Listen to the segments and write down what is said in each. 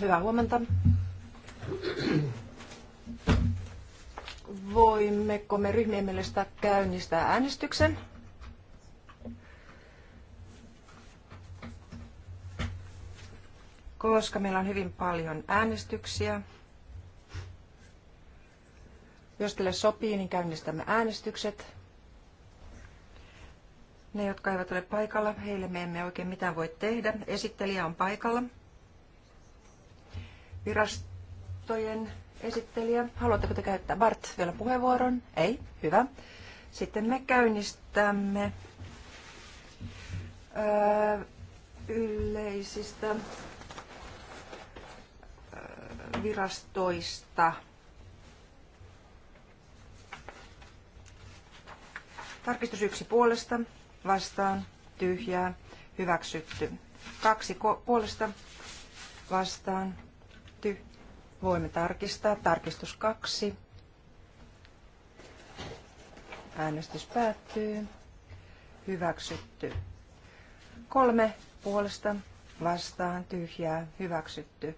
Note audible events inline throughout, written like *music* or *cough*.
Hyvää huomenta. Voimmeko me ryhmien mielestä käynnistää äänestyksen? Koska meillä on hyvin paljon äänestyksiä. Jos teille sopii, niin käynnistämme äänestykset. Ne, jotka eivät ole paikalla, heille me emme oikein mitään voi tehdä. Esittelijä on paikalla virastojen esittelijä. Haluatteko te käyttää Bart vielä puheenvuoron? Ei? Hyvä. Sitten me käynnistämme öö, yleisistä öö, virastoista. Tarkistus yksi puolesta, vastaan, tyhjää, hyväksytty. Kaksi puolesta, vastaan, Voimme tarkistaa. Tarkistus kaksi. Äänestys päättyy. Hyväksytty. Kolme puolesta vastaan tyhjää. Hyväksytty.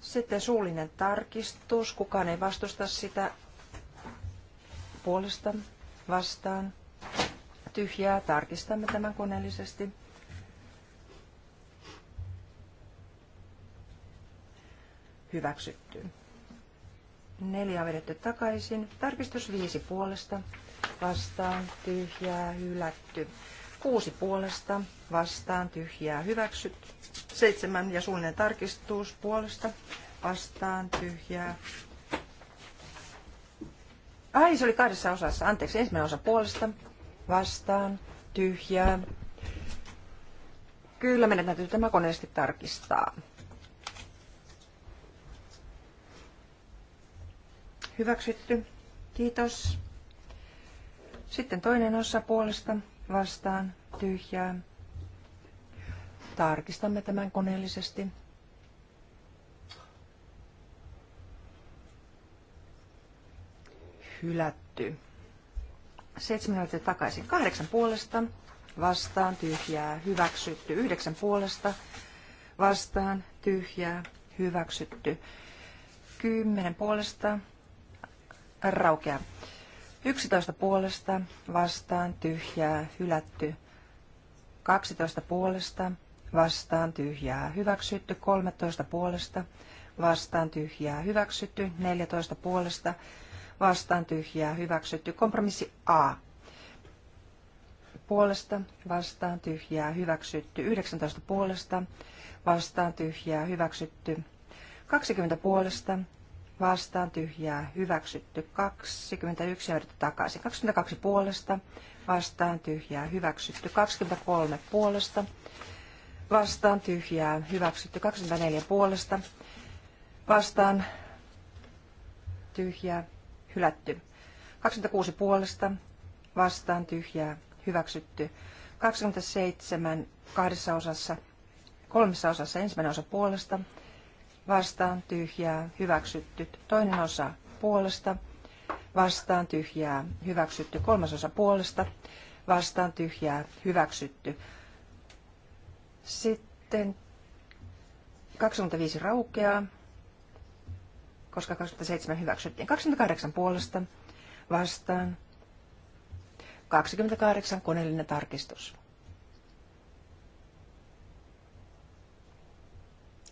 Sitten suullinen tarkistus. Kukaan ei vastusta sitä puolesta vastaan. Tyhjää. Tarkistamme tämän koneellisesti. hyväksytty. Neljä on vedetty takaisin. Tarkistus viisi puolesta vastaan tyhjää hylätty. Kuusi puolesta vastaan tyhjää hyväksytty. Seitsemän ja suunnilleen tarkistus puolesta vastaan tyhjää. Ai, se oli kahdessa osassa. Anteeksi, ensimmäinen osa puolesta vastaan tyhjää. Kyllä, meidän täytyy tämä koneesti tarkistaa. Hyväksytty. Kiitos. Sitten toinen osa puolesta vastaan tyhjää. Tarkistamme tämän koneellisesti. Hylätty. Seitsemän takaisin. Kahdeksan puolesta vastaan tyhjää. Hyväksytty. Yhdeksän puolesta vastaan tyhjää. Hyväksytty. Kymmenen puolesta raukea. 11 puolesta vastaan tyhjää hylätty. 12 puolesta vastaan tyhjää hyväksytty. 13 puolesta vastaan tyhjää hyväksytty. 14 puolesta vastaan tyhjää hyväksytty. Kompromissi A puolesta vastaan tyhjää hyväksytty. 19 puolesta vastaan tyhjää hyväksytty. 20 puolesta vastaan tyhjää hyväksytty 21 ja takaisin 22 puolesta vastaan tyhjää hyväksytty 23 puolesta vastaan tyhjää hyväksytty 24 puolesta vastaan tyhjää hylätty 26 puolesta vastaan tyhjää hyväksytty 27 kahdessa osassa kolmessa osassa ensimmäinen osa puolesta vastaan tyhjää, hyväksytty. Toinen osa puolesta, vastaan tyhjää, hyväksytty. Kolmas osa puolesta, vastaan tyhjää, hyväksytty. Sitten 25 raukeaa, koska 27 hyväksyttiin. 28 puolesta, vastaan. 28 koneellinen tarkistus.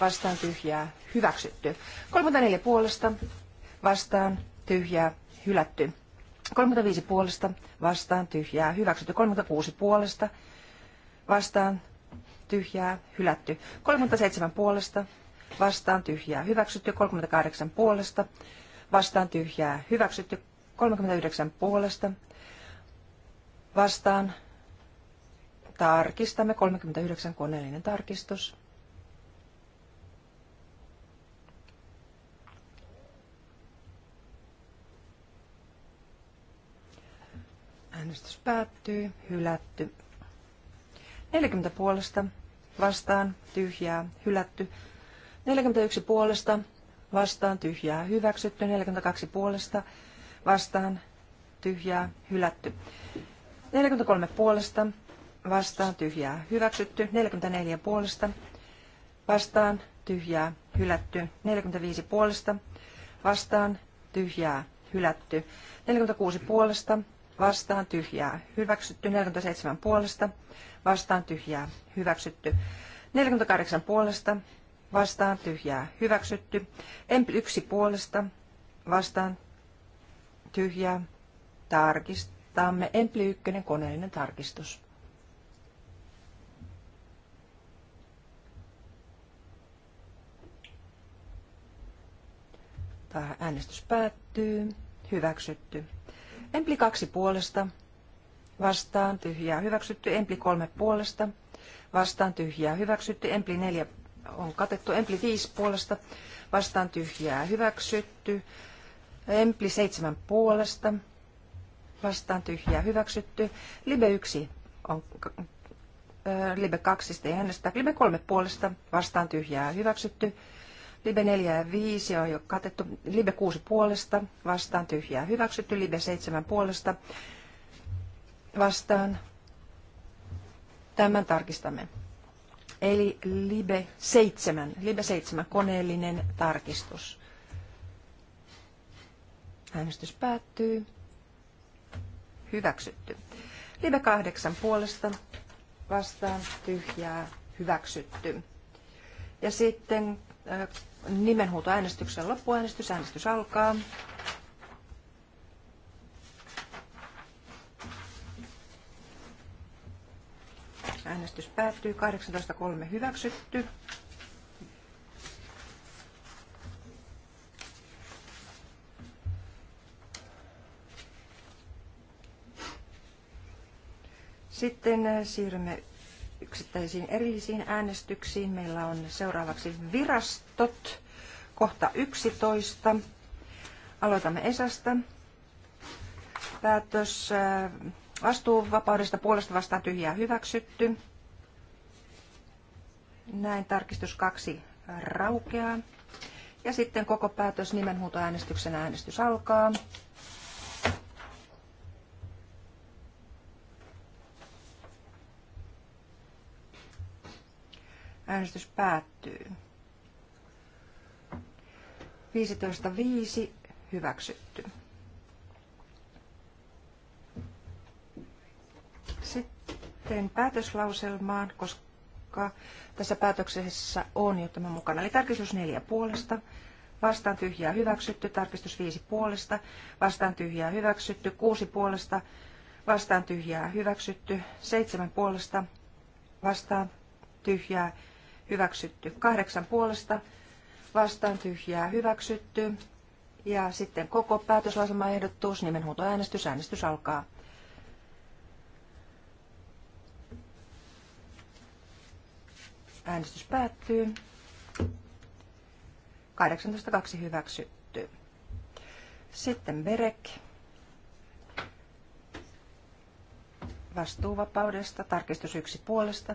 vastaan tyhjää hyväksytty. 34 puolesta vastaan tyhjää hylätty. 35 puolesta vastaan tyhjää hyväksytty. 36 puolesta vastaan tyhjää hylätty. 37 puolesta vastaan tyhjää hyväksytty. 38 puolesta vastaan tyhjää hyväksytty. 39 puolesta vastaan tarkistamme 39 koneellinen tarkistus. Äänestys päättyy. Hylätty. 40 puolesta. Vastaan. Tyhjää. Hylätty. 41 puolesta. Vastaan. Tyhjää. Hyväksytty. 42 puolesta. Vastaan. Tyhjää. Hylätty. 43 puolesta. Vastaan. Tyhjää. Hyväksytty. 44 puolesta. Vastaan. Tyhjää. Hylätty. 45 puolesta. Vastaan. Tyhjää. Hylätty. 46 puolesta vastaan tyhjää hyväksytty, 47 puolesta vastaan tyhjää hyväksytty, 48 puolesta vastaan tyhjää hyväksytty, M1 puolesta vastaan tyhjää tarkistamme, M1 koneellinen tarkistus. Äänestys päättyy. Hyväksytty. Empli 2 puolesta, vastaan tyhjää hyväksytty, Empli 3 puolesta, vastaan tyhjää hyväksytty, Empli 4 on katettu, Empli 5 puolesta, vastaan tyhjää hyväksytty, Empli 7 puolesta, vastaan tyhjää hyväksytty, Libe 1 on Libe 2 sitten äänestää, Libe 3 puolesta, vastaan tyhjää hyväksytty, Libe 4 ja 5 on jo katettu. Libe 6 puolesta vastaan tyhjää hyväksytty. Libe 7 puolesta vastaan. Tämän tarkistamme. Eli Libe 7, Libe 7 koneellinen tarkistus. Äänestys päättyy. Hyväksytty. Libe 8 puolesta vastaan tyhjää hyväksytty. Ja sitten nimenhuutoäänestyksen loppuäänestys. Äänestys alkaa. Äänestys päättyy. 18.3 hyväksytty. Sitten siirrymme yksittäisiin erillisiin äänestyksiin. Meillä on seuraavaksi virastot, kohta 11. Aloitamme Esasta. Päätös äh, vastuuvapaudesta puolesta vastaan tyhjää hyväksytty. Näin tarkistus kaksi raukeaa. Ja sitten koko päätös nimenhuutoäänestyksen äänestys alkaa. Äänestys päättyy. 15.5. Hyväksytty. Sitten päätöslauselmaan, koska tässä päätöksessä on jo tämä mukana. Eli tarkistus neljä puolesta, vastaan tyhjää hyväksytty, tarkistus viisi puolesta, vastaan tyhjää hyväksytty, kuusi puolesta, vastaan tyhjää hyväksytty, seitsemän puolesta, vastaan tyhjää hyväksytty. Kahdeksan puolesta vastaan tyhjää hyväksytty. Ja sitten koko päätöslausumaehdotus, nimenhuutoäänestys, äänestys alkaa. Äänestys päättyy. 18.2 hyväksytty. Sitten Berek. Vastuuvapaudesta, tarkistus yksi puolesta,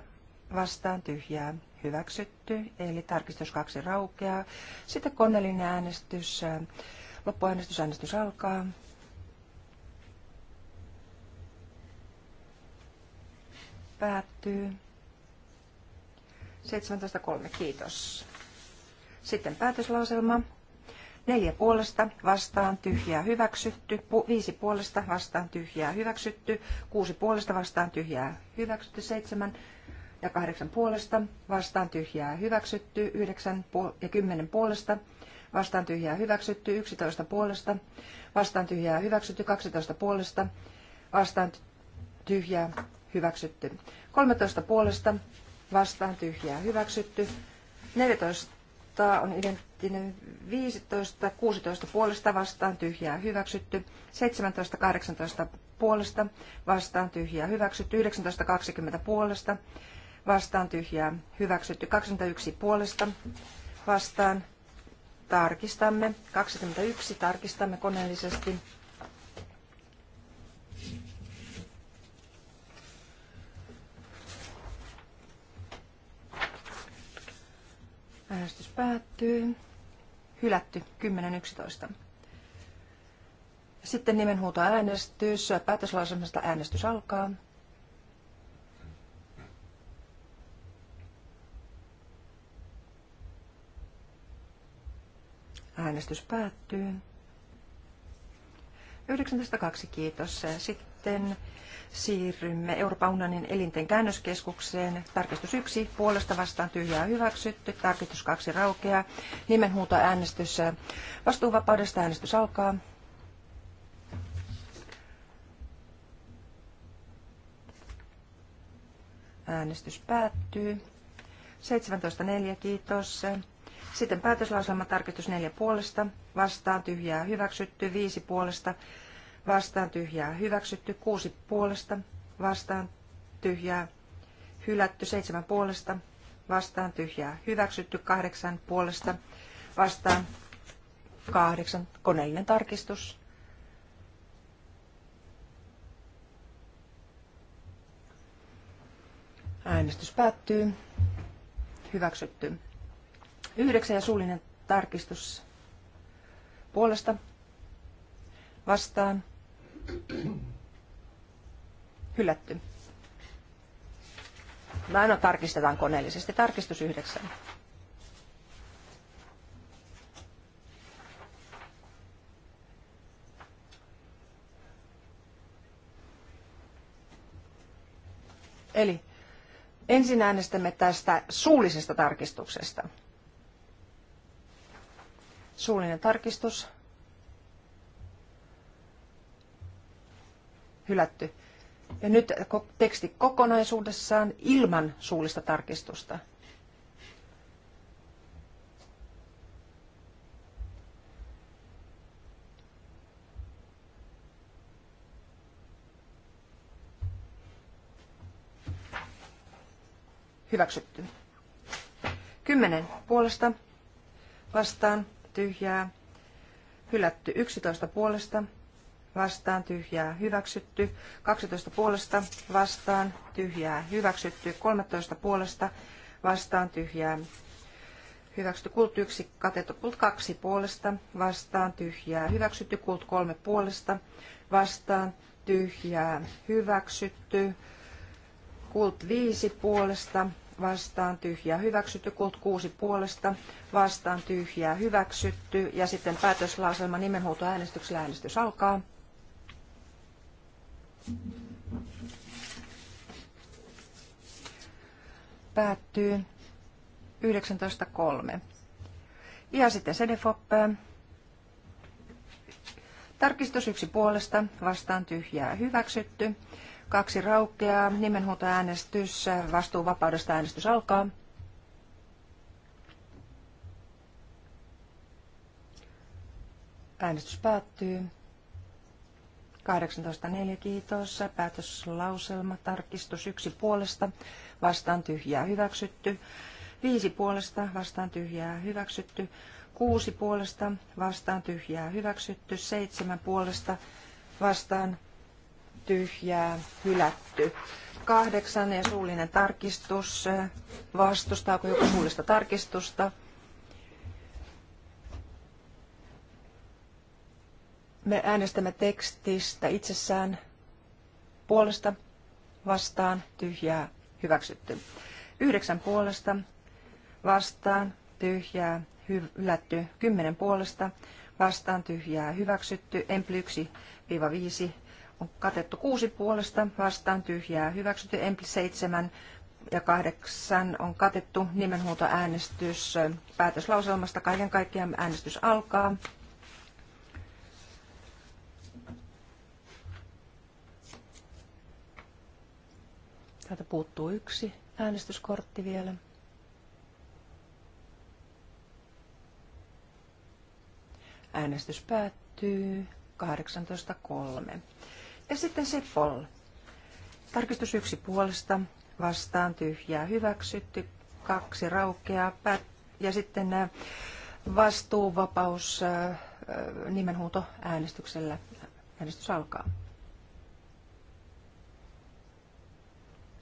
vastaan tyhjää hyväksytty, eli tarkistus kaksi raukeaa. Sitten koneellinen äänestys, äh, loppuäänestys, äänestys alkaa. Päättyy. 17.3. Kiitos. Sitten päätöslauselma. Neljä puolesta vastaan tyhjää hyväksytty, pu, viisi puolesta vastaan tyhjää hyväksytty, kuusi puolesta vastaan tyhjää hyväksytty, seitsemän ja 8 puolesta, vastaan tyhjää hyväksytty, 9 ja 10 puolesta, vastaan tyhjää hyväksytty, 11 puolesta, vastaan tyhjää hyväksytty, 12 puolesta, vastaan tyhjää hyväksytty, 13 puolesta, vastaan tyhjää hyväksytty, 14 on identtinen 15, 16 puolesta vastaan tyhjää hyväksytty, 17, 18 puolesta vastaan tyhjää hyväksytty, 19, 20 puolesta vastaan tyhjää hyväksytty. 21 puolesta vastaan tarkistamme. 21 tarkistamme koneellisesti. Äänestys päättyy. Hylätty 10.11. Sitten nimenhuutoäänestys. Päätöslauselmasta äänestys alkaa. Äänestys päättyy. 19.2. Kiitos. Sitten siirrymme Euroopan unionin elinten käännöskeskukseen. Tarkistus 1. Puolesta vastaan tyhjää hyväksytty. Tarkistus 2. Raukeaa. Nimenhuuto äänestys. Vastuuvapaudesta äänestys alkaa. Äänestys päättyy. 17.4. Kiitos. Sitten päätöslauselma tarkistus 4 puolesta, vastaan tyhjää hyväksytty, 5 puolesta, vastaan tyhjää hyväksytty, 6 puolesta, vastaan tyhjää hylätty, 7 puolesta, vastaan tyhjää hyväksytty, 8 puolesta, vastaan 8 koneellinen tarkistus. Äänestys päättyy. Hyväksytty. Yhdeksän ja suullinen tarkistus puolesta vastaan. Hylätty. Mä aina tarkistetaan koneellisesti. Tarkistus yhdeksän. Eli ensin äänestämme tästä suullisesta tarkistuksesta. Suullinen tarkistus. Hylätty. Ja nyt teksti kokonaisuudessaan ilman suullista tarkistusta. Hyväksytty. Kymmenen puolesta vastaan tyhjää, hylätty 11 puolesta, vastaan tyhjää, hyväksytty 12 puolesta, vastaan tyhjää, hyväksytty 13 puolesta, vastaan tyhjää, hyväksytty kult 1, katettu kult 2 puolesta, vastaan tyhjää, hyväksytty kult 3 puolesta, vastaan tyhjää, hyväksytty kult 5 puolesta, vastaan tyhjää hyväksytty, kult 6 puolesta vastaan tyhjää hyväksytty ja sitten päätöslauselma nimenhuutoäänestyksellä äänestys alkaa. Päättyy 19.3. Ja sitten Sedefop. Tarkistus yksi puolesta, vastaan tyhjää hyväksytty. Kaksi raukeaa. Nimenhuutoäänestys. vapaudesta äänestys alkaa. Äänestys päättyy. 18.4. Kiitos. Päätöslauselma. Tarkistus yksi puolesta. Vastaan tyhjää hyväksytty. Viisi puolesta. Vastaan tyhjää hyväksytty. Kuusi puolesta. Vastaan tyhjää hyväksytty. Seitsemän puolesta. Vastaan tyhjää, hylätty. Kahdeksan ja suullinen tarkistus. Vastustaako joku suullista tarkistusta? Me äänestämme tekstistä itsessään puolesta, vastaan, tyhjää, hyväksytty. Yhdeksän puolesta, vastaan, tyhjää, hylätty. Kymmenen puolesta, vastaan, tyhjää, hyväksytty. Empli 1-5 on katettu kuusi puolesta, vastaan tyhjää hyväksytty, Empli seitsemän ja kahdeksan on katettu nimenhuutoäänestys päätöslauselmasta. Kaiken kaikkiaan äänestys alkaa. Täältä puuttuu yksi äänestyskortti vielä. Äänestys päättyy 18.3. Ja sitten Sepol. Tarkistus yksi puolesta, vastaan tyhjää hyväksytty, kaksi raukeaa pät- ja sitten äh, vastuuvapaus äh, äh, nimenhuuto äänestyksellä. Äänestys alkaa.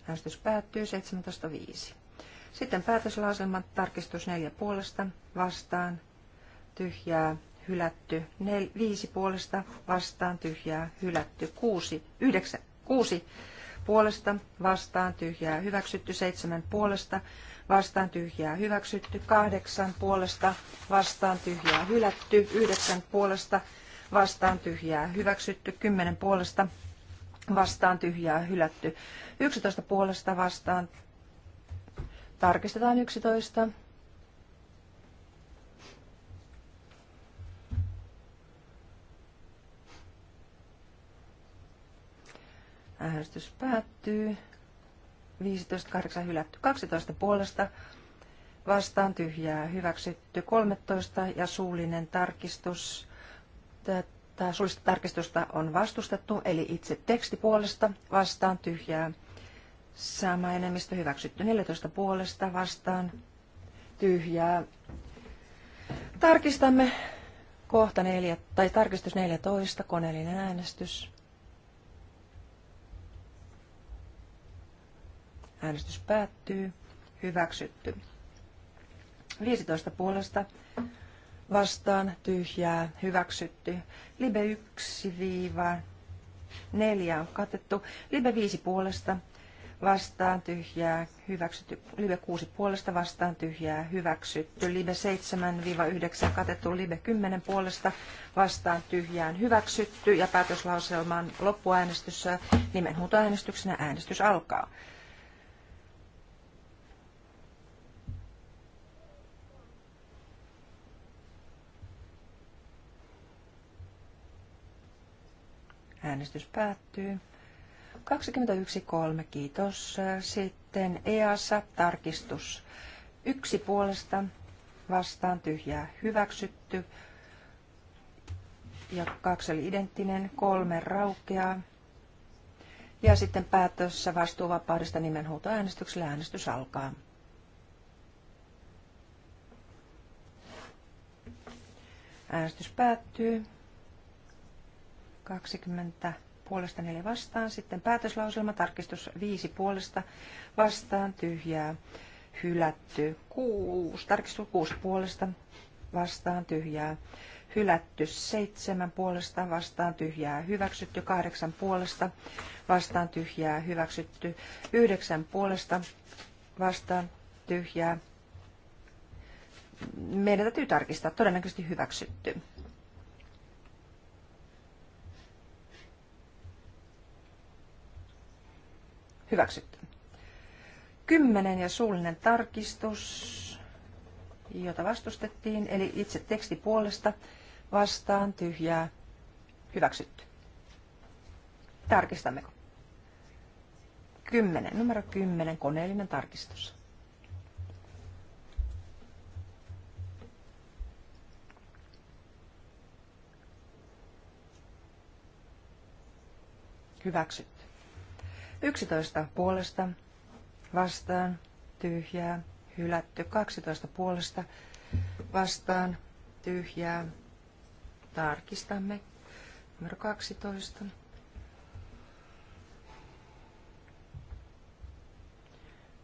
Äänestys päättyy 17.5. Sitten päätöslauselman tarkistus neljä puolesta vastaan tyhjää hylätty, nel, viisi puolesta vastaan tyhjää, hylätty, kuusi, yhdeksän, kuusi puolesta vastaan tyhjää, hyväksytty, seitsemän puolesta vastaan tyhjää, hyväksytty, kahdeksan puolesta vastaan tyhjää, hylätty, yhdeksän puolesta vastaan tyhjää, hyväksytty, kymmenen puolesta vastaan tyhjää, hylätty, yksitoista puolesta vastaan, tarkistetaan yksitoista, Äänestys päättyy. 15.8 hylätty. 12 puolesta vastaan tyhjää hyväksytty. 13 ja suullinen tarkistus. Tätä suullista tarkistusta on vastustettu, eli itse teksti puolesta vastaan tyhjää. Sama enemmistö hyväksytty. 14 puolesta vastaan tyhjää. Tarkistamme kohta neljä, tai tarkistus 14, koneellinen äänestys. Äänestys päättyy. Hyväksytty. 15 puolesta vastaan tyhjää hyväksytty. Libe 1-4 on katettu. Libe 5 puolesta vastaan tyhjää hyväksytty. Libe 6 puolesta vastaan tyhjää hyväksytty. Libe 7-9 katettu. Libe 10 puolesta vastaan tyhjään hyväksytty. Ja päätöslauselman loppuäänestys nimenhuutoäänestyksenä äänestys alkaa. Äänestys päättyy. 21.3. Kiitos. Sitten EASA tarkistus. Yksi puolesta vastaan tyhjää hyväksytty. Ja kaksi oli identtinen, kolme raukeaa. Ja sitten päätössä vastuuvapaudesta nimenhuutoäänestyksellä äänestys alkaa. Äänestys päättyy. 20 puolesta 4 vastaan. Sitten päätöslauselma tarkistus 5 puolesta vastaan tyhjää hylätty. 6, tarkistus 6 puolesta vastaan tyhjää hylätty. 7 puolesta vastaan tyhjää hyväksytty. 8 puolesta vastaan tyhjää hyväksytty. 9 puolesta vastaan tyhjää. Meidän täytyy tarkistaa, todennäköisesti hyväksytty. Hyväksytty. Kymmenen ja suullinen tarkistus, jota vastustettiin, eli itse teksti puolesta vastaan tyhjää. Hyväksytty. Tarkistammeko? Kymmenen Numero kymmenen koneellinen tarkistus. Hyväksytty. 11 puolesta vastaan tyhjää hylätty. 12 puolesta vastaan tyhjää. Tarkistamme. Numero 12.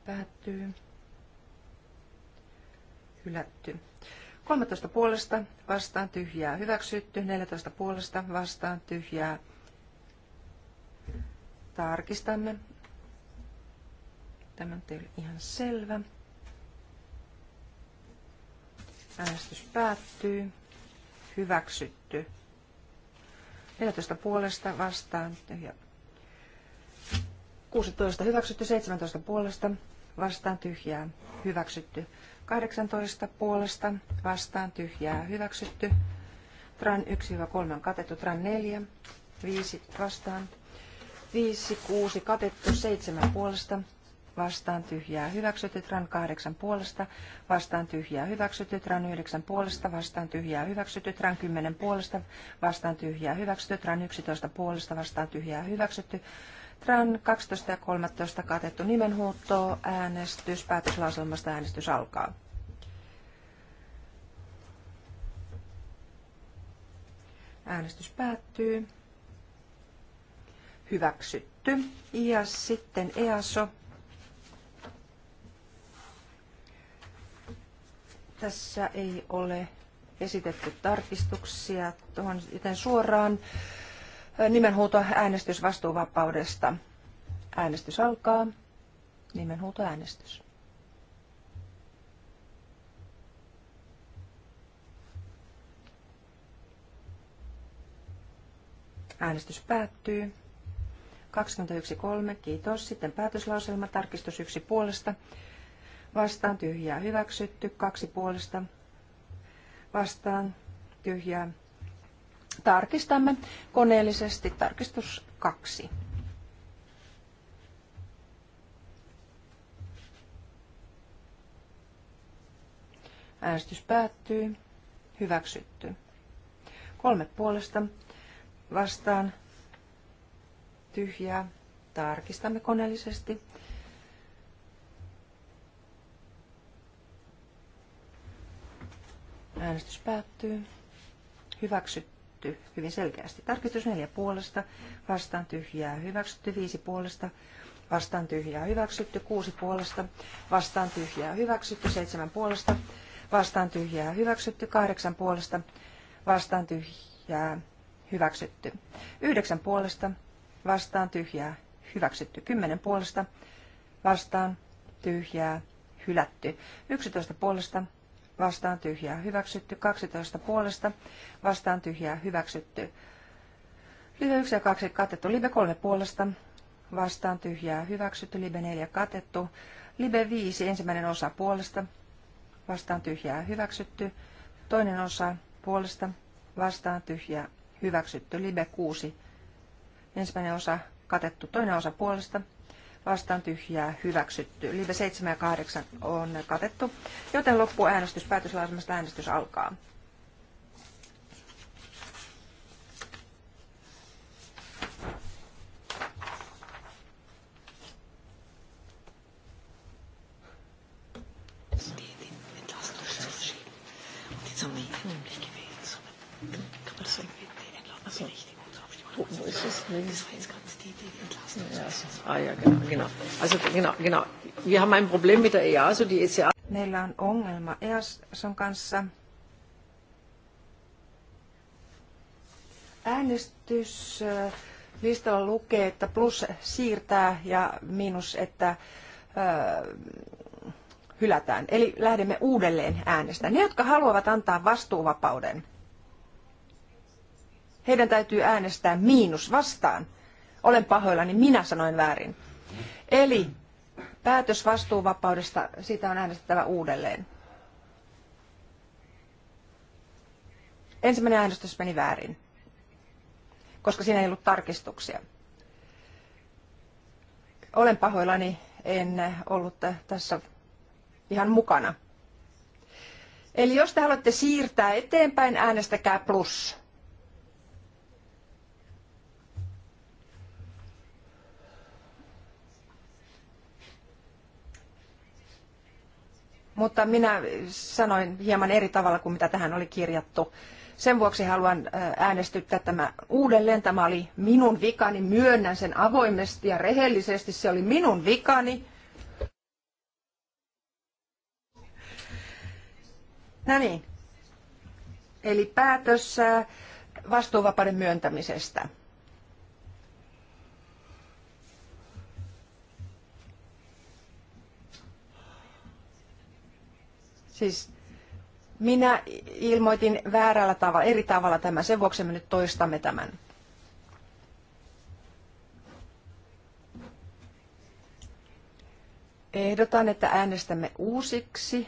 Päättyy. Hylätty. 13 puolesta vastaan tyhjää hyväksytty, 14 puolesta vastaan tyhjää Tarkistamme. Tämä nyt ei ole ihan selvä. Äänestys päättyy. Hyväksytty. 14 puolesta vastaan. 16 hyväksytty, 17 puolesta vastaan tyhjää, hyväksytty. 18 puolesta vastaan tyhjää, hyväksytty. Tran 1-3 on katettu, Tran 4, 5 vastaan 5, 6 katettu, 7 puolesta, vastaan tyhjää hyväksytyt, ran 8 puolesta, vastaan tyhjää hyväksytyt, ran 9 puolesta, vastaan tyhjää hyväksytyt, ran 10 puolesta, vastaan tyhjää hyväksytyt, ran 11 puolesta, vastaan tyhjää hyväksytty, Tran 12 ja 13 katettu nimenhuutto, äänestys, päätöslauselmasta äänestys alkaa. Äänestys päättyy hyväksytty. Ja sitten EASO. Tässä ei ole esitetty tarkistuksia tuohon, joten suoraan nimenhuuto äänestysvastuuvapaudesta. Äänestys alkaa. Nimenhuuto äänestys. Äänestys päättyy. 21.3. Kiitos. Sitten päätöslauselma. Tarkistus 1 puolesta. Vastaan tyhjää hyväksytty. 2 puolesta. Vastaan tyhjää. Tarkistamme koneellisesti. Tarkistus 2. Äänestys päättyy. Hyväksytty. Kolme puolesta vastaan tyhjää. Tarkistamme koneellisesti. Äänestys päättyy. Hyväksytty hyvin selkeästi. Tarkistus neljä puolesta, vastaan tyhjää, hyväksytty viisi puolesta, vastaan tyhjää, hyväksytty kuusi puolesta, vastaan tyhjää, hyväksytty seitsemän puolesta, vastaan tyhjää, hyväksytty kahdeksan puolesta, vastaan tyhjää, hyväksytty yhdeksän puolesta, vastaan tyhjää, hyväksytty. 10 puolesta vastaan tyhjää, hylätty. 11 puolesta vastaan tyhjää, hyväksytty. 12 puolesta vastaan tyhjää, hyväksytty. Live 1 ja 2 katettu. Live 3 puolesta vastaan tyhjää, hyväksytty. Live 4 katettu. Live 5 ensimmäinen osa puolesta vastaan tyhjää, hyväksytty. Toinen osa puolesta vastaan tyhjää, hyväksytty. Live 6 Ensimmäinen osa katettu, toinen osa puolesta vastaan tyhjää hyväksytty. Live 7 ja 8 on katettu, joten loppuäänestys päätöslausumasta äänestys alkaa. genau, genau. Wir haben ein Problem mit der EASO, die e Meillä on ongelma EASOn kanssa. Äänestyslistalla lukee, että plus siirtää ja miinus, että öö, hylätään. Eli lähdemme uudelleen äänestä. Ne, jotka haluavat antaa vastuuvapauden, heidän täytyy äänestää miinus vastaan. Olen pahoillani, minä sanoin väärin. Eli Päätös vastuuvapaudesta, siitä on äänestettävä uudelleen. Ensimmäinen äänestys meni väärin, koska siinä ei ollut tarkistuksia. Olen pahoillani, en ollut tässä ihan mukana. Eli jos te haluatte siirtää eteenpäin, äänestäkää plus. Mutta minä sanoin hieman eri tavalla kuin mitä tähän oli kirjattu. Sen vuoksi haluan äänestyttää tämä uudelleen. Tämä oli minun vikani. Myönnän sen avoimesti ja rehellisesti. Se oli minun vikani. No niin. Eli päätös vastuuvapauden myöntämisestä. Siis minä ilmoitin väärällä tavalla, eri tavalla tämän, sen vuoksi me nyt toistamme tämän. Ehdotan, että äänestämme uusiksi.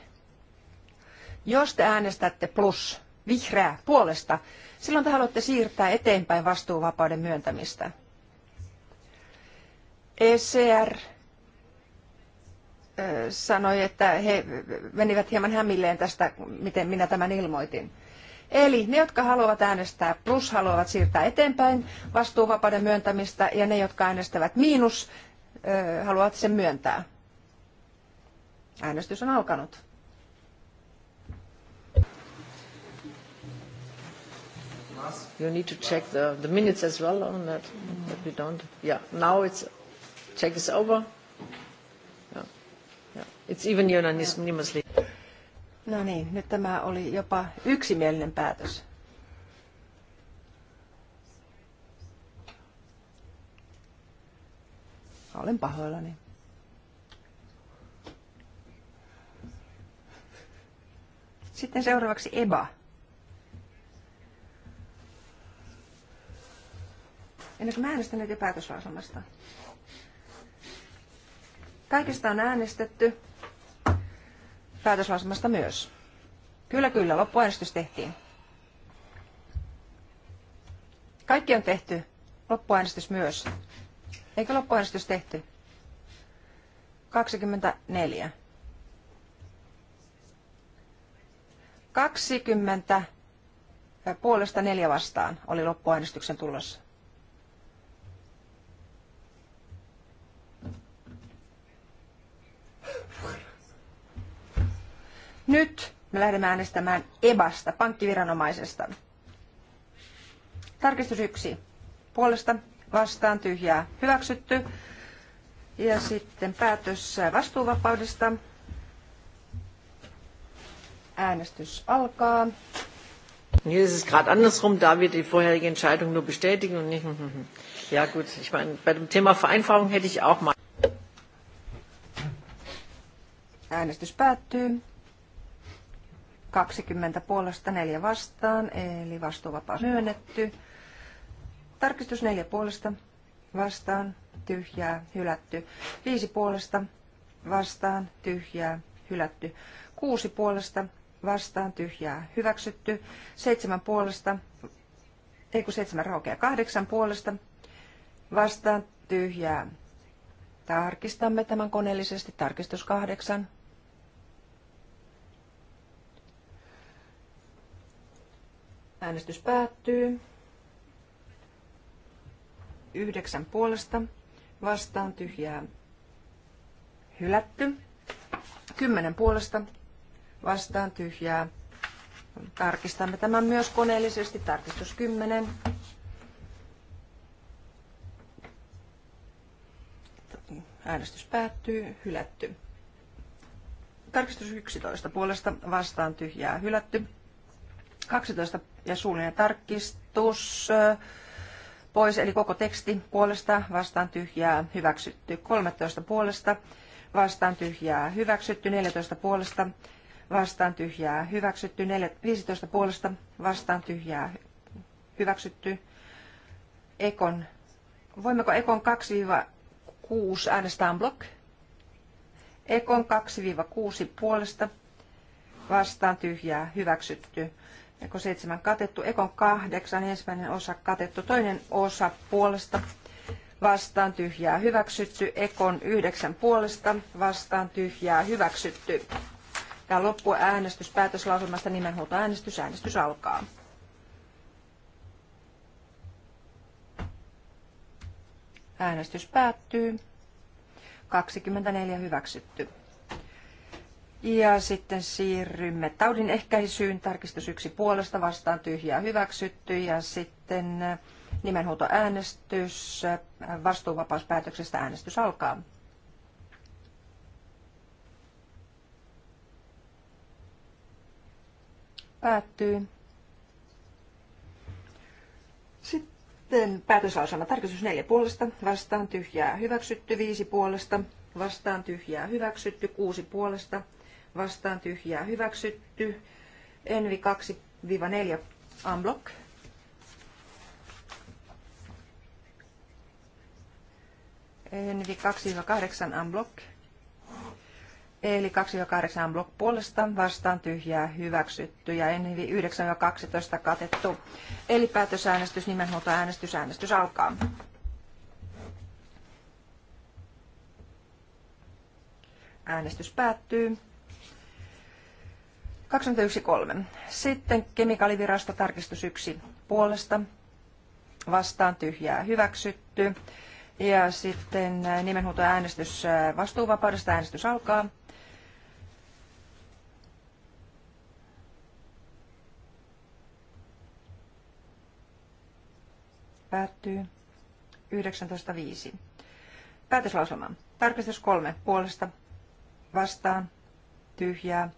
Jos te äänestätte plus vihreää puolesta, silloin te haluatte siirtää eteenpäin vastuuvapauden myöntämistä. ECR sanoi, että he menivät hieman hämilleen tästä, miten minä tämän ilmoitin. Eli ne, jotka haluavat äänestää plus, haluavat siirtää eteenpäin vastuuvapauden myöntämistä, ja ne, jotka äänestävät miinus, haluavat sen myöntää. Äänestys on alkanut. You need to check the, the minutes as well on that, that we don't. Yeah, now it's check is over unanimously. No niin, nyt tämä oli jopa yksimielinen päätös. Olen pahoillani. Sitten seuraavaksi EBA. Ennen kuin mä äänestän nyt jo päätöslausumasta. Kaikista on äänestetty päätöslausumasta myös. Kyllä, kyllä, loppuäänestys tehtiin. Kaikki on tehty. Loppuäänestys myös. Eikö loppuäänestys tehty? 24. 20 puolesta neljä vastaan oli loppuäänestyksen tulossa. Nyt me lähdemme äänestämään EBAsta, pankkiviranomaisesta. Tarkistus yksi. Puolesta vastaan tyhjää hyväksytty. Ja sitten päätös vastuuvapaudesta. Äänestys alkaa. Hier ist es gerade andersrum, da wir die vorherige Entscheidung nur bestätigen und nicht. *laughs* Ja gut, ich meine, bei dem Thema Vereinfachung hätte ich auch mal. Äänestys päättyy. 20 puolesta 4 vastaan, eli vastuuvapaus myönnetty. Tarkistus 4 puolesta vastaan, tyhjää, hylätty. 5 puolesta vastaan, tyhjää, hylätty. 6 puolesta vastaan, tyhjää, hyväksytty. 7 puolesta, ei kun 7 raukeaa, 8 puolesta vastaan, tyhjää. Tarkistamme tämän koneellisesti. Tarkistus 8. Äänestys päättyy. Yhdeksän puolesta vastaan tyhjää hylätty. Kymmenen puolesta vastaan tyhjää. Tarkistamme tämän myös koneellisesti. Tarkistus 10. Äänestys päättyy. Hylätty. Tarkistus 11 puolesta vastaan tyhjää hylätty. 12 ja suullinen tarkistus pois, eli koko teksti puolesta vastaan tyhjää hyväksytty. 13 puolesta vastaan tyhjää hyväksytty, 14 puolesta vastaan tyhjää hyväksytty, 15 puolesta vastaan tyhjää hyväksytty. Ekon. Voimmeko Ekon 2-6 äänestää block? Ekon 2-6 puolesta vastaan tyhjää hyväksytty. Eko 7 katettu, Ekon 8 ensimmäinen osa katettu, toinen osa puolesta vastaan tyhjää hyväksytty, Ekon 9 puolesta vastaan tyhjää hyväksytty. Tämä loppuäänestys päätöslauselmasta äänestys, Äänestys alkaa. Äänestys päättyy. 24 hyväksytty. Ja sitten siirrymme taudin ehkäisyyn. Tarkistus yksi puolesta vastaan tyhjää hyväksytty. Ja sitten äh, nimenhuutoäänestys. Äh, vastuuvapauspäätöksestä äänestys alkaa. Päättyy. Sitten päätöslausama tarkistus neljä puolesta, vastaan tyhjää hyväksytty viisi puolesta, vastaan tyhjää hyväksytty kuusi puolesta, vastaan tyhjää hyväksytty. Envi 2-4 unblock. Envi 2-8 unblock. Eli 2-8 blok puolesta vastaan tyhjää hyväksytty ja envi 9-12 katettu. Eli päätösäänestys, nimenhuoltoäänestys, äänestys alkaa. Äänestys päättyy. 21.3. Sitten kemikaalivirasto tarkistus 1 puolesta. Vastaan tyhjää hyväksytty. Ja sitten äh, nimenhuutoäänestys äh, vastuuvapaudesta. Äänestys alkaa. Päättyy 19.5. Päätöslauselma. Tarkistus kolme puolesta. Vastaan. Tyhjää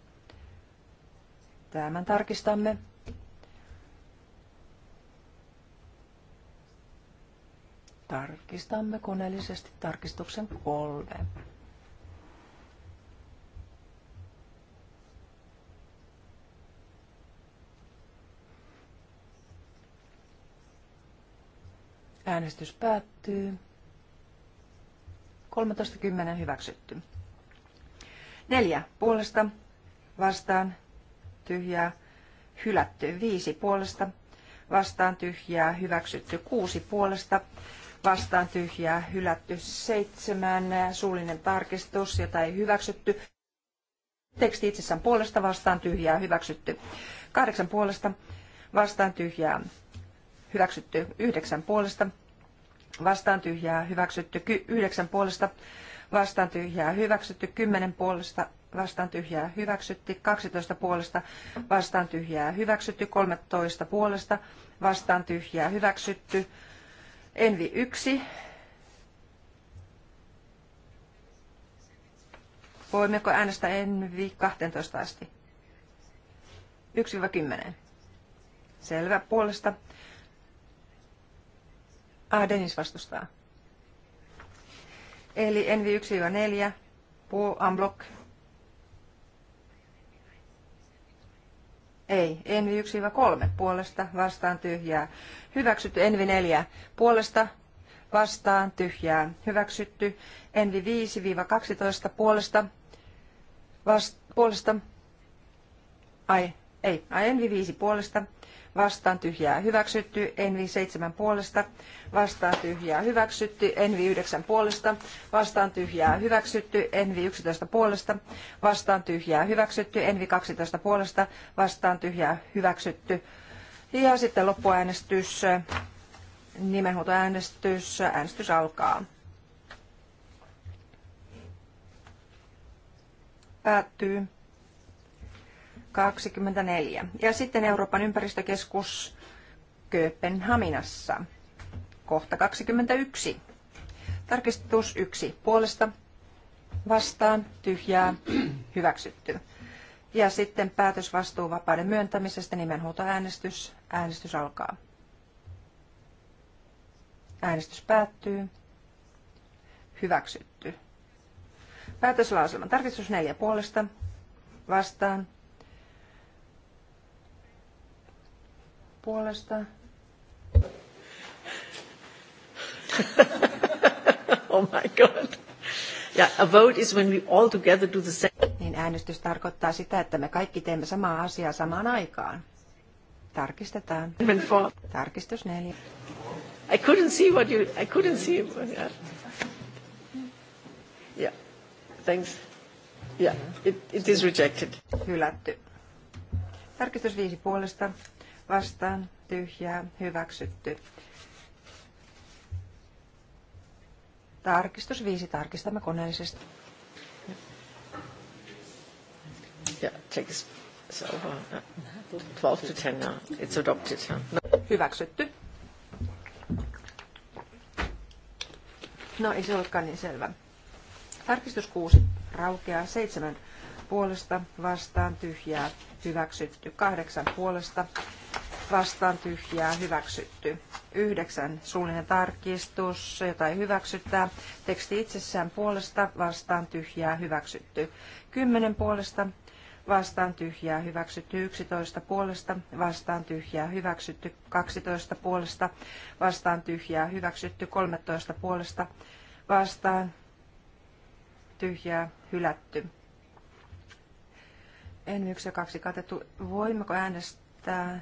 Tämän tarkistamme. Tarkistamme koneellisesti tarkistuksen kolme. Äänestys päättyy. 13.10 hyväksytty. Neljä puolesta vastaan tyhjää, hylätty. Viisi puolesta, vastaan tyhjää, hyväksytty. Kuusi puolesta, vastaan tyhjää, hylätty. Seitsemän, suullinen tarkistus, jota ei hyväksytty. Teksti itsessään puolesta, vastaan tyhjää, hyväksytty. Kahdeksan puolesta, vastaan tyhjää, hyväksytty. Yhdeksän puolesta, vastaan tyhjää, hyväksytty. Yhdeksän puolesta, vastaan tyhjää, hyväksytty. Kymmenen puolesta, vastaan tyhjää hyväksytty, 12 puolesta vastaan tyhjää hyväksytty, 13 puolesta vastaan tyhjää hyväksytty, Envi 1. Voimmeko äänestää Envi 12 asti? 1-10. Selvä puolesta. Ah, Dennis vastustaa. Eli Envi 1-4, Puo Unblock Ei. Envi 1-3 puolesta vastaan tyhjää. Hyväksytty Envi 4 puolesta vastaan tyhjää. Hyväksytty Envi 5-12 puolesta vast, puolesta. Ai, ei. Ai Envi 5 puolesta vastaan tyhjää hyväksytty, Envi 7 puolesta vastaan tyhjää hyväksytty, Envi 9 puolesta vastaan tyhjää hyväksytty, Envi 11 puolesta vastaan tyhjää hyväksytty, Envi 12 puolesta vastaan tyhjää hyväksytty. Ja sitten loppuäänestys, nimenhuutoäänestys, äänestys alkaa. Päättyy. 24. Ja sitten Euroopan ympäristökeskus Kööpenhaminassa. Kohta 21. Tarkistus 1. Puolesta vastaan tyhjää *clears throat* hyväksytty. Ja sitten päätös vapauden myöntämisestä nimenhuutoäänestys. Äänestys alkaa. Äänestys päättyy. Hyväksytty. Päätöslauselman tarkistus neljä puolesta. Vastaan. puolesta. *laughs* oh my god. Yeah, a vote is when we all together do the same. Niin äänestys tarkoittaa sitä, että me kaikki teemme samaa asiaa samaan aikaan. Tarkistetaan. Tarkistus neljä. I couldn't see what you... I couldn't see... What, yeah. yeah. Thanks. Yeah, it, it is rejected. Hylätty. Tarkistus viisi puolesta vastaan tyhjää hyväksytty. Tarkistus viisi Tarkistamme koneellisesti. Ja, check is to now. Uh, it's adopted. No. Hyväksytty. No ei se olekaan niin selvä. Tarkistus 6 raukeaa 7 puolesta vastaan tyhjää hyväksytty. 8 puolesta vastaan tyhjää hyväksytty. Yhdeksän suullinen tarkistus, jota ei hyväksytä. Teksti itsessään puolesta vastaan tyhjää hyväksytty. Kymmenen puolesta vastaan tyhjää hyväksytty Yksitoista puolesta, vastaan tyhjää hyväksytty Kaksitoista puolesta, vastaan tyhjää hyväksytty Kolmetoista puolesta, vastaan tyhjää hylätty. En yksi ja kaksi katettu. Voimmeko äänestää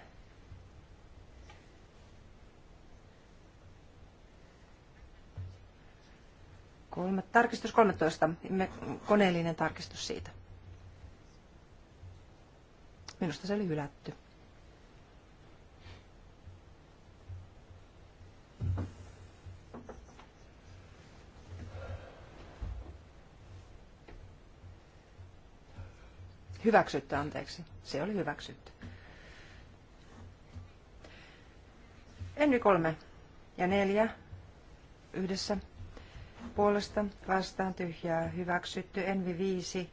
Kolme, tarkistus 13, me, koneellinen tarkistus siitä. Minusta se oli hylätty. Hyväksytty, anteeksi. Se oli hyväksytty. Enny kolme ja neljä yhdessä puolesta vastaan tyhjää hyväksytty. Envi 5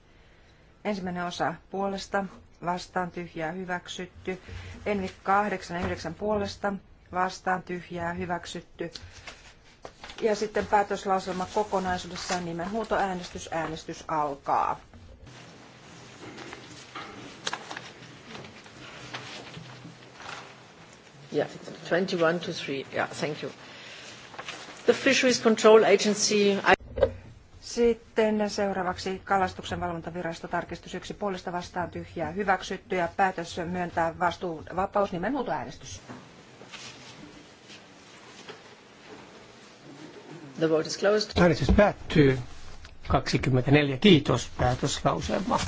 ensimmäinen osa puolesta vastaan tyhjää hyväksytty. Envi 8 ja 9 puolesta vastaan tyhjää hyväksytty. Ja sitten päätöslauselma kokonaisuudessaan nimen huutoäänestys. Äänestys alkaa. ja Yeah, 21 to 3. Yeah, thank you. The Fisheries Control Agency. Sitten seuraavaksi kalastuksenvalvontavirasto tarkistus yksi puolesta vastaan tyhjää hyväksytty ja päätös myöntää vastuu vapaus äänestys. The vote is closed. Äänestys päättyy. 24. Kiitos päätöslauselma.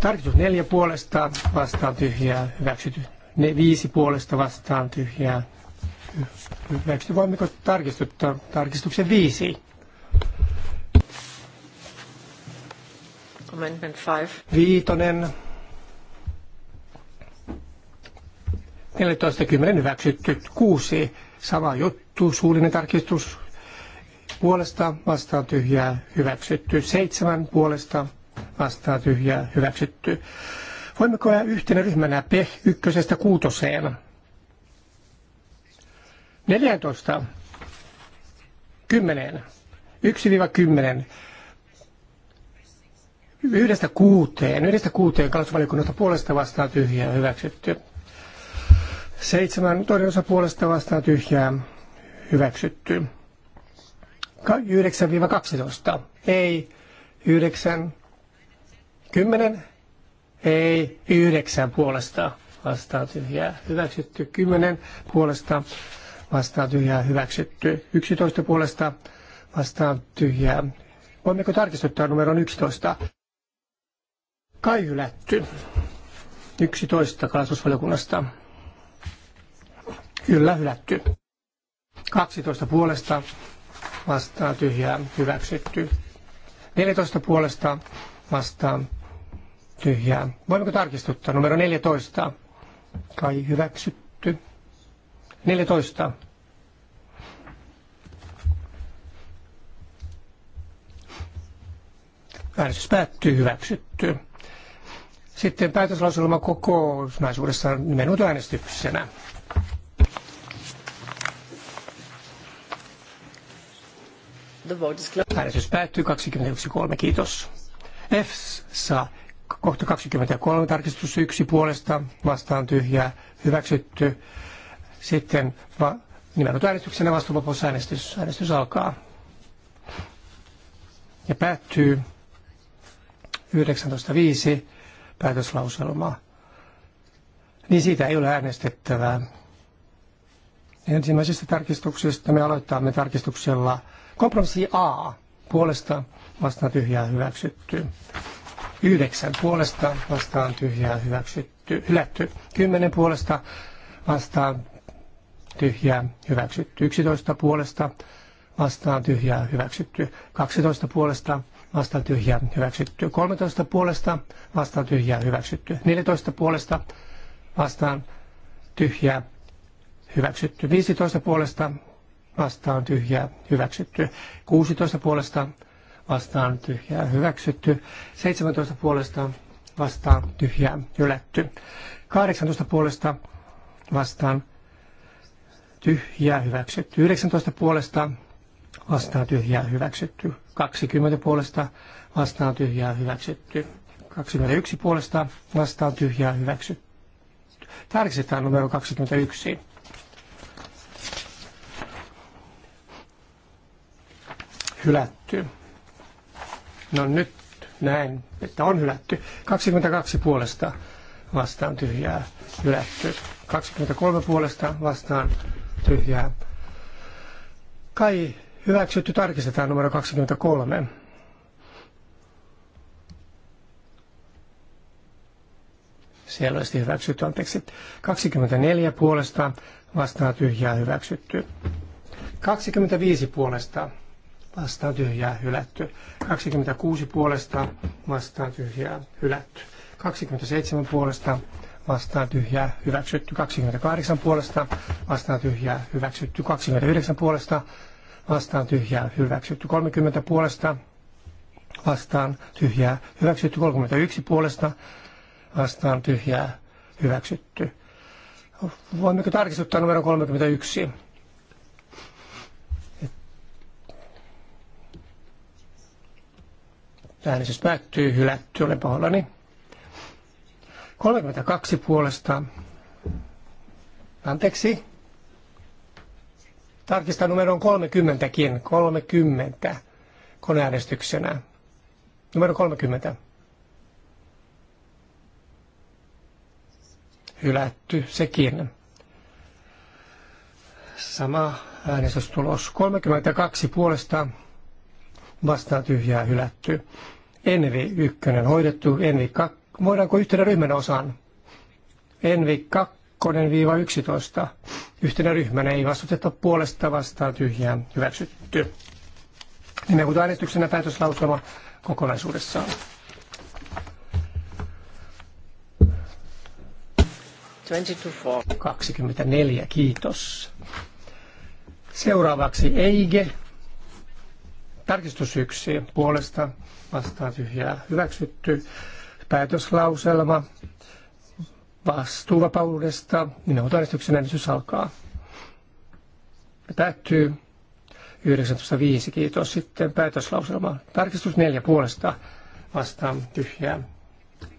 Tarkistus neljä puolesta vastaan tyhjää hyväksytty. Ne viisi puolesta vastaan tyhjää hyväksytty. Voimmeko tarkistuttaa tarkistuksen viisi? Amendment 5. Viitonen. 14.10 hyväksytty. Kuusi. Sama juttu. Suullinen tarkistus. Puolesta vastaan tyhjää hyväksytty. Seitsemän puolesta vastaan tyhjää hyväksytty. Voimmeko yhtenä ryhmänä P1 6. 14. 10. 1-10. Yhdestä kuuteen. Yhdestä kuuteen kalastusvaliokunnalta puolesta vastaan tyhjää hyväksytty. Seitsemän toinen osa puolesta vastaan tyhjää hyväksytty. 9-12. Ei. 9. 10. Ei. 9 puolesta vastaan tyhjää hyväksytty. 10 puolesta vastaan tyhjää hyväksytty. 11 puolesta vastaan tyhjää. Voimmeko tarkistuttaa numeron 11? Kai hylätty. 11 kalastusvaliokunnasta. Kyllä hylätty. 12 puolesta vastaan tyhjää hyväksytty. 14 puolesta vastaan tyhjää. Voimmeko tarkistuttaa numero 14? Kai hyväksytty. 14. Äänestys päättyy hyväksytty. Sitten päätöslauselma kokonaisuudessaan äänestyksenä. Äänestys päättyy 21.3. Kiitos. EFSA kohta 23 tarkistus 1 puolesta vastaan tyhjää hyväksytty. Sitten va- nimenut äänestyksenä vastuuvapausäänestys. Äänestys alkaa ja päättyy 19.5. päätöslauselmaa. Niin siitä ei ole äänestettävää. Ensimmäisestä tarkistuksesta me aloitamme tarkistuksella kompromissi A puolesta vastaan tyhjää hyväksytty. 9 puolesta vastaan tyhjää hyväksytty, hylätty. 10 puolesta vastaan tyhjää hyväksytty. 11 puolesta vastaan tyhjää hyväksytty. 12 puolesta vastaan tyhjää hyväksytty. 13 puolesta vastaan tyhjää hyväksytty. 14 puolesta vastaan tyhjää hyväksytty. 15 puolesta vastaan tyhjää hyväksytty. 16 puolesta vastaan tyhjää hyväksytty. 17 puolesta vastaan tyhjää hylätty. 18 puolesta vastaan tyhjää hyväksytty. 19 puolesta vastaan tyhjää hyväksytty. 20 puolesta vastaan tyhjää hyväksytty. 21 puolesta vastaan tyhjää hyväksytty. Tarkistetaan numero 21. Hylätty. No nyt näin, että on hylätty. 22 puolesta vastaan tyhjää hylätty. 23 puolesta vastaan tyhjää. Kai hyväksytty tarkistetaan numero 23. Selvästi hyväksytty, anteeksi. 24 puolesta vastaan tyhjää hyväksytty. 25 puolesta vastaan tyhjää hylätty. 26 puolesta vastaan tyhjää hylätty. 27 puolesta vastaan tyhjää hyväksytty 28 puolesta, vastaan tyhjää hyväksytty 29 puolesta, vastaan tyhjää hyväksytty 30 puolesta, vastaan tyhjää hyväksytty 31 puolesta, vastaan tyhjää hyväksytty. Voimmeko tarkistuttaa numero 31? Äänestys päättyy, hylätty, olen pahoillani. 32 puolesta. Anteeksi. Tarkista numero 30kin. 30 koneäänestyksenä. Numero 30. Hylätty sekin. Sama äänestystulos. 32 puolesta vastaan tyhjää hylätty. Envi 1 hoidettu, Envi 2 voidaanko yhtenä ryhmänä osaan? Envi 2-11. Yhtenä ryhmänä ei vastusteta puolesta vastaan tyhjää hyväksytty. Nimenhuuto äänestyksenä päätöslauselma kokonaisuudessaan. For. 24, kiitos. Seuraavaksi Eige. Tarkistus 1, puolesta vastaan tyhjää hyväksytty päätöslauselma vastuuvapaudesta. Nimenhuutoäänestyksen äänestys alkaa. Ja päättyy 19.5. Kiitos. Sitten päätöslauselma. Tarkistus neljä puolesta vastaan tyhjää.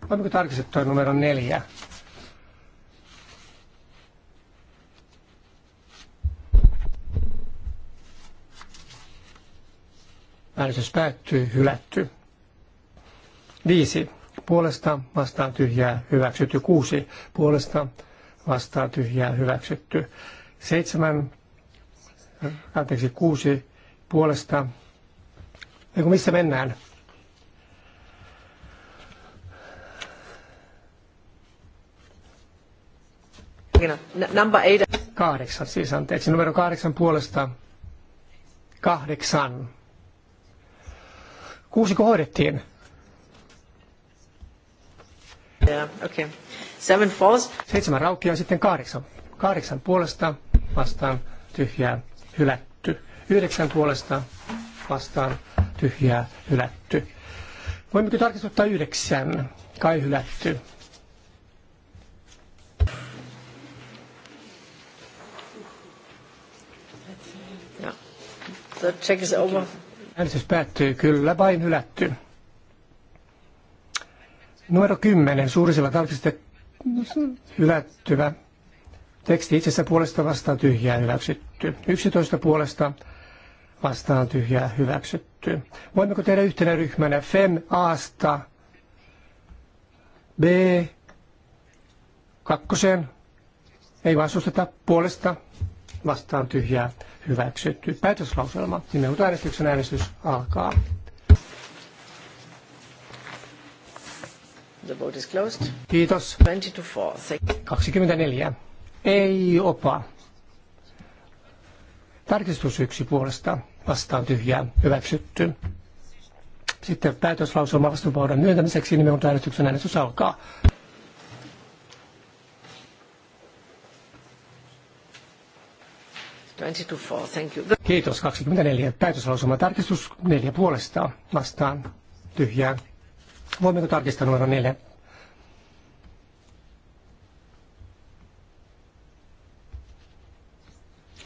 Voimmeko tarkistettua numero neljä? Äänestys päättyy, hylätty. Viisi puolesta vastaan tyhjää hyväksytty. Kuusi puolesta vastaan tyhjää hyväksytty. Seitsemän, anteeksi, kuusi puolesta. Eiku, missä mennään? Number eight. Kahdeksan, siis anteeksi, numero kahdeksan puolesta. Kahdeksan. Kuusi kohdettiin. Yeah, okay. Seven falls. Seitsemän raukia sitten kahdeksan. Kahdeksan puolesta vastaan tyhjää hylätty. Yhdeksän puolesta vastaan tyhjää hylätty. Voimmeko tarkistuttaa yhdeksän? Kai hylätty. The check is over. Äänestys päättyy kyllä vain hylätty. Numero 10, suurisella tarkistettuna hylättyvä. Teksti itsessä puolesta vastaan tyhjää hyväksytty. 11 puolesta vastaan tyhjää hyväksytty. Voimmeko tehdä yhtenä ryhmänä FEM Asta B kakkoseen? Ei vastusteta puolesta vastaan tyhjää hyväksytty. Päätöslauselma. äänestyksen äänestys alkaa. The vote is closed. Kiitos. 24. 24. Ei opa. Tarkistus yksi puolesta vastaan tyhjää hyväksytty. Sitten päätöslauselma vastuuvauden myöntämiseksi nimenomaan äänestyksen äänestys alkaa. Thank you. Kiitos. 24. Päätöslausuma tarkistus 4 puolesta vastaan tyhjää Voimmeko tarkistaa numero neljä?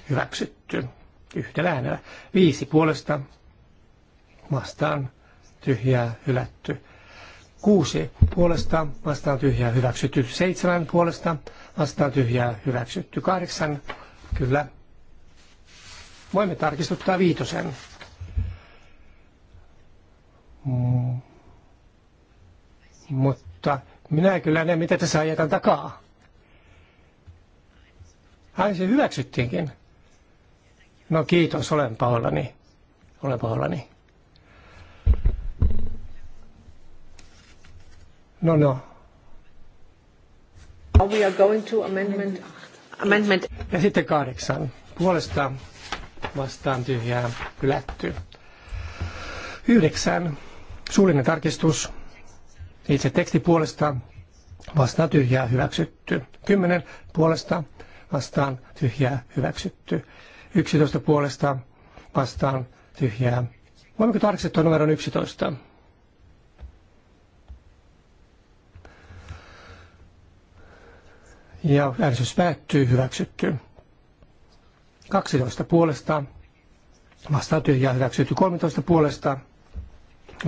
Hyväksytty. Yhdellä äänellä. Viisi puolesta vastaan tyhjää hylätty. Kuusi puolesta vastaan tyhjää hyväksytty. Seitsemän puolesta vastaan tyhjää hyväksytty. Kahdeksan kyllä. Voimme tarkistuttaa viitosen. Mm mutta minä kyllä näen, mitä tässä ajetaan takaa. Ai se hyväksyttiinkin. No kiitos, olen pahoillani. Olen pahoillani. No no. We are going to amendment. amendment. Ja sitten kahdeksan. Puolesta vastaan tyhjää hylätty. Yhdeksän. Suullinen tarkistus itse teksti puolesta vastaan tyhjää hyväksytty. 10 puolesta vastaan tyhjää hyväksytty. 11 puolesta vastaan tyhjää. Voimmeko tarkistaa tuon numeron 11? Ja äänestys päättyy hyväksytty. 12 puolesta vastaan tyhjää hyväksytty. 13 puolesta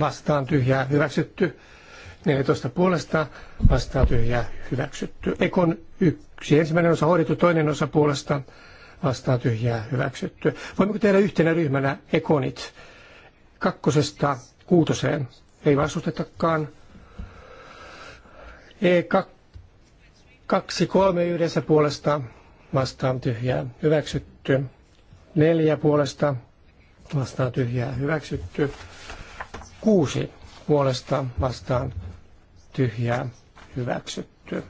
vastaan tyhjää hyväksytty. 14 puolesta vastaan tyhjää hyväksytty. Ekon yksi ensimmäinen osa hoidettu, toinen osa puolesta vastaan tyhjää hyväksytty. Voimmeko tehdä yhtenä ryhmänä ekonit kakkosesta kuutoseen? Ei vastustetakaan. E2, kaksi kolme yhdessä puolesta vastaan tyhjää hyväksytty. Neljä puolesta vastaan tyhjää hyväksytty. Kuusi puolesta vastaan tyhjää hyväksytty.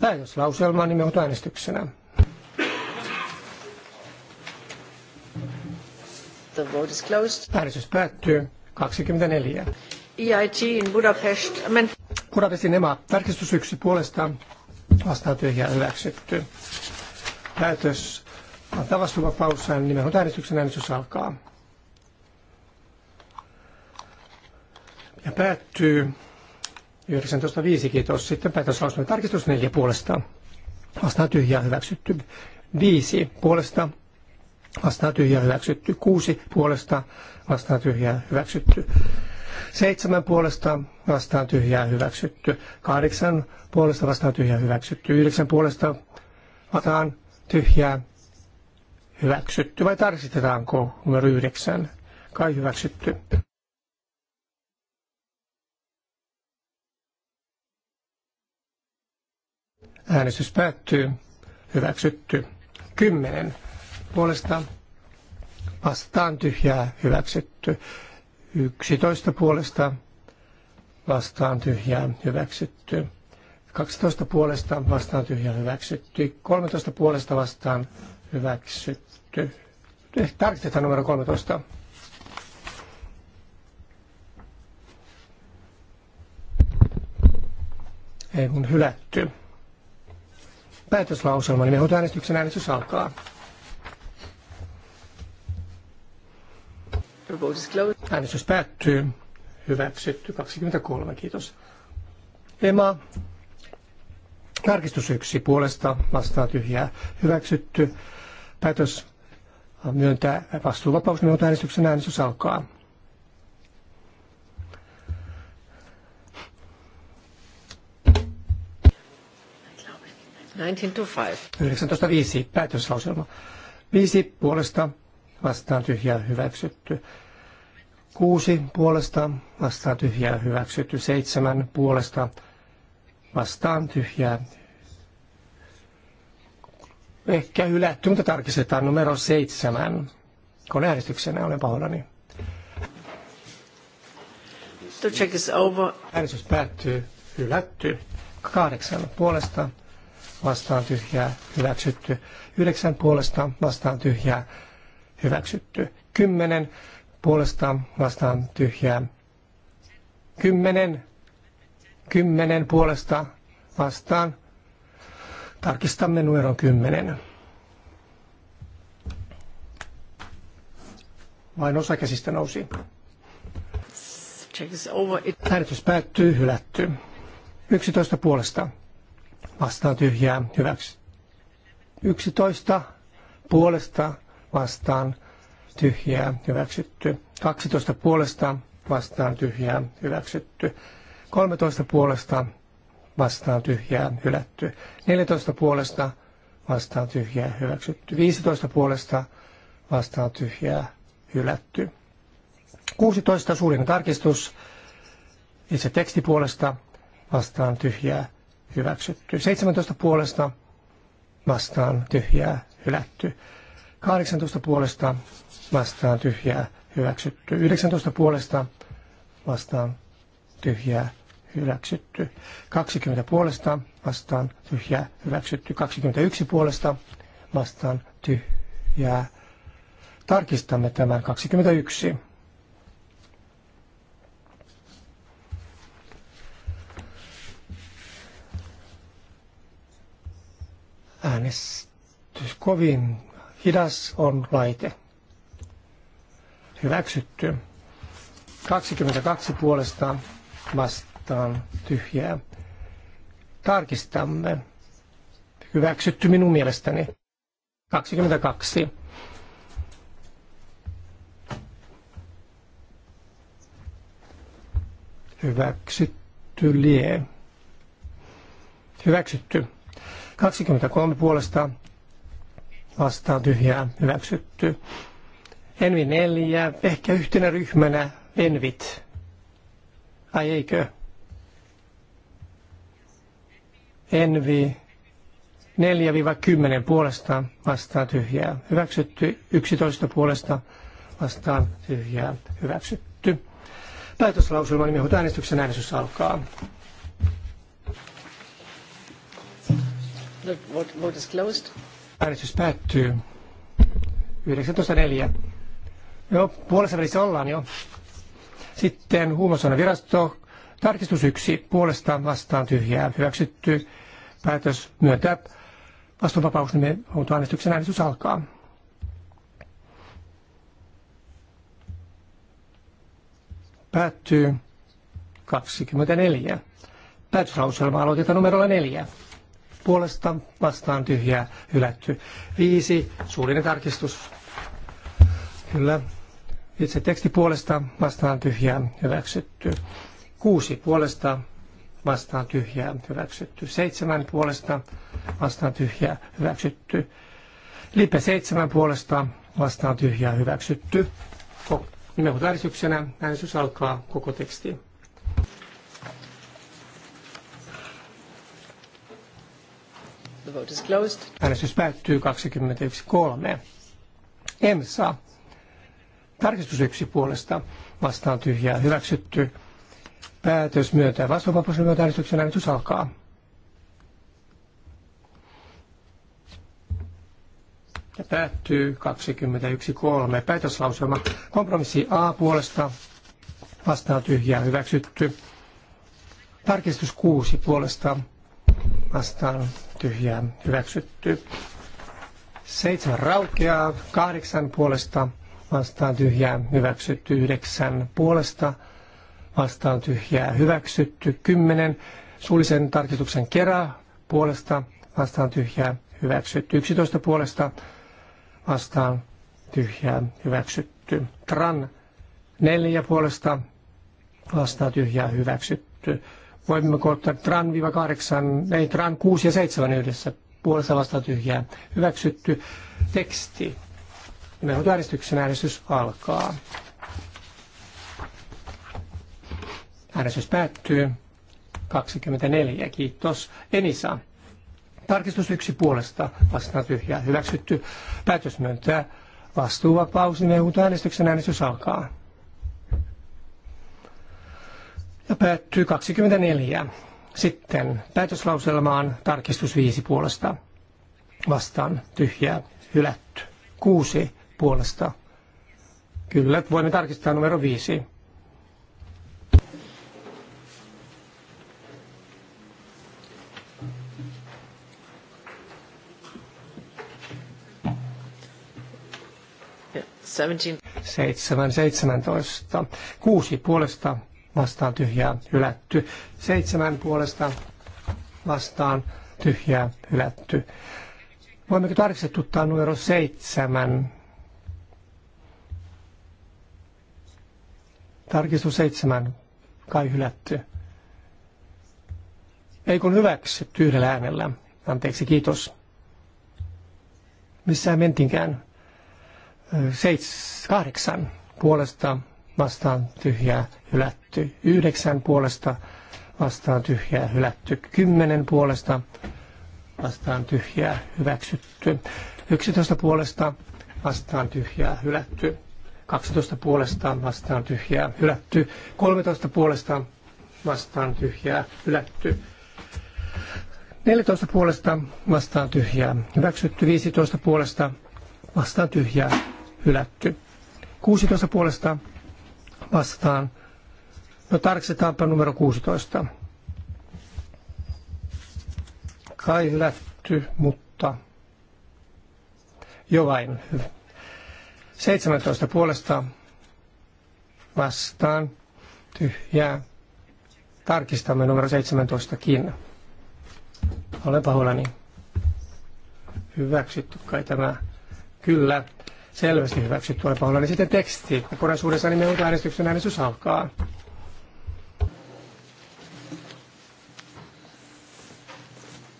Päätöslauselma nimenhuutoäänestyksenä. The vote is closed. Äänestys päättyy 24. EIT in Budapest. Amen. Budapestin emä Tarkistus yksi puolesta vastaan tyhjää hyväksytty. Päätös antaa vastuuvapaussaan nimenomaan äänestyksen äänestys alkaa. Ja päättyy 19.5, kiitos. Sitten päätöslausunnon tarkistus 4 puolesta. Vastaan tyhjää hyväksytty. 5 puolesta. Vastaan tyhjää hyväksytty. 6 puolesta. Vastaan tyhjää hyväksytty. 7 puolesta. Vastaan tyhjää hyväksytty. 8 puolesta. Vastaan tyhjää hyväksytty. 9 puolesta. Vastaan tyhjää hyväksytty. Vai tarkistetaanko numero 9? Kai hyväksytty. Äänestys päättyy. Hyväksytty. 10 puolesta vastaan tyhjää hyväksytty. 11 puolesta vastaan tyhjää hyväksytty. 12 puolesta vastaan tyhjää hyväksytty. 13 puolesta vastaan hyväksytty. Eh, tarkistetaan numero 13. Ei kun hylätty päätöslauselma, niin me äänestyksen äänestys alkaa. Äänestys päättyy. Hyväksytty 23, kiitos. Ema, tarkistus yksi puolesta vastaa tyhjää. Hyväksytty. Päätös myöntää vastuuvapaus, niin äänestyksen äänestys alkaa. 19.5. Päätöslauselma. Viisi puolesta vastaan tyhjää hyväksytty. Kuusi puolesta vastaan tyhjää hyväksytty. Seitsemän puolesta vastaan tyhjää ehkä hylätty, mutta tarkistetaan numero seitsemän. Koneäänestyksenä olen pahoillani. The check is over. Äänestys päättyy. Hylätty. Kahdeksan puolesta vastaan tyhjää hyväksytty. Yhdeksän puolesta vastaan tyhjää hyväksytty. Kymmenen puolesta vastaan tyhjää. Kymmenen kymmenen puolesta vastaan. Tarkistamme numero kymmenen. Vain osa käsistä nousi. Äänestys päättyy, hylätty. 11 puolesta vastaan tyhjää hyväksi. 11 puolesta vastaan tyhjää hyväksytty. 12 puolesta vastaan tyhjää hyväksytty. 13 puolesta vastaan tyhjää hylätty. 14 puolesta vastaan tyhjää hyväksytty. 15 puolesta vastaan tyhjää hylätty. 16 suurin tarkistus itse tekstipuolesta vastaan tyhjää hyväksytty. 17 puolesta vastaan tyhjää hylätty. 18 puolesta vastaan tyhjää hyväksytty. 19 puolesta vastaan tyhjää hyväksytty. 20 puolesta vastaan tyhjää hyväksytty. 21 puolesta vastaan tyhjää. Tarkistamme tämän 21. Äänestys kovin hidas on laite. Hyväksytty. 22 puolesta vastaan tyhjää. Tarkistamme. Hyväksytty minun mielestäni. 22. Hyväksytty lie. Hyväksytty. 23 puolesta vastaan tyhjää hyväksytty. Envi neljä, ehkä yhtenä ryhmänä envit. Ai eikö? Envi 4-10 puolesta vastaan tyhjää hyväksytty, 11 puolesta vastaan tyhjää hyväksytty. Päätöslauselma nimenhuuto äänestyksen äänestys alkaa. The vote, vote is closed. Äänestys päättyy. 19.4. Joo, puolessa välissä ollaan jo. Sitten huumausainevirasto, tarkistus 1, puolestaan vastaan tyhjää, hyväksytty. Päätös myöntää vastuunvapaus, niin me äänestyksen äänestys alkaa. Päättyy 24. Päätöslauselma aloitetaan numerolla 4 puolesta vastaan tyhjää hylätty. Viisi, suullinen tarkistus. Kyllä. Itse teksti puolesta vastaan tyhjää hyväksytty. Kuusi puolesta vastaan tyhjää hyväksytty. Seitsemän puolesta vastaan tyhjää hyväksytty. Lipe seitsemän puolesta vastaan tyhjää hyväksytty. Nimenhuutoäänestyksenä äänestys alkaa koko teksti. The vote is closed. Äänestys päättyy 21.3. EMSA. Tarkistus yksi puolesta vastaan tyhjää hyväksytty. Päätös myöntää vastuuvapauden myötä äänestyksen äänestys alkaa. Ja päättyy 21.3. Päätöslauselma. Kompromissi A puolesta vastaan tyhjää hyväksytty. Tarkistus 6 puolesta vastaan tyhjää hyväksytty. Seitsemän raukeaa, kahdeksan puolesta vastaan tyhjää hyväksytty, yhdeksän puolesta vastaan tyhjää hyväksytty, kymmenen suullisen tarkistuksen kera puolesta vastaan tyhjää hyväksytty, yksitoista puolesta vastaan tyhjää hyväksytty, tran neljä puolesta vastaan tyhjää hyväksytty, Voimme ottaa tran 8, ei tran 6 ja 7 yhdessä puolesta vastaan tyhjää. Hyväksytty teksti. on äänestyksen äänestys alkaa. Äänestys päättyy. 24, kiitos. Enisa. Tarkistus yksi puolesta vastaan tyhjää. Hyväksytty. Päätös myöntää vastuuvapaus. Nimenhoito äänestyksen äänestys alkaa ja päättyy 24. Sitten päätöslauselmaan tarkistus 5 puolesta vastaan tyhjää hylätty. 6 puolesta. Kyllä, voimme tarkistaa numero 5. seitsemän seitsemäntoista. Kuusi puolesta vastaan tyhjää hylätty. Seitsemän puolesta vastaan tyhjää hylätty. Voimmeko tarkistuttaa numero seitsemän? Tarkistus seitsemän, kai hylätty. Ei kun hyväksytty yhdellä äänellä. Anteeksi, kiitos. Missä mentinkään Seits, kahdeksan puolesta vastaan tyhjää hylätty. yhdeksän puolesta vastaan tyhjää hylätty. kymmenen puolesta vastaan tyhjää hyväksytty. yksitoista puolesta vastaan tyhjää hylätty. 12 puolesta vastaan tyhjää hylätty. 13 puolesta vastaan tyhjää hylätty. 14 puolesta vastaan tyhjää hyväksytty. 15 puolesta vastaan tyhjää hylätty. 16 puolesta vastaan. No tarkistetaanpa numero 16. Kai lätty, mutta jo vain. 17 puolesta vastaan tyhjää. Tarkistamme numero 17kin. Olen pahoillani. Hyväksytty kai tämä. Kyllä, selvästi hyväksytty. Olen niin sitten teksti. Kokonaisuudessaan nimen niin äänestyksen äänestys alkaa.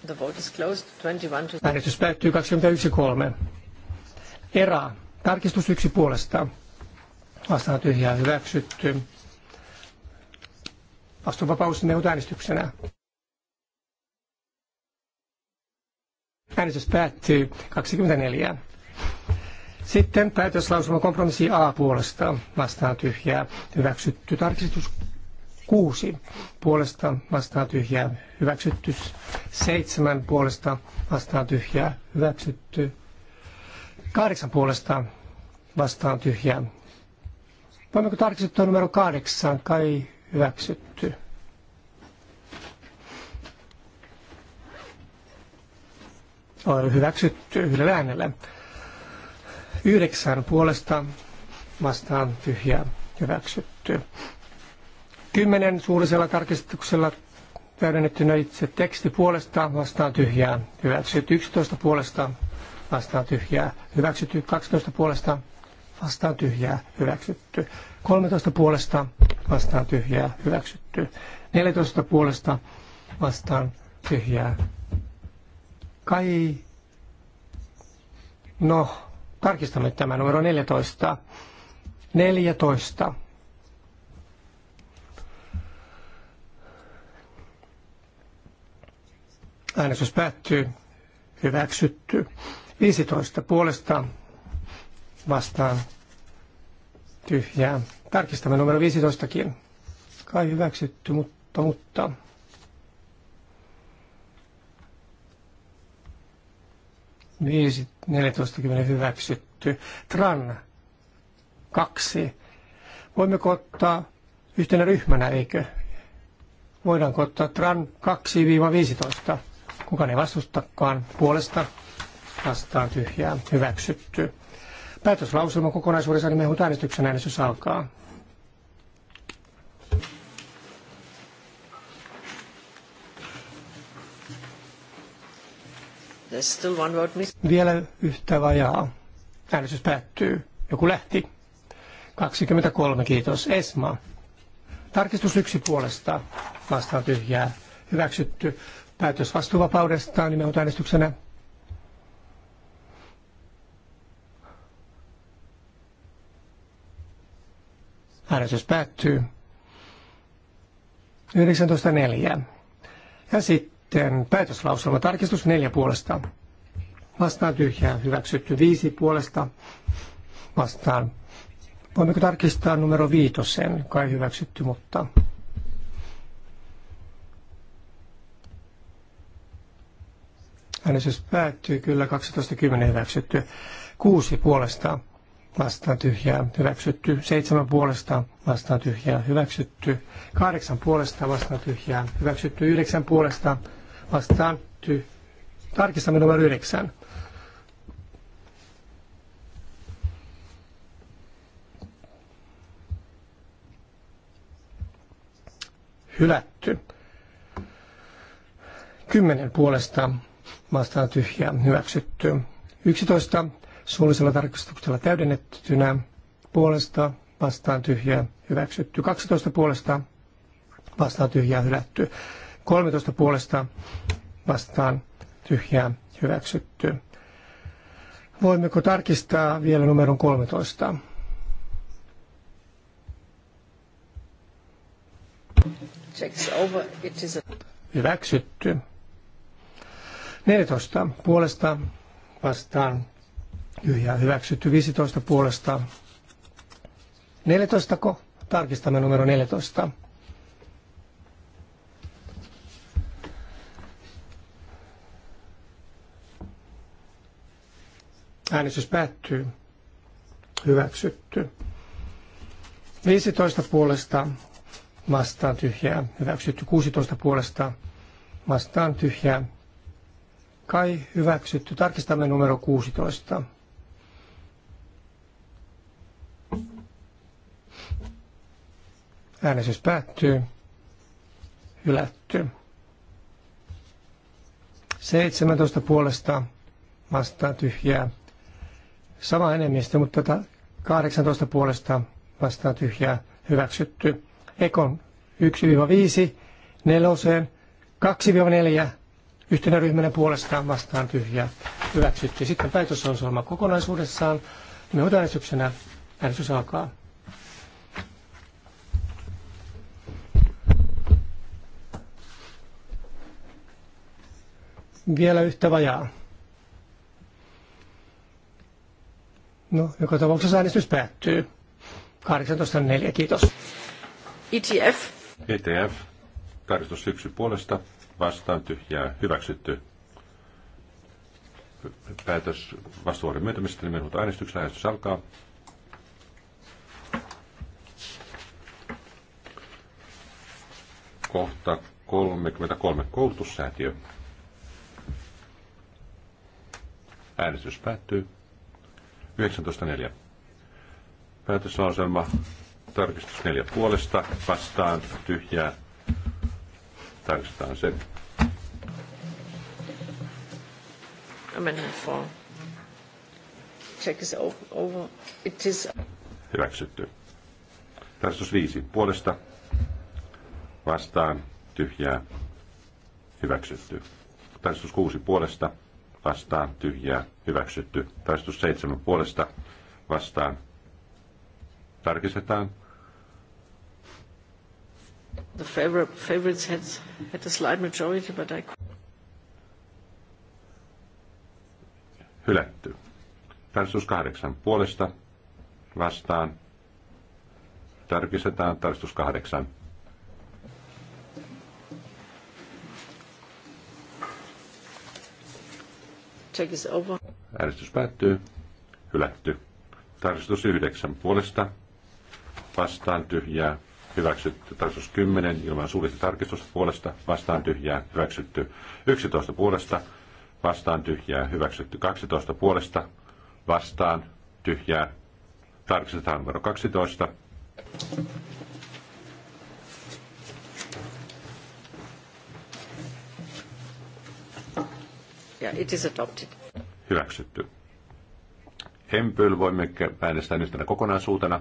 The vote is closed. 21 to... Äänestys päättyy 21.3. Era. Tarkistus yksi puolesta. Vastaan tyhjää hyväksytty. Vastuunvapaus neuvot äänestyksenä. Äänestys päättyy 24. Sitten päätöslausuma kompromissi A puolesta vastaan tyhjää hyväksytty. Tarkistus 6 puolesta vastaan tyhjää hyväksytty. 7 puolesta vastaan tyhjää hyväksytty. 8 puolesta vastaan tyhjää. Voimmeko tarkistettua numero 8 kai hyväksytty? On hyväksytty yhdellä äänellä. Yhdeksän puolesta vastaan tyhjää hyväksytty. Kymmenen suullisella tarkistuksella täydennettynä itse teksti puolesta vastaan tyhjää hyväksytty. Yksitoista puolesta vastaan tyhjää hyväksytty. Kaksitoista puolesta vastaan tyhjää hyväksytty. 13 puolesta vastaan tyhjää hyväksytty. 14 puolesta vastaan tyhjää. Kai, no, Tarkistamme tämän numero 14. 14. Äänestys päättyy. Hyväksytty. 15 puolesta vastaan tyhjää. Tarkistamme numero 15kin. Kai hyväksytty, mutta, mutta 5, 14, hyväksytty. Tran 2. Voimmeko ottaa yhtenä ryhmänä, eikö? Voidaanko ottaa Tran 2-15? Kuka ne vastustakaan puolesta vastaan tyhjää hyväksytty. Päätöslauselma kokonaisuudessaan nimenhuut niin äänestyksen äänestys alkaa. There's still one Vielä yhtä vajaa. Äänestys päättyy. Joku lähti. 23, kiitos. Esma. Tarkistus yksi puolesta. Vastaan tyhjää. Hyväksytty. Päätös vastuuvapaudesta nimenomaan äänestyksenä. Äänestys päättyy. 19.4. Ja sitten sitten päätöslauselma tarkistus neljä puolesta. Vastaan tyhjää hyväksytty viisi puolesta. Vastaan. Voimmeko tarkistaa numero viitosen? Kai hyväksytty, mutta... Äänestys päättyy kyllä 12.10 hyväksytty. Kuusi puolesta vastaan tyhjää hyväksytty. Seitsemän puolesta vastaan tyhjää hyväksytty. Kahdeksan puolesta vastaan tyhjää hyväksytty. Yhdeksän puolesta vastaan ty. Tarkistamme numero 9. Hylätty. Kymmenen puolesta vastaan tyhjää hyväksytty. 11 suullisella tarkistuksella täydennettynä puolesta vastaan tyhjää hyväksytty. 12 puolesta vastaan tyhjää hylätty. 13 puolesta vastaan tyhjää hyväksytty. Voimmeko tarkistaa vielä numeron 13? Hyväksytty. 14 puolesta vastaan tyhjää hyväksytty. 15 puolesta 14 ko? Tarkistamme numero 14. Äänestys päättyy. Hyväksytty. 15 puolesta vastaan tyhjää. Hyväksytty. 16 puolesta vastaan tyhjää. Kai hyväksytty. Tarkistamme numero 16. Äänestys päättyy. Hylätty. 17 puolesta vastaan tyhjää sama enemmistö, mutta 18 puolesta vastaan tyhjää hyväksytty. Ekon 1-5, neloseen 2-4, yhtenä ryhmänä puolestaan vastaan tyhjää hyväksytty. Sitten päätös on solma kokonaisuudessaan. Me otan äänestyksenä. Äänestys alkaa. Vielä yhtä vajaa. No, joka tapauksessa äänestys päättyy. 18.4. Kiitos. ETF. ETF. Tarkistus yksi puolesta. Vastaan tyhjää. Hyväksytty. Päätös vastuuvuoden myöntämisestä nimenhuuto äänestyksellä. Äänestys alkaa. Kohta 33. Koulutussäätiö. Äänestys päättyy. 19.4. Päätöslauselma tarkistus 4 puolesta vastaan tyhjää. Tarkistetaan se. Amendment 4. Check is over. It is... Hyväksytty. Tarkistus 5 puolesta vastaan tyhjää. Hyväksytty. Tarkistus 6 puolesta vastaan tyhjää hyväksytty. Taistus seitsemän puolesta vastaan tarkistetaan. The favorites had, had a slight majority, but I Hylätty. Tarkistus kahdeksan puolesta vastaan. Tarkistetaan tarkistus kahdeksan. Check is over. Äänestys päättyy. Hylätty. Tarkistus 9 puolesta. Vastaan tyhjää. Hyväksytty. Tarkistus 10 ilman suullista tarkistusta puolesta. Vastaan tyhjää. Hyväksytty. 11 puolesta. Vastaan tyhjää. Hyväksytty. 12 puolesta. Vastaan tyhjää. Tarkistetaan numero 12. it is adopted. Hyväksytty. Empel voimme äänestää nyt tänä kokonaisuutena.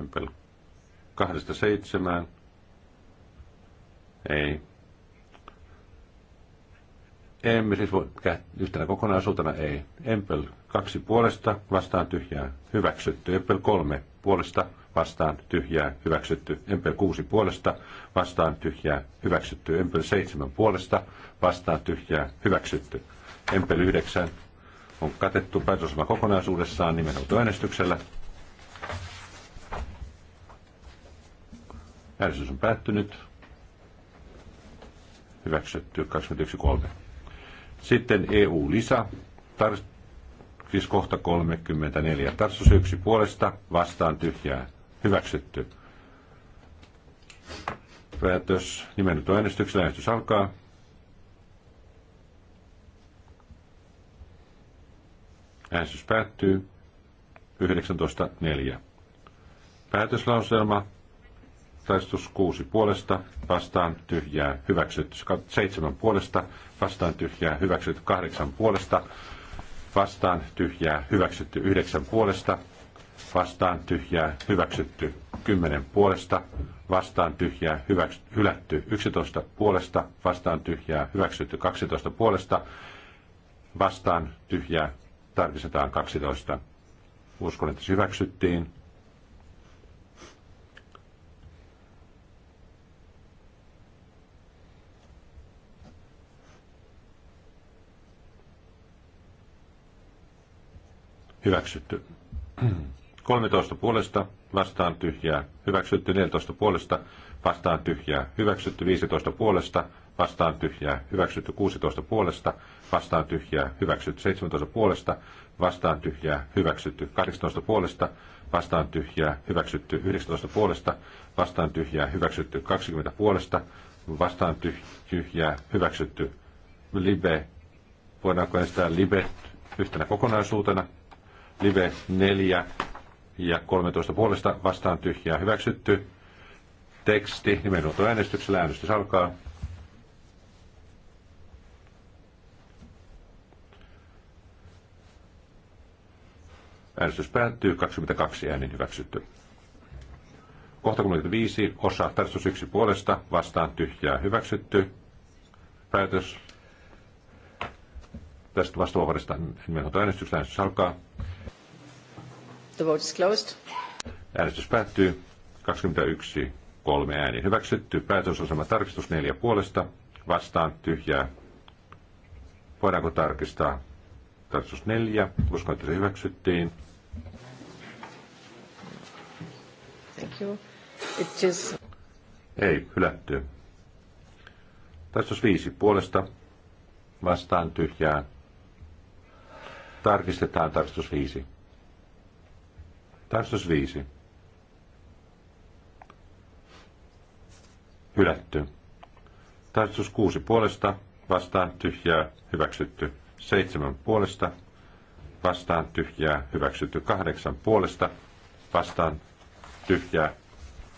Empel kahdesta seitsemään. Ei. Emme siis voi yhtenä kokonaisuutena, ei. Empel kaksi puolesta, vastaan tyhjää, hyväksytty. Empel kolme puolesta, vastaan tyhjää, hyväksytty. Empel kuusi puolesta, vastaan tyhjää, hyväksytty. Empel seitsemän puolesta, vastaan tyhjää, hyväksytty. Empel 9 on katettu päätösosama kokonaisuudessaan nimenhoitoäänestyksellä. Äänestys on päättynyt. Hyväksytty 21.3. Sitten EU-lisä. Tar- siis kohta 34. Tarsus 1 puolesta vastaan tyhjää. Hyväksytty. Päätös nimennyt äänestyksellä. Äänestys alkaa. Äänestys päättyy 19.4. Päätöslauselma. Taistus 6 puolesta, vastaan tyhjää, hyväksytty 7 puolesta, vastaan tyhjää, hyväksytty 8 puolesta, vastaan tyhjää, hyväksytty 9 puolesta, vastaan tyhjää, hyväksytty 10 puolesta, vastaan tyhjää, hyväks, hylätty 11 puolesta, vastaan tyhjää, hyväksytty 12 puolesta, vastaan tyhjää, tarkistetaan 12. Uskon, että se hyväksyttiin. Hyväksytty. 13 puolesta vastaan tyhjää, hyväksytty 14 puolesta vastaan tyhjää, hyväksytty 15 puolesta vastaan tyhjää, hyväksytty 16 puolesta, vastaan tyhjää, hyväksytty 17 puolesta, vastaan tyhjää, hyväksytty 18 puolesta, vastaan tyhjää, hyväksytty 19 puolesta, vastaan tyhjää, hyväksytty 20 puolesta, vastaan tyhjää, hyväksytty live, voidaanko estää live yhtenä kokonaisuutena, live 4 ja 13 puolesta, vastaan tyhjää, hyväksytty, teksti, nimenomaan äänestyksellä äänestys alkaa. Äänestys päättyy. 22 äänin hyväksytty. Kohta 35. Osa tarkistus 1 puolesta. Vastaan tyhjää hyväksytty. Päätös tästä vastuuvaparista nimenhoitoäänestyksestä. Äänestys alkaa. The vote is closed. Äänestys päättyy. 21 kolme ääni hyväksytty. Päätösosama tarkistus neljä puolesta. Vastaan tyhjää. Voidaanko tarkistaa? Tarkistus neljä. Uskon, että se hyväksyttiin. Thank you. It just... Ei, hylätty. Tarkistus viisi puolesta vastaan tyhjää. Tarkistetaan tarkistus viisi. Tarkistus viisi. Hylätty. Tarkistus kuusi puolesta vastaan tyhjää hyväksytty. Seitsemän puolesta vastaan tyhjää hyväksytty. Kahdeksan puolesta vastaan tyhjää.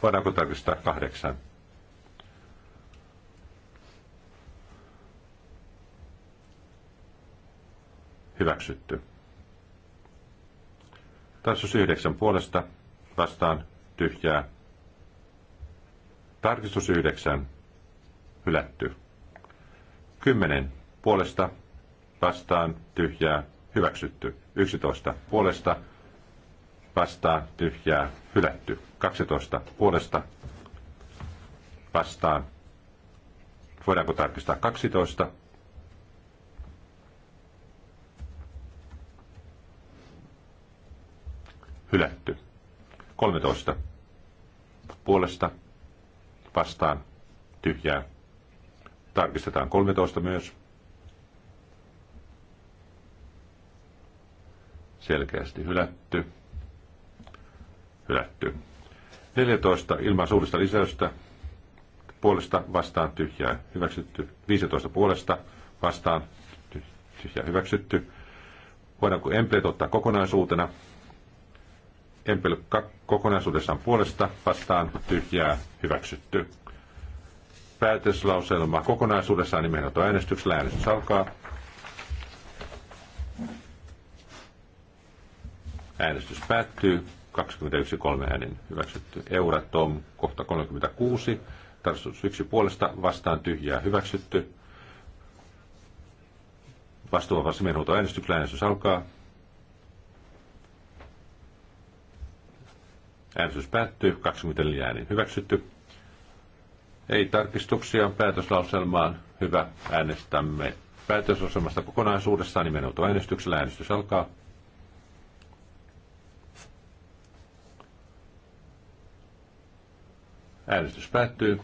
Voidaanko tarkistaa kahdeksan? Hyväksytty. Tarkistus yhdeksän puolesta vastaan tyhjää. Tarkistus yhdeksän hylätty. Kymmenen puolesta vastaan tyhjää hyväksytty. 11 puolesta vastaan tyhjää hylätty. 12 puolesta vastaan. Voidaanko tarkistaa 12? Hylätty. 13 puolesta vastaan tyhjää. Tarkistetaan 13 myös. selkeästi hylätty. Hylätty. 14 ilman suurista lisäystä puolesta vastaan tyhjää hyväksytty. 15 puolesta vastaan tyhjää hyväksytty. Voidaanko empleet ottaa kokonaisuutena? Empel kokonaisuudessaan puolesta vastaan tyhjää hyväksytty. Päätöslauselma kokonaisuudessaan nimenhoito äänestyksellä äänestys alkaa. Äänestys päättyy. 21.3 äänen hyväksytty. Euratom kohta 36. Tarkastus yksi puolesta vastaan tyhjää hyväksytty. Vastuva minuutin äänestyksellä äänestys alkaa. Äänestys päättyy. 24 äänin hyväksytty. Ei tarkistuksia päätöslauselmaan. Hyvä. Äänestämme päätöslauselmasta kokonaisuudessaan nimenomaan äänestyksellä. Äänestys alkaa. Äänestys päättyy.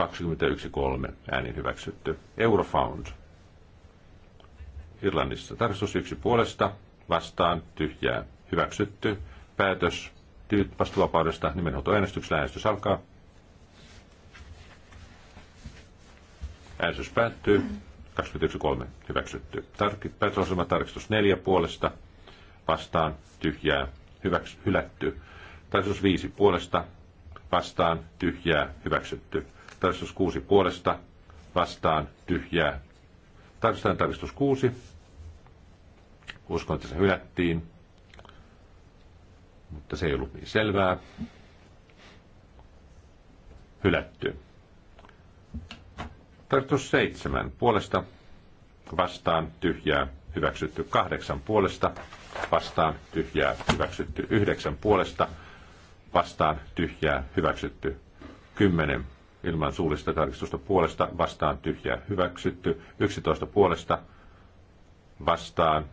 21.3. Äänin hyväksytty. Eurofound. Irlannissa tarkistus yksi puolesta. Vastaan tyhjää. Hyväksytty. Päätös vastuvapaudesta äänestyksellä. Äänestys alkaa. Äänestys päättyy. 21.3. Hyväksytty. Tark- Päätösosama tarkistus neljä puolesta. Vastaan tyhjää. Hyväks- hylätty. Tarkistus viisi puolesta vastaan, tyhjää, hyväksytty. Tarkistus 6 puolesta, vastaan, tyhjää. Tarkistetaan tarkistus 6. Uskon, että se hylättiin, mutta se ei ollut niin selvää. Hylätty. Tarkistus 7 puolesta, vastaan, tyhjää, hyväksytty. 8 puolesta, vastaan, tyhjää, hyväksytty. 9 puolesta, vastaan tyhjää hyväksytty. 10 ilman suullista tarkistusta puolesta vastaan tyhjää hyväksytty. 11 puolesta vastaan.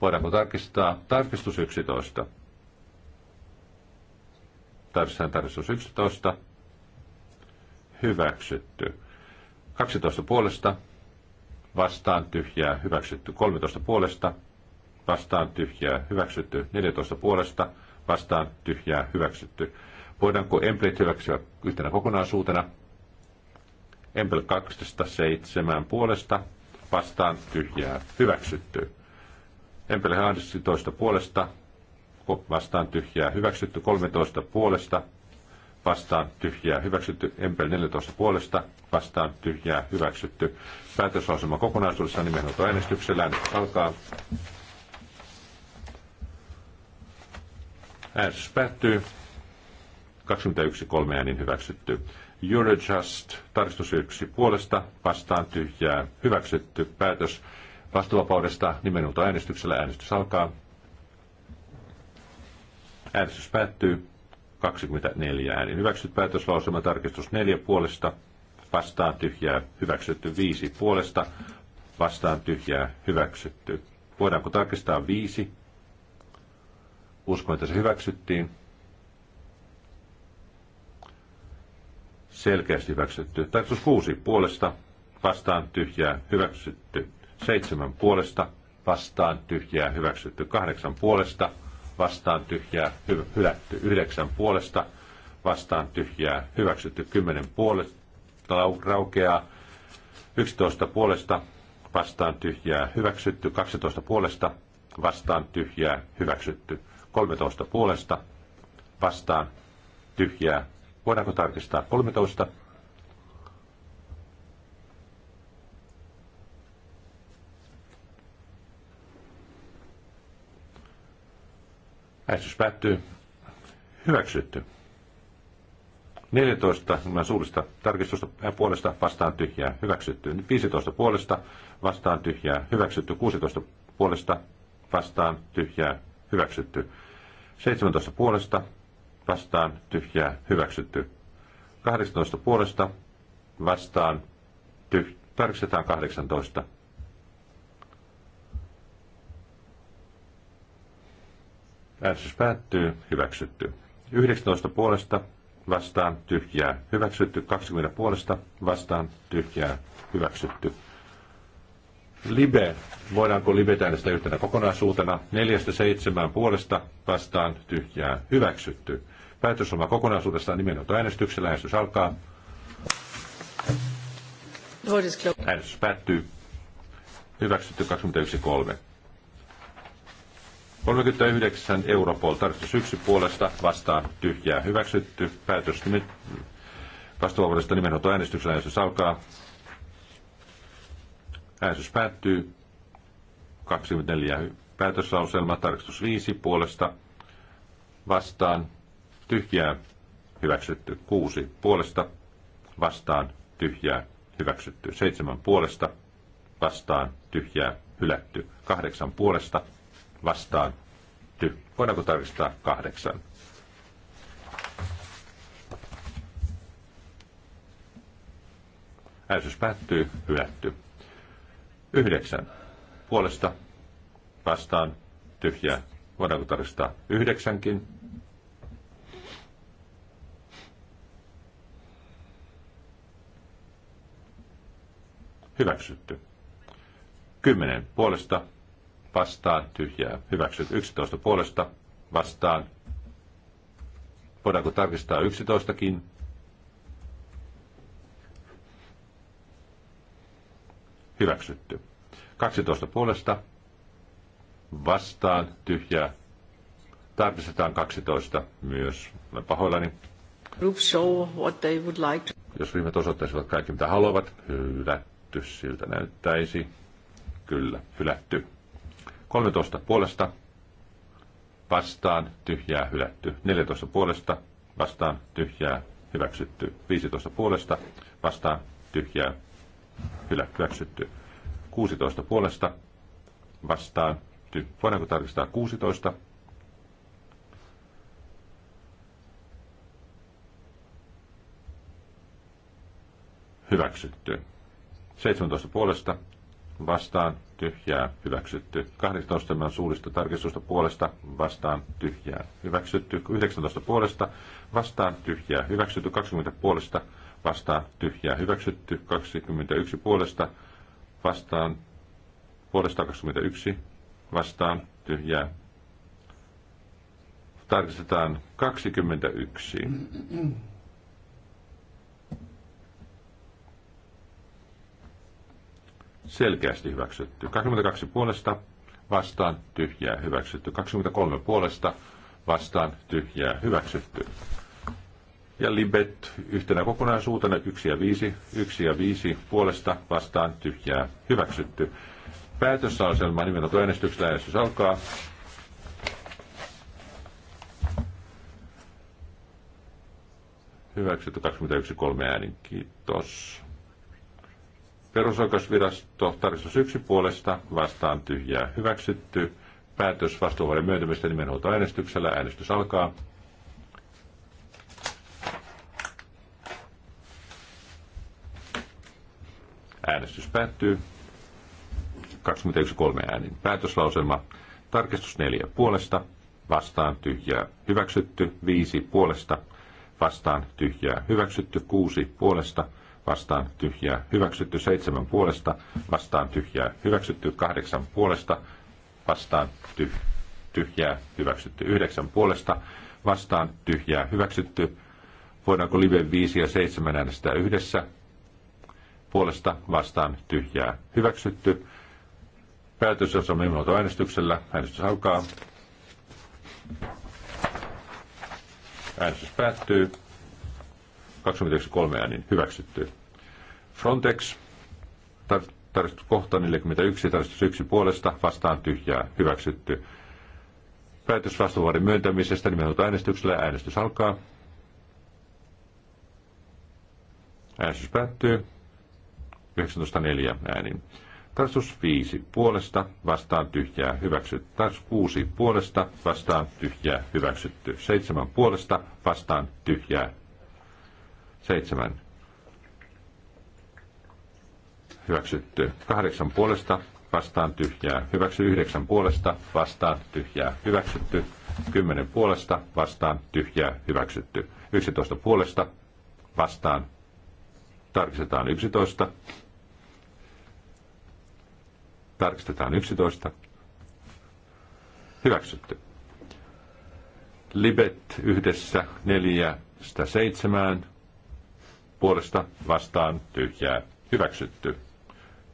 Voidaanko tarkistaa? Tarkistus 11. Tarkistetaan tarkistus 11. Hyväksytty. 12 puolesta vastaan tyhjää hyväksytty. 13 puolesta vastaan tyhjää hyväksytty. 14 puolesta vastaan tyhjää hyväksytty. Voidaanko emplit hyväksyä yhtenä kokonaisuutena? Empel 27 puolesta vastaan tyhjää hyväksytty. Empel 12 puolesta vastaan tyhjää hyväksytty. 13 puolesta vastaan tyhjää hyväksytty. Empel 14 puolesta vastaan tyhjää hyväksytty. Päätöslausuma kokonaisuudessaan äänestyksellä. Nyt alkaa. Äänestys päättyy. 21 kolme äänin hyväksytty. Eurojust, tarkistus 1 puolesta, vastaan tyhjää, hyväksytty päätös vastuvapaudesta nimenulta äänestyksellä. Äänestys alkaa. Äänestys päättyy. 24 äänin hyväksytty lausuma tarkistus 4 puolesta, vastaan tyhjää, hyväksytty 5 puolesta, vastaan tyhjää, hyväksytty. Voidaanko tarkistaa 5? Uskon, että se hyväksyttiin. Selkeästi hyväksytty. Tarkistus 6 puolesta vastaan tyhjää hyväksytty. 7 puolesta vastaan tyhjää hyväksytty. 8 puolesta vastaan tyhjää hy- hylätty. 9 puolesta vastaan tyhjää hyväksytty. 10 puolesta raukeaa. 11 puolesta vastaan tyhjää hyväksytty, 12 puolesta vastaan tyhjää hyväksytty. 13 puolesta vastaan tyhjää. Voidaanko tarkistaa 13? Äänestys päättyy. Hyväksytty. 14 ilman suurista tarkistusta puolesta vastaan tyhjää hyväksytty. 15 puolesta vastaan tyhjää hyväksytty. 16 puolesta vastaan tyhjää hyväksytty. 17 puolesta vastaan tyhjää hyväksytty. 18 puolesta vastaan tyhjää, tarkistetaan 18. Äänestys päättyy, hyväksytty. 19 puolesta vastaan tyhjää hyväksytty. 20 puolesta vastaan tyhjää hyväksytty. Libe. Voidaanko Libe äänestää yhtenä kokonaisuutena? neljästä seitsemään puolesta vastaan tyhjää hyväksytty. Päätösoma kokonaisuudessaan nimenomaan äänestyksellä. Äänestys alkaa. Äänestys päättyy. Hyväksytty 21.3. 39 Europol tarkistus 1 puolesta vastaan tyhjää hyväksytty. Päätös vastuuvuodesta nimenhoitoäänestyksellä, äänestys alkaa. Äänestys päättyy. 24 päätöslauselma, tarkistus 5 puolesta vastaan, tyhjää, hyväksytty 6 puolesta vastaan, tyhjää, hyväksytty 7 puolesta vastaan, tyhjää, hylätty 8 puolesta vastaan, ty. Voidaanko tarkistaa 8? Äänestys päättyy, hylätty. Yhdeksän. Puolesta vastaan tyhjää. Voidaanko tarkistaa yhdeksänkin? Hyväksytty. Kymmenen puolesta vastaan tyhjää. Hyväksytty. Yksitoista puolesta vastaan. Voidaanko tarkistaa yksitoistakin? hyväksytty. 12 puolesta vastaan tyhjää. Tarkistetaan 12 myös. Olen pahoillani. Show what they would like to. Jos ryhmät osoittaisivat kaikki mitä haluavat, hylätty siltä näyttäisi. Kyllä, hylätty. 13 puolesta vastaan tyhjää hylätty. 14 puolesta vastaan tyhjää hyväksytty. 15 puolesta vastaan tyhjää hyväksytty. 16 puolesta vastaan. Voidaanko tarkistaa 16? Hyväksytty. 17 puolesta vastaan tyhjää hyväksytty. 18 ilman suullista tarkistusta puolesta vastaan tyhjää hyväksytty. 19 puolesta vastaan tyhjää hyväksytty. 20 puolesta vastaan, vastaan tyhjää hyväksytty, 21 puolesta vastaan, puolesta 21 vastaan tyhjää. Tarkistetaan 21. Selkeästi hyväksytty. 22 puolesta vastaan tyhjää hyväksytty. 23 puolesta vastaan tyhjää hyväksytty ja Libet yhtenä kokonaisuutena 1 ja 5, 1 ja 5 puolesta vastaan tyhjää hyväksytty. Päätössalselma nimenot äänestyksellä äänestys alkaa. Hyväksytty 21, 21.3 äänin, kiitos. Perusoikeusvirasto tarkistus yksi puolesta vastaan tyhjää hyväksytty. Päätös vastuuvuoden myöntämistä äänestyksellä Äänestys alkaa. Äänestys päättyy. 21.3 äänin päätöslauselma. Tarkistus 4 puolesta. Vastaan tyhjää hyväksytty. 5 puolesta. Vastaan tyhjää hyväksytty. 6 puolesta. Vastaan tyhjää hyväksytty. 7 puolesta. Vastaan tyhjää hyväksytty. 8 puolesta. Vastaan tyhjää hyväksytty. 9 puolesta. Vastaan tyhjää hyväksytty. Voidaanko live 5 ja 7 äänestää yhdessä? puolesta vastaan tyhjää hyväksytty. Päätös, jos on äänestyksellä. Äänestys alkaa. Äänestys päättyy. 23 äänin hyväksytty. Frontex, tar- tarkistus kohta 41, tarkistus 1 puolesta, vastaan tyhjää, hyväksytty. Päätös vastuuvuoden myöntämisestä nimenomaan äänestyksellä. Äänestys alkaa. Äänestys päättyy. 19.4 äänin. Tarkastus 5 puolesta vastaan tyhjää hyväksytty. Tarkastus 6 puolesta vastaan tyhjää hyväksytty. 7 puolesta vastaan tyhjää. 7 hyväksytty. 8 puolesta vastaan tyhjää hyväksy. 9 puolesta vastaan tyhjää hyväksytty. 10 puolesta vastaan tyhjää hyväksytty. 11 puolesta vastaan tarkistetaan 11. Tarkistetaan 11. Hyväksytty. Libet yhdessä neljästä seitsemään. Puolesta vastaan tyhjää. Hyväksytty.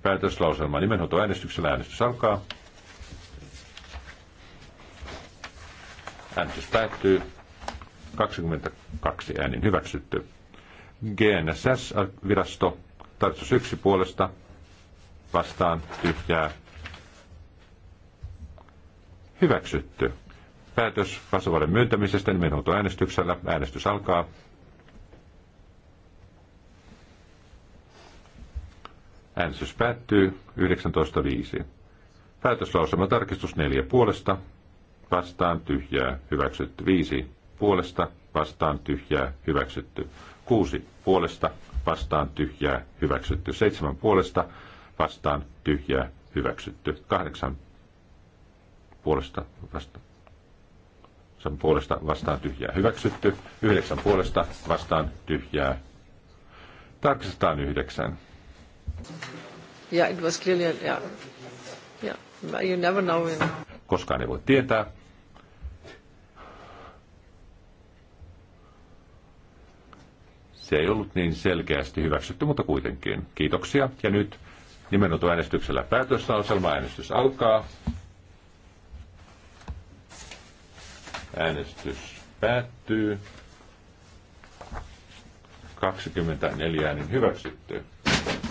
Päätöslauselma äänestyksellä äänestys alkaa. Äänestys päättyy. 22 äänin hyväksytty. GNSS-virasto, tarkistus yksi puolesta, vastaan tyhjää hyväksytty. Päätös vastavuoden myöntämisestä äänestyksellä. Äänestys alkaa. Äänestys päättyy 19.5. Päätöslausema tarkistus 4 puolesta, vastaan tyhjää, hyväksytty 5 puolesta, vastaan tyhjää, hyväksytty 6 puolesta, vastaan tyhjää, hyväksytty 7 puolesta, vastaan tyhjää hyväksytty. Kahdeksan puolesta vastaan puolesta vastaan tyhjää hyväksytty. Yhdeksän puolesta vastaan tyhjää. Tarkistetaan yhdeksän. Yeah, it was clearly, yeah. Yeah, you never know. Koskaan ei voi tietää. Se ei ollut niin selkeästi hyväksytty, mutta kuitenkin. Kiitoksia. Ja nyt Nimennotu äänestyksellä päätöslauselma. Äänestys alkaa. Äänestys päättyy. 24 äänin hyväksytty.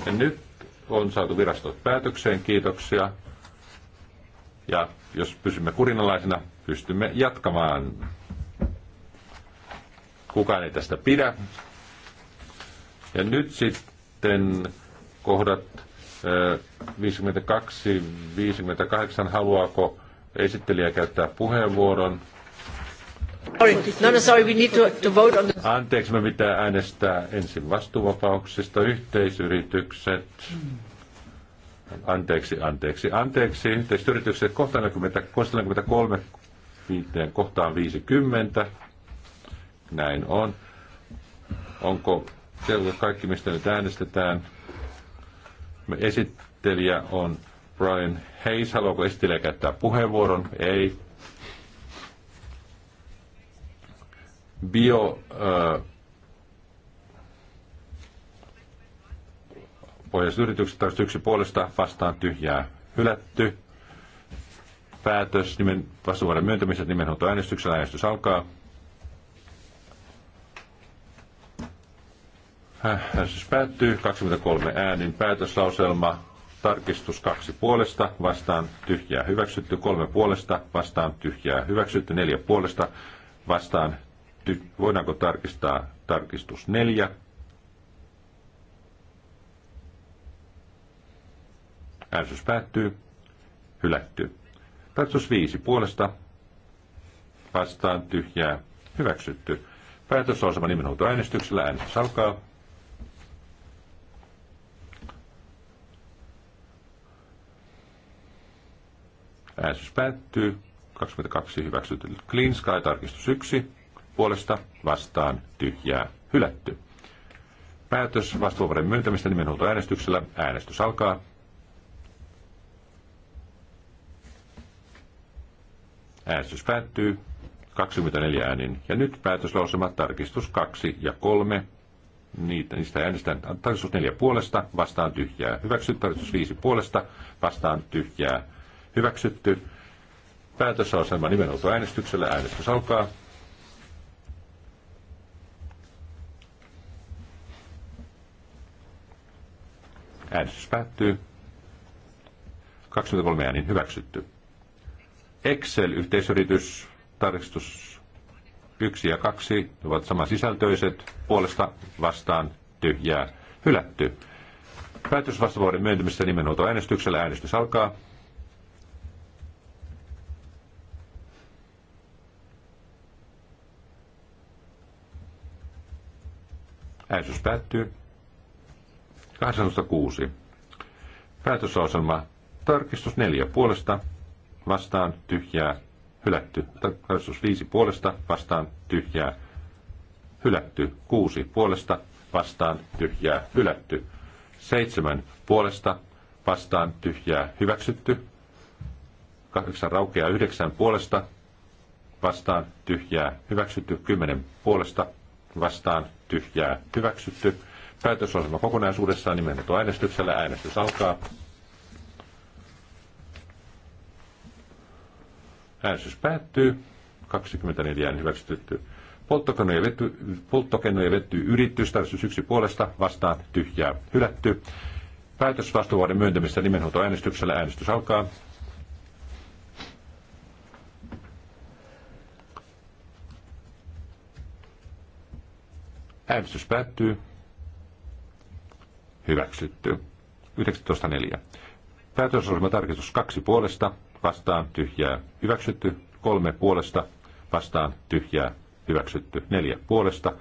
Ja nyt on saatu virastot päätökseen. Kiitoksia. Ja jos pysymme kurinalaisena, pystymme jatkamaan. Kukaan ei tästä pidä. Ja nyt sitten kohdat Äh, 52-58, haluaako esittelijä käyttää puheenvuoron? Anteeksi, me pitää äänestää ensin vastuuvapauksista, yhteisyritykset. Anteeksi, anteeksi, anteeksi. Yhteisyritykset kohtaan 43 viiteen kohtaan 50. Näin on. Onko selvä kaikki, mistä nyt äänestetään? Esittelijä on Brian Hayes. Haluaako esittelijä käyttää puheenvuoron? Ei. Bio... Äh, pohjaiset yritykset yksi puolesta vastaan tyhjää hylätty. Päätös nimen vastuuvuoden myöntämisestä nimenhuoltoäänestyksellä äänestys alkaa. Äänestys päättyy 23 äänin päätöslauselma. Tarkistus kaksi puolesta, vastaan tyhjää hyväksytty, kolme puolesta, vastaan tyhjää hyväksytty, neljä puolesta, vastaan ty- voidaanko tarkistaa tarkistus neljä. Äänestys päättyy, hylätty. Tarkistus viisi puolesta, vastaan tyhjää hyväksytty. Päätöslauselma nimenhuoltoäänestyksellä äänestys alkaa. Äänestys päättyy. 22 hyväksytty. Clean Sky tarkistus 1. Puolesta vastaan tyhjää hylätty. Päätös vastuuvuoden myöntämistä nimenhuoltoäänestyksellä. Äänestys alkaa. Äänestys päättyy 24 äänin. Ja nyt päätöslausumat tarkistus 2 ja 3. Niitä, niistä äänestetään tarkistus 4 puolesta, vastaan tyhjää. Hyväksyt tarkistus 5 puolesta, vastaan tyhjää. Hyväksytty. Päätösasema nimenomaan äänestyksellä. Äänestys alkaa. Äänestys päättyy. 23 äänin hyväksytty. Excel-yhteisyritys, tarkistus 1 ja 2 ovat samansisältöiset, puolesta vastaan tyhjää hylätty. vastavuoden myöntymistä nimenhuoltoäänestyksellä äänestys alkaa. Äänestys päättyy. 806. Päätösosalma. Tarkistus 4 puolesta. Vastaan tyhjää. Hylätty. Tarkistus 5 puolesta. Vastaan tyhjää. Hylätty. 6 puolesta. Vastaan tyhjää. Hylätty. 7 puolesta. Vastaan tyhjää. Hyväksytty. 8 raukeaa 9 puolesta. Vastaan tyhjää. Hyväksytty. 10 puolesta vastaan tyhjää hyväksytty. Päätösosama kokonaisuudessaan nimenhuuto äänestyksellä. Äänestys alkaa. Äänestys päättyy. 24 ääni hyväksytty. Polttokenne ja vetty, vetty yritys, täysin yksi puolesta, vastaan tyhjää hylätty. Päätös vastuuvuoden myöntämistä nimenhuutoäänestyksellä. Äänestys alkaa. Äänestys päättyy. Hyväksytty. 19.4. Päätösosuma tarkistus kaksi puolesta, vastaan tyhjää, hyväksytty. Kolme puolesta, vastaan tyhjää, hyväksytty. Neljä puolesta,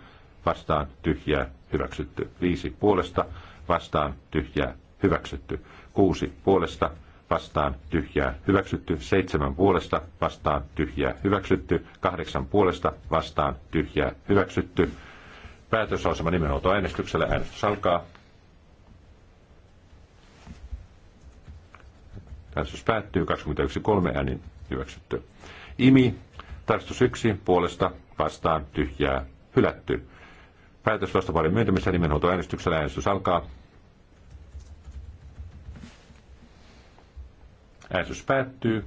vastaan tyhjää, hyväksytty. Viisi puolesta, vastaan tyhjää, hyväksytty. Kuusi puolesta, vastaan tyhjää, hyväksytty. Seitsemän puolesta, vastaan tyhjää, hyväksytty. Kahdeksan puolesta, vastaan tyhjää, hyväksytty. Päätösasema nimenhuoltoäänestyksellä. Äänestys alkaa. Äänestys päättyy 21.3 äänin hyväksytty. IMI, tarkistus 1, puolesta, vastaan, tyhjää, hylätty. Päätös vastapuolen myöntämistä nimenhuoltoäänestyksellä. Äänestys alkaa. Äänestys päättyy.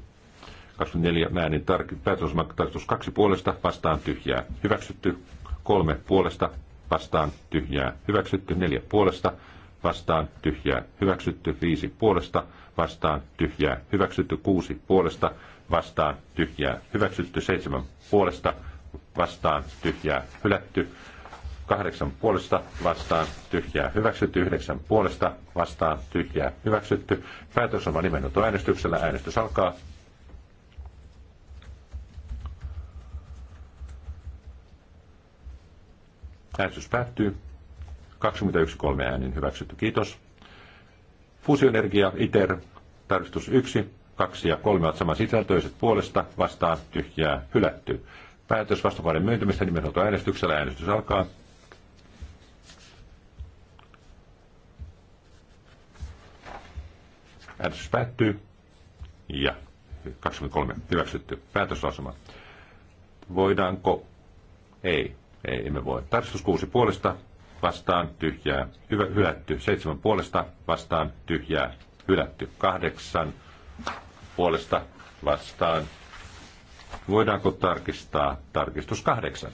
24 äänin tar- päätösosma tarkistus 2 puolesta, vastaan tyhjää. Hyväksytty. 3 puolesta, vastaan tyhjää hyväksytty, neljä puolesta vastaan tyhjää hyväksytty, viisi puolesta vastaan tyhjää hyväksytty, kuusi puolesta vastaan tyhjää hyväksytty, seitsemän puolesta vastaan tyhjää hylätty, kahdeksan puolesta vastaan tyhjää hyväksytty, yhdeksän puolesta vastaan tyhjää hyväksytty. Päätös on nimenhoito äänestyksellä. Äänestys alkaa. Äänestys päättyy. 21.3 äänin hyväksytty. Kiitos. Fuusioenergia, ITER, tarkistus 1, 2 ja 3 ovat saman sisältöiset puolesta, vastaan tyhjää, hylätty. Päätös vastapuolen myöntämistä nimenomaan äänestyksellä. Äänestys alkaa. Äänestys päättyy. Ja 23 hyväksytty. Päätöslausuma. Voidaanko? Ei. Ei, emme voi. Tarkistus 6 puolesta vastaan tyhjää. Hyvä, hylätty. 7 puolesta vastaan tyhjää. Hylätty. 8 puolesta vastaan. Voidaanko tarkistaa tarkistus 8?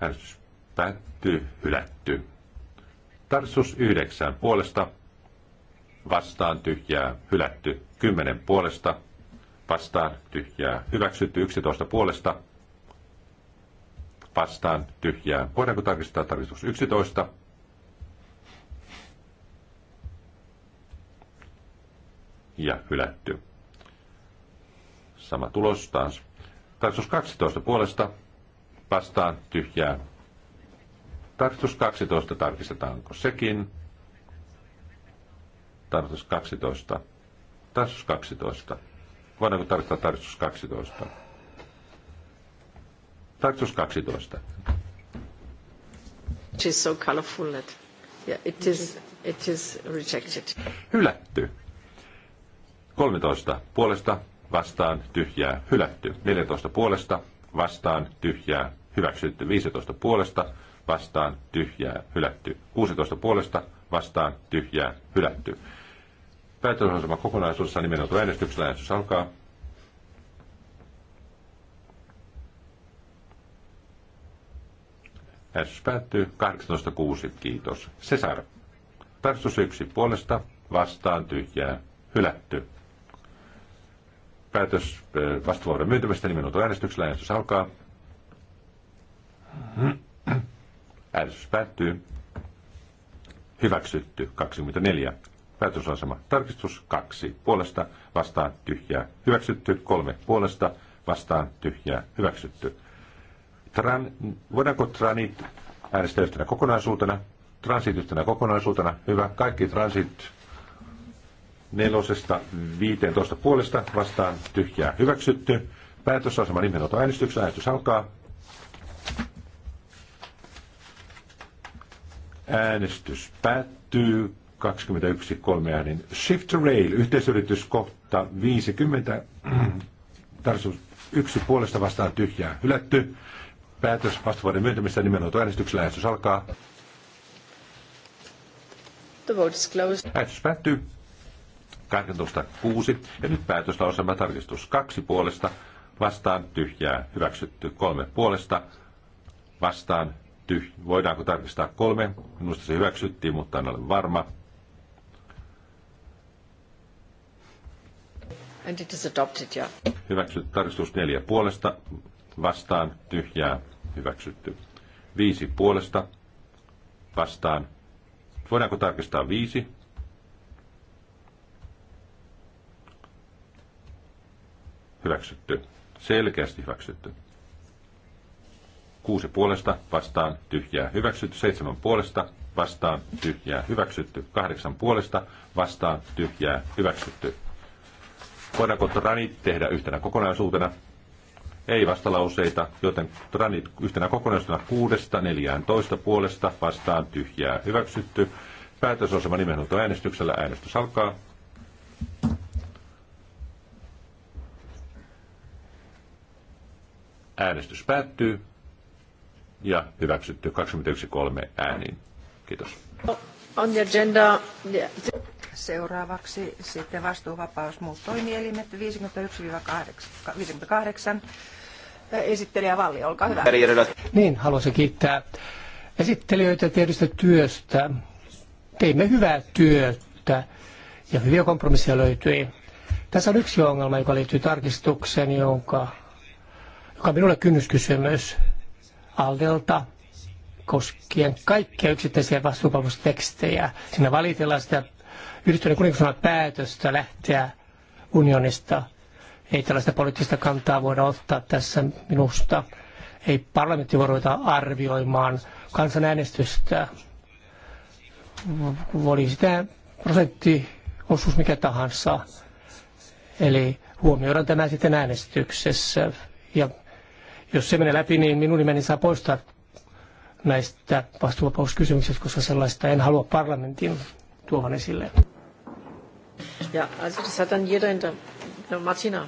Äänestys päättyy, hylätty. Tarsus 9 puolesta vastaan tyhjää, hylätty. 10 puolesta vastaan tyhjää hyväksytty, 11 puolesta vastaan tyhjää. Voidaanko tarkistaa tarkistus 11? Ja hylätty. Sama tulos taas. Tarkistus 12 puolesta vastaan tyhjää. Tarkistus 12 tarkistetaanko sekin? Tarkistus 12 Tarsus 12. Voidaanko tarkoittaa Tarsus 12? Tarsus 12. It is so colorful that yeah, it, is, it is rejected. Hylätty. 13. Puolesta vastaan tyhjää hylätty. 14. Puolesta vastaan tyhjää hyväksytty. 15. Puolesta vastaan tyhjää hylätty. 16. Puolesta vastaan tyhjää hylätty. Päätösasema kokonaisuudessa nimenoutu äänestyksellä. Äänestys alkaa. Äänestys päättyy 18.6. Kiitos. Cesar. Tarkistus 1 puolesta vastaan tyhjää. Hylätty. Päätös vastavuoron myöntämistä nimenoutu äänestyksellä. Äänestys alkaa. Äänestys päättyy. Hyväksytty 24. Päätösasema. Tarkistus 2. Puolesta vastaan tyhjää. Hyväksytty. 3. Puolesta vastaan tyhjää. Hyväksytty. Tran, voidaanko tranit äänestää yhtenä kokonaisuutena? Transit yhtenä kokonaisuutena. Hyvä. Kaikki transit nelosesta 15 puolesta vastaan tyhjää. Hyväksytty. Päätösasema nimenoto äänestyksessä. Äänestys alkaa. Äänestys päättyy. 21 kolme äänin. Shift to Rail, yhteisyritys kohta 50, *clears throat* tarsus yksi puolesta vastaan tyhjää hylätty. Päätös vastavuoden myöntämistä nimenomaan äänestyksellä äänestys alkaa. The vote is closed. Äänestys päättyy. 18.6. Ja nyt päätöstä sama tarkistus kaksi puolesta vastaan tyhjää hyväksytty kolme puolesta vastaan tyhjää. Voidaanko tarkistaa kolme? Minusta se hyväksyttiin, mutta en ole varma. And it is adopted, yeah. Hyväksytty tarkistus neljä puolesta, vastaan tyhjää, hyväksytty. Viisi puolesta, vastaan. Voidaanko tarkistaa viisi? Hyväksytty. Selkeästi hyväksytty. Kuusi puolesta, vastaan tyhjää, hyväksytty. Seitsemän puolesta, vastaan tyhjää, hyväksytty. Kahdeksan puolesta, vastaan tyhjää, hyväksytty. Voidaanko tranit tehdä yhtenä kokonaisuutena? Ei vastalauseita, joten tranit yhtenä kokonaisuutena kuudesta neljään toista puolesta vastaan tyhjää hyväksytty. Päätösosama nimenhuolto äänestyksellä. Äänestys alkaa. Äänestys päättyy ja hyväksytty 21.3 ääniin. Kiitos. On the agenda. Yeah. Seuraavaksi sitten vastuuvapaus muut toimielimet 51-58. Esittelijä Valli, olkaa hyvä. Niin, haluaisin kiittää esittelijöitä tietystä työstä. Teimme hyvää työtä ja hyviä kompromisseja löytyi. Tässä on yksi ongelma, joka liittyy tarkistukseen, jonka, joka on minulle kynnyskysymys Aldelta koskien kaikkia yksittäisiä vastuupalvelustekstejä. Siinä valitellaan sitä yhdistyneen kuningasvallan päätöstä lähteä unionista. Ei tällaista poliittista kantaa voida ottaa tässä minusta. Ei parlamentti voi ruveta arvioimaan kansanäänestystä. Oli sitä prosenttiosuus mikä tahansa. Eli huomioidaan tämä sitten äänestyksessä. Ja jos se menee läpi, niin minun nimeni saa poistaa näistä vastuuvapauskysymyksistä, koska sellaista en halua parlamentin tuovan esille. Ja, also das hat dann jeder in der... No, Martina.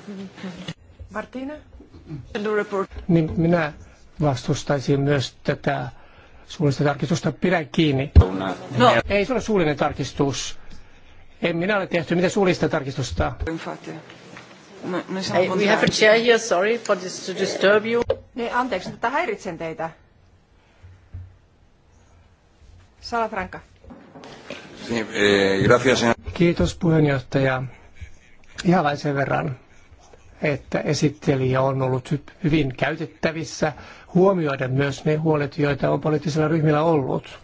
Martina? Niin minä vastustaisin myös tätä suullista tarkistusta. Pidä kiinni. No. Ei se ole suullinen tarkistus. En minä ole tehty mitään suullista tarkistusta. Hey, we have a chair here, sorry for this to disturb you. Ne niin, anteeksi, että häiritsen teitä. Salafranca. Sí, eh, gracias, señor. Kiitos puheenjohtaja. Ihan sen verran, että esittelijä on ollut hyvin käytettävissä huomioida myös ne huolet, joita on poliittisilla ryhmillä ollut.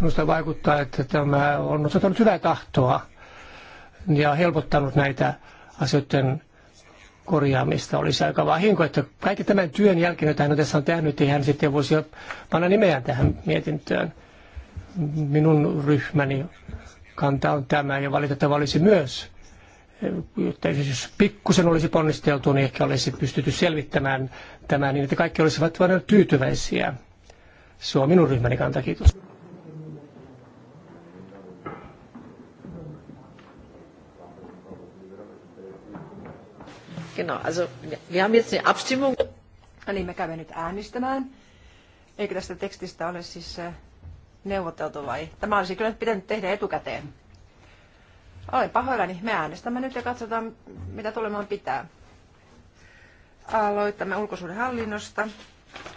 Minusta vaikuttaa, että tämä on osoittanut hyvää tahtoa ja helpottanut näitä asioiden korjaamista. Olisi aika vahinko, että kaikki tämän työn jälkeen, jota hän tässä on tehnyt, ei niin hän sitten voisi panna nimeään tähän mietintöön. Minun ryhmäni kanta on tämä ja valitettava olisi myös, että jos pikkusen olisi ponnisteltu, niin ehkä olisi pystytty selvittämään tämä niin, että kaikki olisivat vain tyytyväisiä. Se on minun ryhmäni kanta, kiitos. Genau, also wir haben jetzt eine Abstimmung. Eli me käymme nyt äänestämään. Eikö tästä tekstistä ole siis äh, neuvoteltu vai? Tämä olisi kyllä pitänyt tehdä etukäteen. Olen pahoillani. Me äänestämme nyt ja katsotaan, mitä tulemaan pitää. Aloitamme ulkosuudenhallinnosta.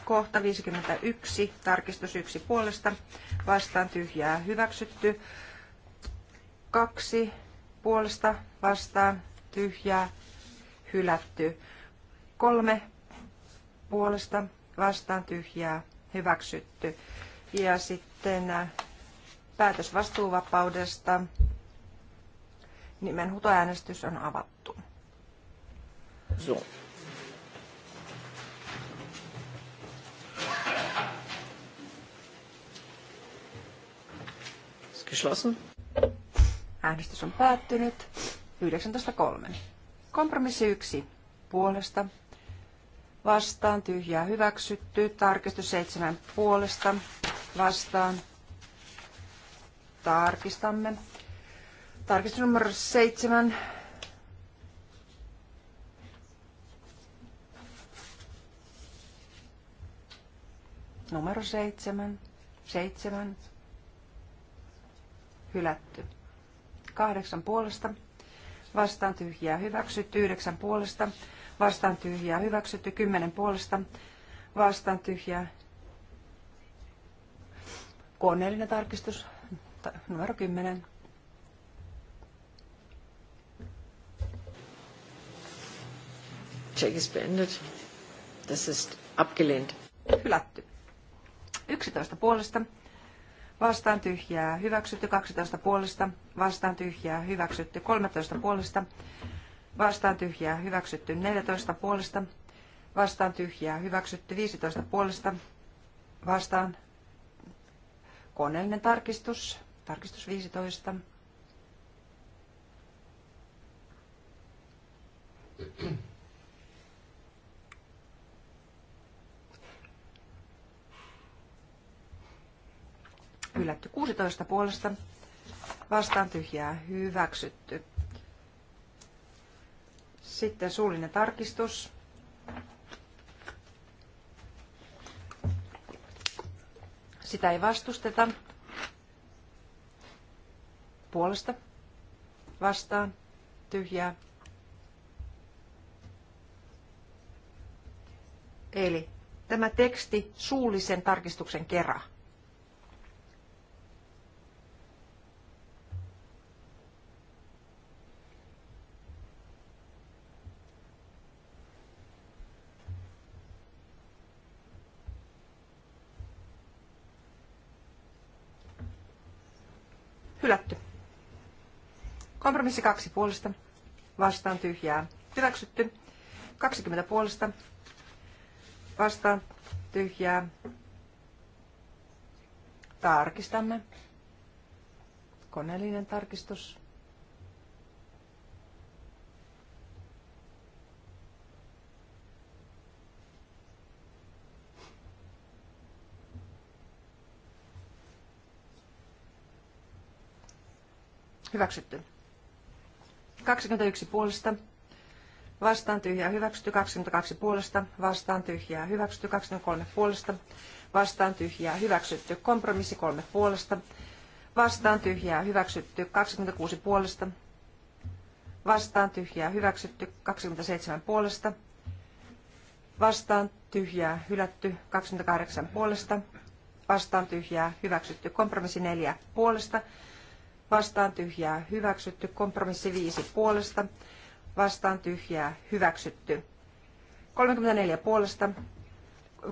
Kohta 51, tarkistus 1 puolesta. Vastaan tyhjää hyväksytty. 2 puolesta vastaan tyhjää hylätty. 3 puolesta vastaan tyhjää hyväksytty. Ja sitten sitten äh, päätös vastuuvapaudesta. hutoäänestys on avattu. So. Geschlossen. Äänestys on päättynyt 19.3. Kompromissi 1. Puolesta. Vastaan tyhjää hyväksytty. Tarkistus 7 puolesta vastaan. Tarkistamme. Tarkistus numero seitsemän. Numero seitsemän. Seitsemän. Hylätty. Kahdeksan puolesta. Vastaan tyhjää hyväksytty. Yhdeksän puolesta. Vastaan tyhjää hyväksytty. Kymmenen puolesta. Vastaan tyhjää koneellinen tarkistus numero 10. Check is beendet. This is abgelehnt. Hylätty. 11 puolesta vastaan tyhjää hyväksytty, 12 puolesta vastaan tyhjää hyväksytty, 13 puolesta vastaan tyhjää hyväksytty, 14 puolesta vastaan tyhjää hyväksytty, 15 puolesta vastaan Koneellinen tarkistus, tarkistus 15. Yllätty 16 puolesta. Vastaan tyhjää hyväksytty. Sitten suullinen tarkistus. Sitä ei vastusteta. Puolesta. Vastaan. Tyhjää. Eli tämä teksti suullisen tarkistuksen kerran. Kompromissi kaksi puolesta. Vastaan tyhjää. Hyväksytty. 20 puolesta. Vastaan tyhjää. Tarkistamme. Koneellinen tarkistus. Hyväksytty. 21 puolesta, vastaan tyhjää hyväksytty 22 puolesta, vastaan tyhjää hyväksytty 23 puolesta, vastaan tyhjää hyväksytty kompromissi 3 puolesta, vastaan tyhjää hyväksytty 26 puolesta, vastaan tyhjää hyväksytty 27 puolesta, vastaan tyhjää hylätty 28 puolesta, vastaan tyhjää hyväksytty kompromissi 4 puolesta, vastaan tyhjää hyväksytty. Kompromissi 5 puolesta vastaan tyhjää hyväksytty. 34 puolesta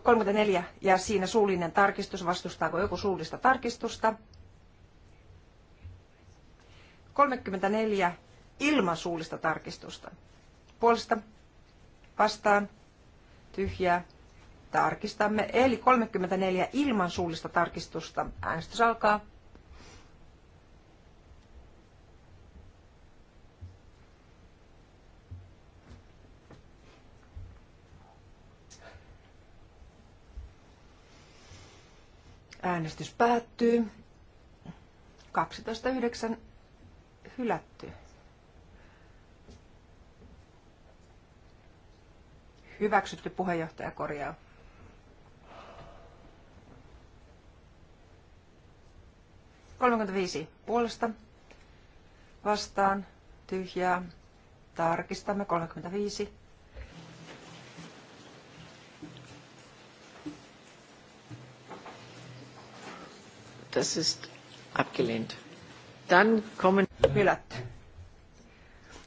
34 ja siinä suullinen tarkistus. Vastustaako joku suullista tarkistusta? 34 ilman suullista tarkistusta. Puolesta vastaan tyhjää tarkistamme. Eli 34 ilman suullista tarkistusta. Äänestys alkaa. Äänestys päättyy. 12.9. Hylätty. Hyväksytty puheenjohtaja korjaa. Kolmekymmentäviisi puolesta vastaan tyhjää. Tarkistamme 35. Das ist abgelehnt. Dann kommen... Hylätty.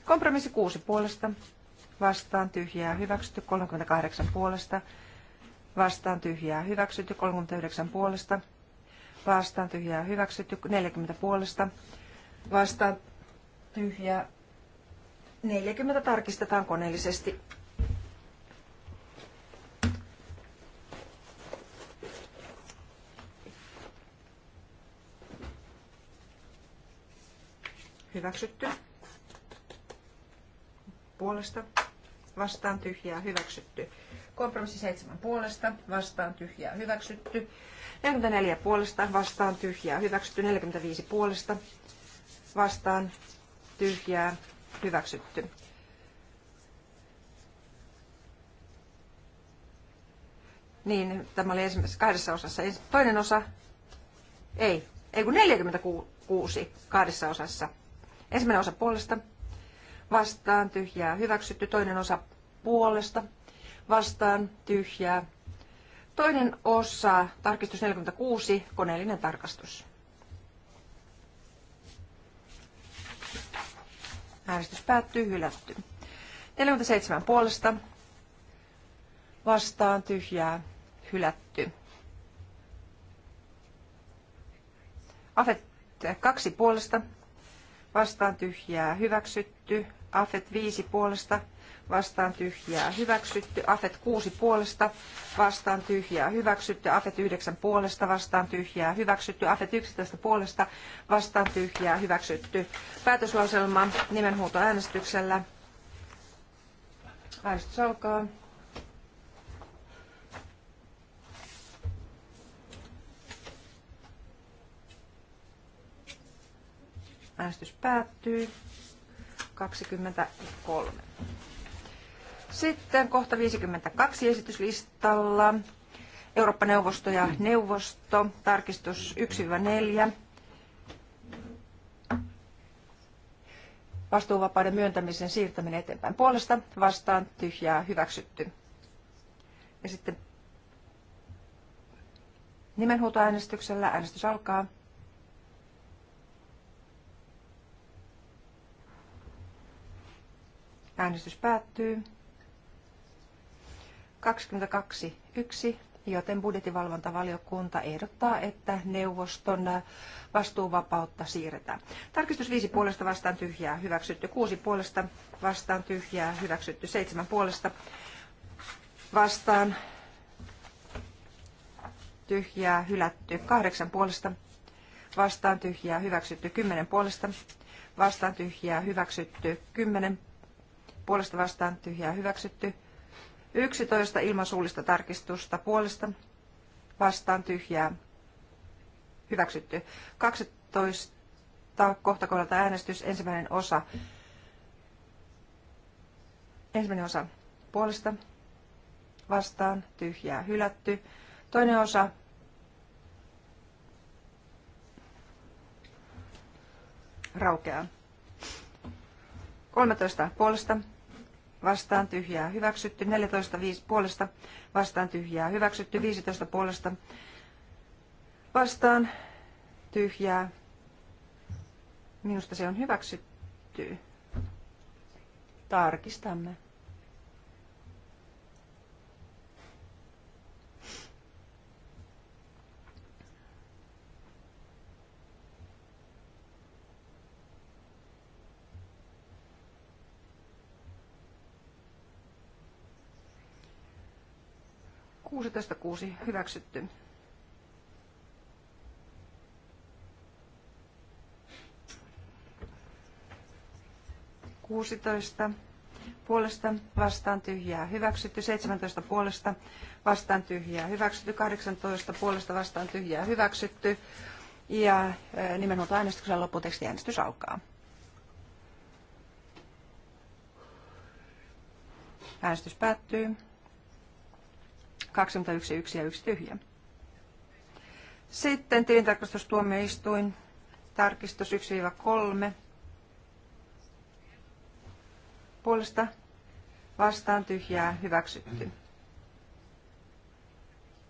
Kompromissi 6 puolesta. Vastaan tyhjää hyväksytty 38 puolesta. Vastaan tyhjää hyväksytty 39 puolesta. Vastaan tyhjää hyväksytty 40 puolesta. Vastaan tyhjää 40 tarkistetaan koneellisesti. hyväksytty. Puolesta vastaan tyhjää hyväksytty. Kompromissi 7 puolesta vastaan tyhjää hyväksytty. 44 puolesta vastaan tyhjää hyväksytty. 45 puolesta vastaan tyhjää hyväksytty. Niin, tämä oli ensimmäisessä kahdessa osassa. Toinen osa, ei, ei kun 46 kahdessa osassa Ensimmäinen osa puolesta vastaan tyhjää hyväksytty. Toinen osa puolesta vastaan tyhjää. Toinen osa tarkistus 46 koneellinen tarkastus. Äänestys päättyy hylätty. 47 puolesta vastaan tyhjää hylätty. Afet kaksi puolesta vastaan tyhjää hyväksytty. Afet 5 puolesta vastaan tyhjää hyväksytty. Afet 6 puolesta vastaan tyhjää hyväksytty. Afet 9 puolesta vastaan tyhjää hyväksytty. Afet 11 puolesta vastaan tyhjää hyväksytty. Päätöslauselma nimenhuutoäänestyksellä. Äänestys alkaa. Äänestys päättyy. 23. Sitten kohta 52 esityslistalla. Eurooppa-neuvosto ja neuvosto, tarkistus 1-4. Vastuuvapauden myöntämisen siirtäminen eteenpäin puolesta, vastaan, tyhjää, hyväksytty. Ja sitten nimenhuutoäänestyksellä äänestys alkaa. Äänestys päättyy. 22.1, joten budjetivalvontavaliokunta ehdottaa, että neuvoston vastuuvapautta siirretään. Tarkistus 5 puolesta vastaan tyhjää hyväksytty, 6 puolesta vastaan tyhjää hyväksytty, 7 puolesta vastaan tyhjää hylätty, 8 puolesta vastaan tyhjää hyväksytty, 10 puolesta vastaan tyhjää hyväksytty, 10 puolesta vastaan tyhjää hyväksytty. 11 ilman suullista tarkistusta puolesta vastaan tyhjää hyväksytty. 12 kohta kohdalta äänestys ensimmäinen osa. Ensimmäinen osa puolesta vastaan tyhjää hylätty. Toinen osa raukeaa. 13 puolesta vastaan tyhjää hyväksytty, 14 5, puolesta vastaan tyhjää hyväksytty, 15 puolesta vastaan tyhjää. Minusta se on hyväksytty. Tarkistamme. 16.6 hyväksytty. Kuusitoista puolesta vastaan tyhjää hyväksytty, 17 puolesta vastaan tyhjää hyväksytty, 18 puolesta vastaan tyhjää hyväksytty ja nimenomaan äänestyksen äänestys alkaa. Äänestys päättyy. 21, 1 ja 1 tyhjä. Sitten tilintarkastustuomioistuin, tarkistus 1-3. Puolesta vastaan tyhjää hyväksytty.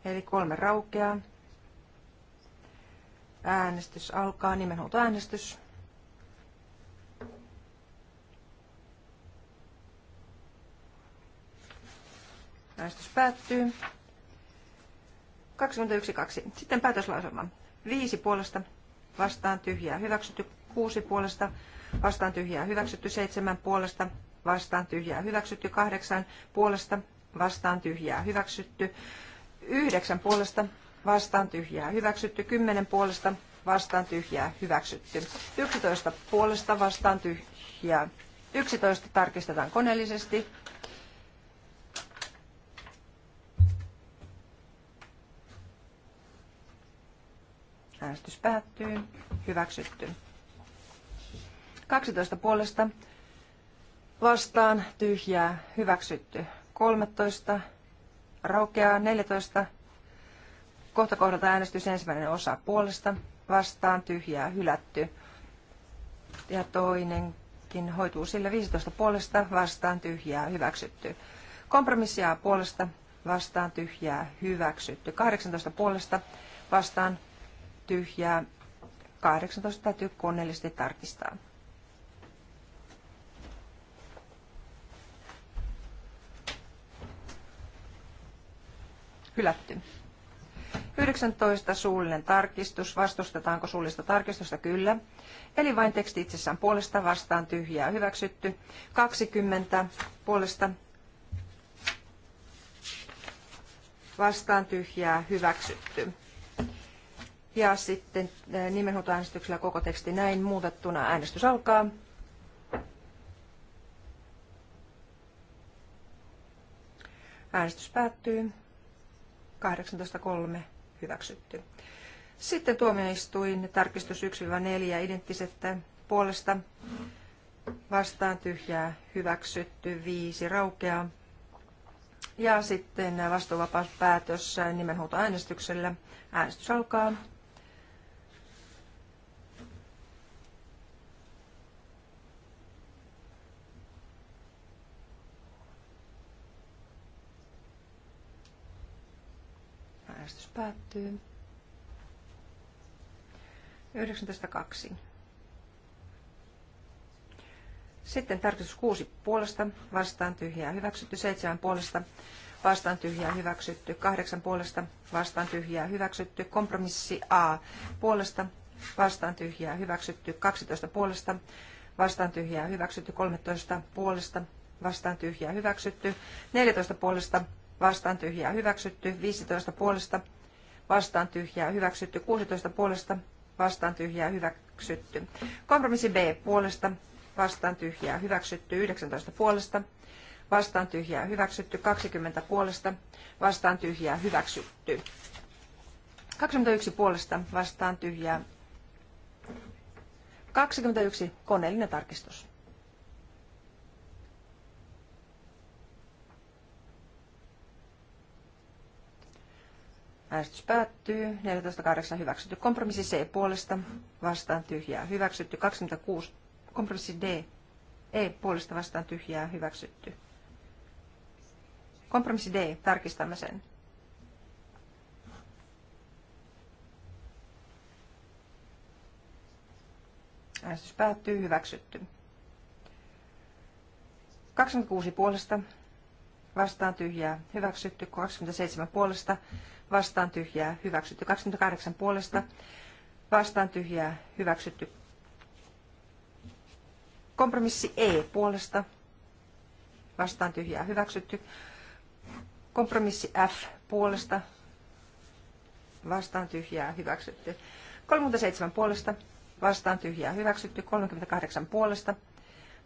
Eli kolme raukeaa. Äänestys alkaa, nimenhuutoäänestys. äänestys. Äänestys päättyy. 21.2. Sitten päätöslauselma. 5 puolesta vastaan tyhjää hyväksytty. 6 puolesta vastaan tyhjää hyväksytty. 7 puolesta vastaan tyhjää hyväksytty. 8 puolesta vastaan tyhjää hyväksytty. 9 puolesta vastaan tyhjää hyväksytty. 10 puolesta vastaan tyhjää hyväksytty. 11 puolesta vastaan tyhjää. 11 tarkistetaan koneellisesti. Äänestys päättyy. Hyväksytty. 12 puolesta vastaan tyhjää hyväksytty. 13 raukeaa 14. Kohta kohdalta äänestys ensimmäinen osa puolesta vastaan tyhjää hylätty. Ja toinenkin hoituu sillä 15 puolesta vastaan tyhjää hyväksytty. Kompromissia puolesta vastaan tyhjää hyväksytty. 18 puolesta vastaan tyhjää. 18 täytyy koneellisesti tarkistaa. Hylätty. 19. Suullinen tarkistus. Vastustetaanko suullista tarkistusta? Kyllä. Eli vain teksti itsessään puolesta vastaan tyhjää hyväksytty. 20. Puolesta vastaan tyhjää hyväksytty. Ja sitten äh, nimenhuutoäänestyksellä koko teksti näin muutettuna. Äänestys alkaa. Äänestys päättyy. 18.3. Hyväksytty. Sitten tuomioistuin tarkistus 1-4 identtisettä puolesta vastaan tyhjää hyväksytty 5 raukeaa. Ja sitten vastuuvapauspäätös nimenhuutoäänestyksellä. Äänestys alkaa. päättyy. 19.2. Sitten tarkistus 6 puolesta, vastaan tyhjää hyväksytty, 7 puolesta, vastaan tyhjää hyväksytty, 8 puolesta, vastaan tyhjää hyväksytty, kompromissi A puolesta, vastaan tyhjää hyväksytty, 12 puolesta, vastaan tyhjää hyväksytty, 13 puolesta, vastaan tyhjää hyväksytty, 14 puolesta, vastaan tyhjää hyväksytty, 15 puolesta, vastaan tyhjää hyväksytty. 16 puolesta vastaan tyhjää hyväksytty. Kompromissi B puolesta vastaan tyhjää hyväksytty. 19 puolesta vastaan tyhjää hyväksytty. 20 puolesta vastaan tyhjää hyväksytty. 21 puolesta vastaan tyhjää. 21 koneellinen tarkistus. Äänestys päättyy. 14.8. hyväksytty. Kompromissi C puolesta vastaan tyhjää hyväksytty. 26. Kompromissi D. E puolesta vastaan tyhjää hyväksytty. Kompromissi D. Tarkistamme sen. Äänestys päättyy. Hyväksytty. 26 puolesta vastaan tyhjää, hyväksytty 27 puolesta, vastaan tyhjää, hyväksytty 28 puolesta, vastaan tyhjää, hyväksytty kompromissi E puolesta, vastaan tyhjää, hyväksytty kompromissi F puolesta, vastaan tyhjää, hyväksytty 37 puolesta, vastaan tyhjää, hyväksytty 38 puolesta,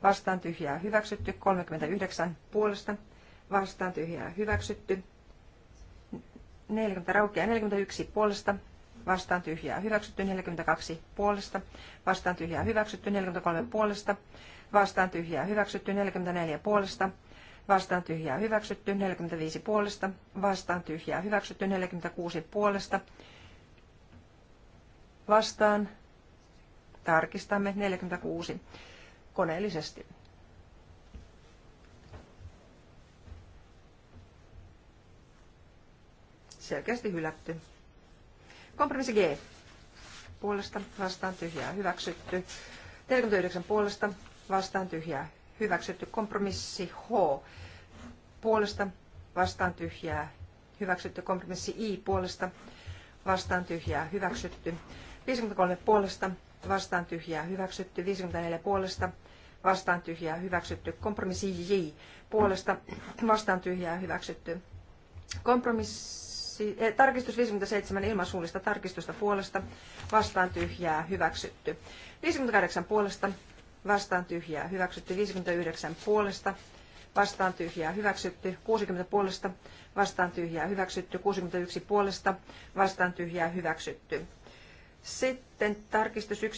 vastaan tyhjää, hyväksytty 39 puolesta, vastaan tyhjää hyväksytty. 40 raukeaa 41 puolesta vastaan tyhjää hyväksytty, 42 puolesta, vastaan tyhjää hyväksytty, 43 puolesta, vastaan tyhjää hyväksytty, 44 puolesta, vastaan tyhjää hyväksytty, 45 puolesta, vastaan tyhjää hyväksytty, 46 puolesta, vastaan, tarkistamme 46 koneellisesti. selkeästi hylätty. Kompromissi G. Puolesta vastaan tyhjää hyväksytty. 49 puolesta vastaan tyhjää hyväksytty. Kompromissi H. Puolesta vastaan tyhjää hyväksytty. Kompromissi I. Puolesta vastaan tyhjää hyväksytty. 53 puolesta vastaan tyhjää hyväksytty. 54 puolesta vastaan tyhjää hyväksytty. Kompromissi J. Puolesta vastaan tyhjää hyväksytty. Kompromissi tarkistus 57 eh, ilman tarkistusta puolesta, vastaan tyhjää, hyväksytty. 58 puolesta, vastaan tyhjää, hyväksytty. 59 puolesta, vastaan tyhjää, hyväksytty. 60 puolesta, vastaan tyhjää, hyväksytty. 61 puolesta, vastaan tyhjää, hyväksytty. Sitten tarkistus 1-6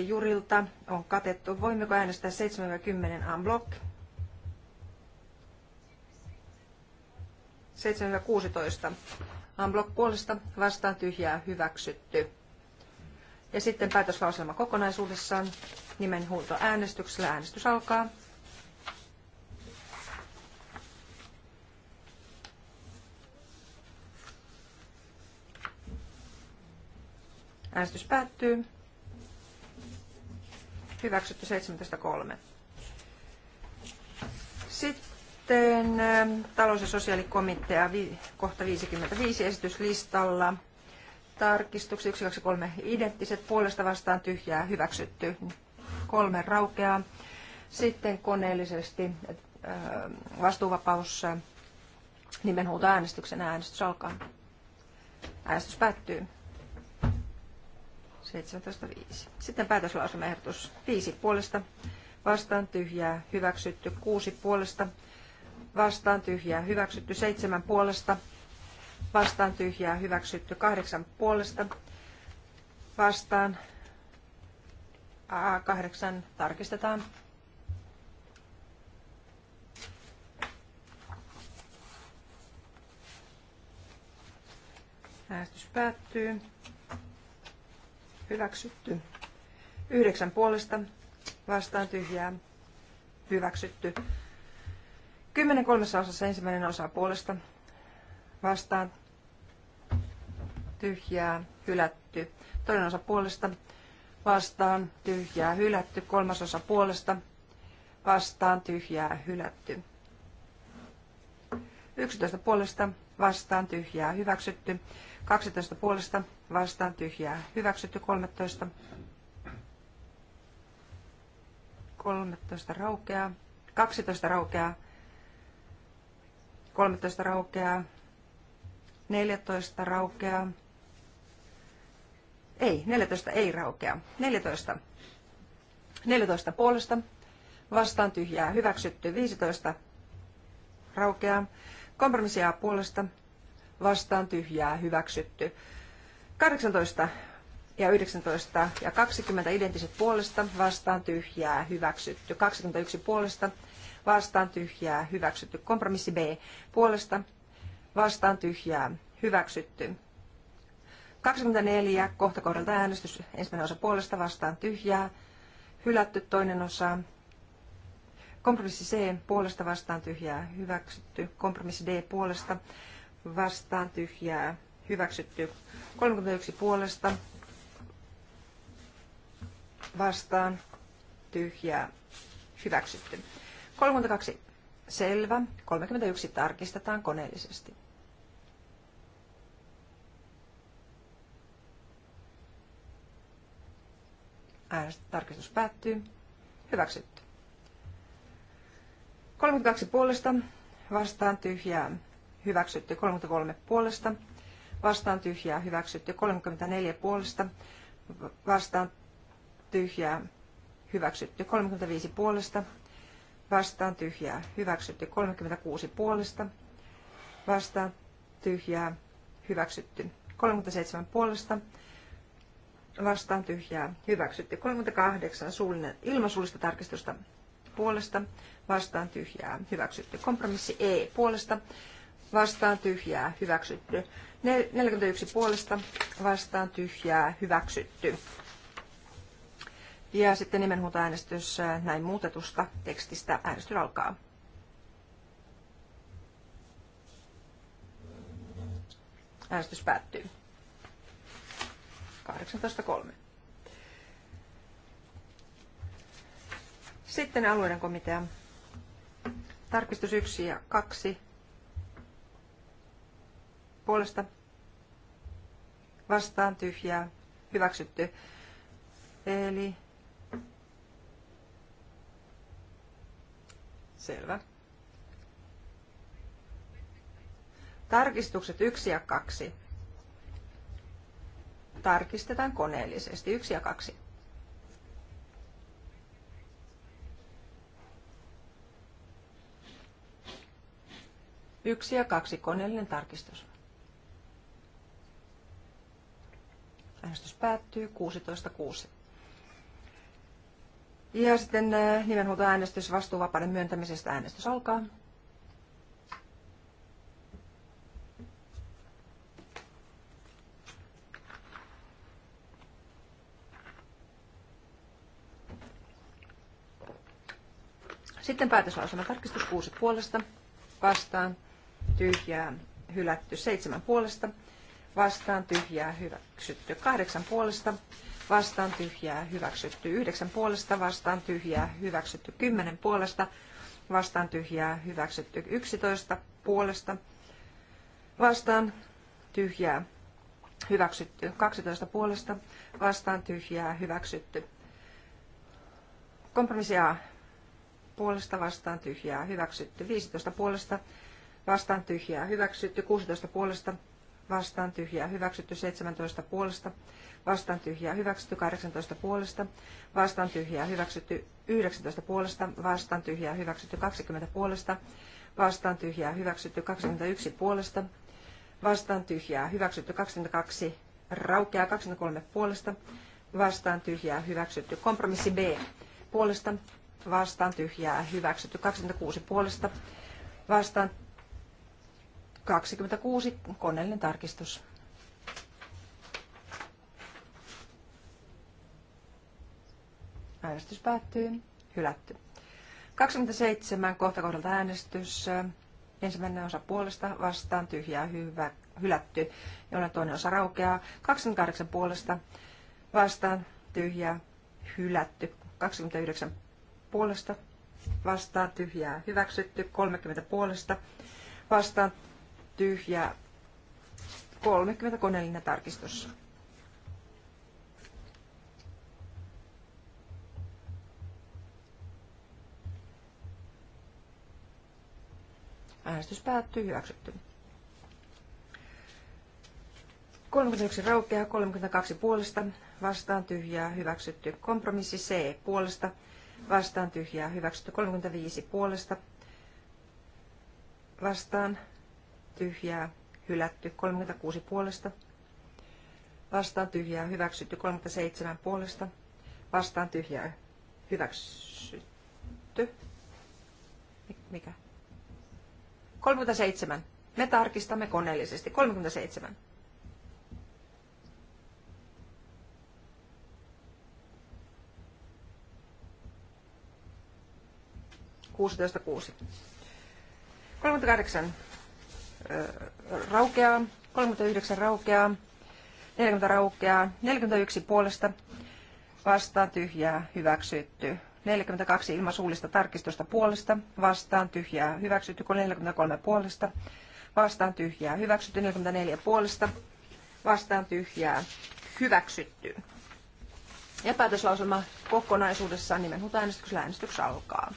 jurilta on katettu. Voimmeko äänestää 7-10 en bloc? 716. Unblock puolesta vastaan tyhjää hyväksytty. Ja sitten päätöslauselma kokonaisuudessaan. Nimenhuuto äänestyksellä. Äänestys alkaa. Äänestys päättyy. Hyväksytty 17.3. Sitten sitten ähm, talous- ja sosiaalikomitea kohta 55 esityslistalla. Tarkistukset 1, 2, 3 identtiset, puolesta vastaan tyhjää, hyväksytty, kolme raukeaa. Sitten koneellisesti ähm, vastuuvapaus äh, nimenhuuto äänestyksen äänestys alkaa. Äänestys päättyy. 17.5. Sitten päätöslausumehdotus 5 puolesta, vastaan tyhjää, hyväksytty 6 puolesta, vastaan tyhjää hyväksytty seitsemän puolesta, vastaan tyhjää hyväksytty kahdeksan puolesta, vastaan kahdeksan tarkistetaan. Äänestys päättyy. Hyväksytty. Yhdeksän puolesta vastaan tyhjää. Hyväksytty. Kymmenen kolmessa osassa ensimmäinen osa puolesta vastaan tyhjää hylätty. Toinen osa puolesta vastaan tyhjää hylätty. Kolmas osa puolesta vastaan tyhjää hylätty. 11 puolesta vastaan tyhjää hyväksytty. 12 puolesta vastaan tyhjää hyväksytty. 13 13 raukeaa. 12 raukeaa. 13 raukeaa, 14 raukeaa, ei, 14 ei raukea. 14. 14 puolesta. Vastaan tyhjää. Hyväksytty. 15 raukeaa. Kompromissia puolesta. Vastaan tyhjää. Hyväksytty. 18 ja 19 ja 20 identiset puolesta. Vastaan tyhjää. Hyväksytty. 21 puolesta vastaan tyhjää hyväksytty. Kompromissi B puolesta vastaan tyhjää hyväksytty. 24 kohta kohdalta äänestys ensimmäinen osa puolesta vastaan tyhjää hylätty toinen osa. Kompromissi C puolesta vastaan tyhjää hyväksytty. Kompromissi D puolesta vastaan tyhjää hyväksytty. 31 puolesta vastaan tyhjää hyväksytty. 32. Selvä. 31 tarkistetaan koneellisesti. Äänestetarkistus päättyy. Hyväksytty. 32 puolesta vastaan tyhjää hyväksytty. 33 puolesta vastaan tyhjää hyväksytty. 34 puolesta vastaan tyhjää hyväksytty. 35 puolesta vastaan tyhjää hyväksytty. 36 puolesta vastaan tyhjää hyväksytty. 37 puolesta vastaan tyhjää hyväksytty. 38 suullinen, ilmasuullista tarkistusta puolesta vastaan tyhjää hyväksytty. Kompromissi E puolesta vastaan tyhjää hyväksytty. 41 puolesta vastaan tyhjää hyväksytty. Ja sitten nimenhuutoäänestys äh, näin muutetusta tekstistä. Äänestys alkaa. Äänestys päättyy. 18.3. Sitten alueiden komitea. Tarkistus 1 ja 2. Puolesta vastaan tyhjää. Hyväksytty. Eli Selvä. Tarkistukset 1 ja 2. Tarkistetaan koneellisesti 1 ja 2. Yksi ja kaksi koneellinen tarkistus. Äänestys päättyy 16.6. Ja sitten äh, nimenhuoltoäänestys vastuuvapauden myöntämisestä. Äänestys alkaa. Sitten päätöslausuma tarkistus 6 puolesta, vastaan, tyhjää, hylätty 7 puolesta, vastaan tyhjää hyväksytty. Kahdeksan puolesta vastaan tyhjää hyväksytty. Yhdeksän puolesta vastaan tyhjää hyväksytty. Kymmenen puolesta vastaan tyhjää hyväksytty. Yksitoista puolesta vastaan tyhjää hyväksytty. kaksitoista puolesta vastaan tyhjää hyväksytty. kompromissia puolesta vastaan tyhjää hyväksytty. 15 puolesta vastaan tyhjää hyväksytty. 16 puolesta vastaan tyhjää hyväksytty 17 puolesta, vastaan tyhjää hyväksytty 18 puolesta, vastaan tyhjää hyväksytty 19 puolesta, vastaan tyhjää hyväksytty 20 puolesta, vastaan tyhjää hyväksytty 21 puolesta, vastaan tyhjää hyväksytty 22 raukeaa 23 puolesta, vastaan tyhjää hyväksytty kompromissi B puolesta, vastaan tyhjää hyväksytty 26 puolesta, vastaan 26, koneellinen tarkistus. Äänestys päättyy. Hylätty. 27. Kohta kohdalta äänestys. Ensimmäinen osa puolesta vastaan tyhjää hyvä, hylätty, jolla toinen osa raukeaa. 28 puolesta vastaan tyhjää hylätty. 29 puolesta vastaan tyhjää hyväksytty. 30 puolesta vastaan tyhjä 30 koneellinen tarkistus. Äänestys päättyy. Hyväksytty. 31 raukeaa, 32 puolesta, vastaan tyhjää, hyväksytty. Kompromissi C puolesta, vastaan tyhjää, hyväksytty. 35 puolesta, vastaan tyhjää, hylätty 36 puolesta, vastaan tyhjää, hyväksytty 37 puolesta, vastaan tyhjää, hyväksytty. Mikä? 37. Me tarkistamme koneellisesti. 37. kuusitoista kuusi. 38 raukeaa, 39 raukeaa, 40 raukeaa, 41 puolesta vastaan tyhjää hyväksytty. 42 ilman suullista tarkistusta puolesta, vastaan tyhjää hyväksytty, 43 puolesta, vastaan tyhjää hyväksytty, 44 puolesta, vastaan tyhjää hyväksytty. Ja päätöslauselma kokonaisuudessaan nimenhuutoäänestyksellä äänestyksessä alkaa.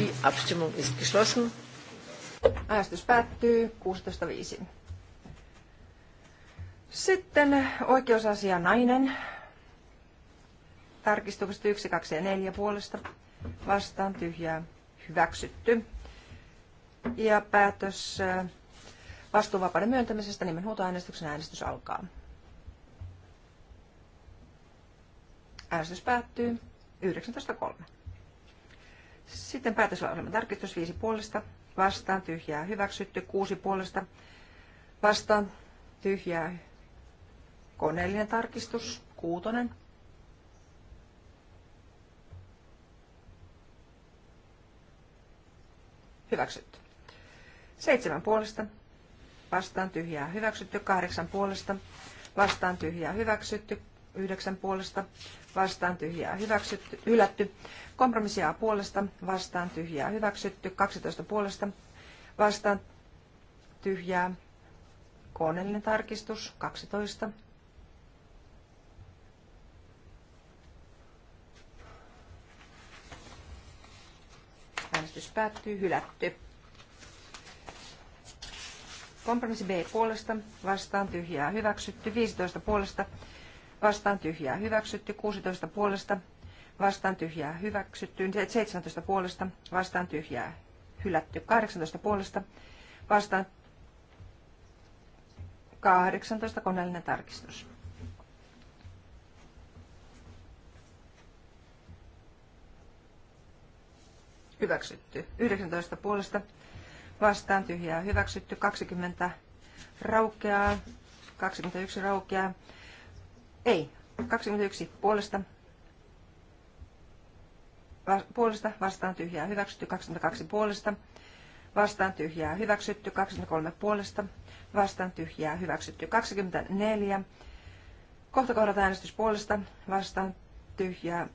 Die Abstimmung ist geschlossen. Äänestys päättyy 16.5. Sitten oikeusasia nainen. Tarkistukset 1, 2 ja 4 puolesta vastaan tyhjää hyväksytty. Ja päätös äh, vastuuvapauden myöntämisestä nimenhuutoäänestyksen äänestys alkaa. Äänestys päättyy 19.3. Sitten päätöslauselman tarkistus viisi puolesta, vastaan tyhjää hyväksytty, kuusi puolesta, vastaan tyhjää koneellinen tarkistus, kuutonen. Hyväksytty. Seitsemän puolesta, vastaan tyhjää hyväksytty, kahdeksan puolesta, vastaan tyhjää hyväksytty, yhdeksän puolesta, vastaan tyhjää hyväksytty, hylätty. kompromissia puolesta vastaan tyhjää hyväksytty, 12 puolesta vastaan tyhjää koneellinen tarkistus 12. Äänestys päättyy, hylätty. Kompromissi B puolesta, vastaan tyhjää hyväksytty, 15 puolesta, vastaan tyhjää hyväksytty, 16 puolesta vastaan tyhjää hyväksytty, 17 puolesta vastaan tyhjää hylätty, 18 puolesta vastaan 18 koneellinen tarkistus. Hyväksytty. 19 puolesta vastaan tyhjää hyväksytty, 20 raukeaa, 21 raukeaa, ei. 21 puolesta. Va- puolesta vastaan tyhjää hyväksytty. 22 puolesta. Vastaan tyhjää hyväksytty. 23 puolesta. Vastaan tyhjää hyväksytty. 24. Kohta kohdata äänestys puolesta. Vastaan tyhjää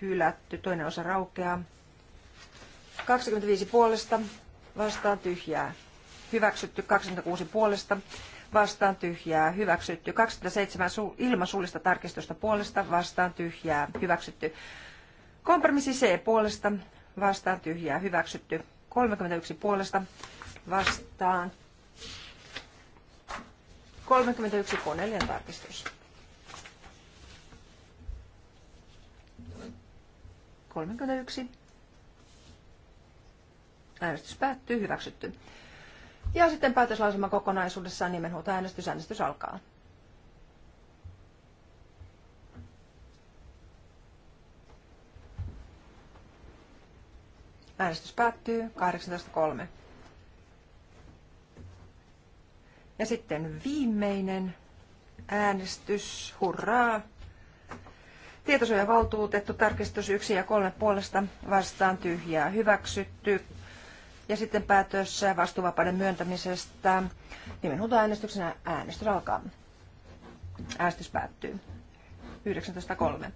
hylätty. Toinen osa raukeaa. 25 puolesta. Vastaan tyhjää hyväksytty. 26 puolesta vastaan tyhjää, hyväksytty. 27 su- ilmasuullista tarkistusta puolesta vastaan tyhjää, hyväksytty. Kompromissi C puolesta vastaan tyhjää, hyväksytty. 31 puolesta vastaan. 31 koneellinen tarkistus. 31. Äänestys päättyy, hyväksytty. Ja sitten päätöslausuma kokonaisuudessaan nimenhuutoäänestys. Äänestys alkaa. Äänestys päättyy 18.3. Ja sitten viimeinen äänestys. Hurraa! Tietosuojavaltuutettu tarkistus 1 ja 3 puolesta vastaan tyhjää hyväksytty. Ja sitten päätös vastuuvapauden myöntämisestä. äänestyksenä äänestys alkaa. Äänestys päättyy. 19.3.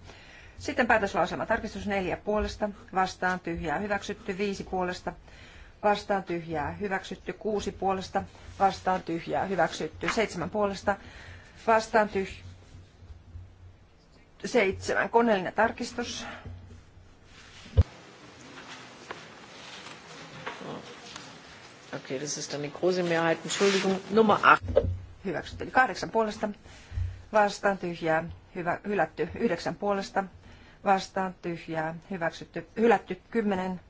Sitten päätöslauselma tarkistus 4 puolesta, vastaan tyhjää hyväksytty 5 puolesta, vastaan tyhjää hyväksytty 6 puolesta, vastaan tyhjää hyväksytty 7 puolesta, vastaan tyhjää 7 koneellinen tarkistus. Okay, das ist eine große Mehrheit. Entschuldigung, Nummer 8. Hyväksytty. Eli kahdeksan puolesta vastaan tyhjää, hyvä, hylätty. Yhdeksän puolesta vastaan tyhjää, hyväksytty. Hylätty kymmenen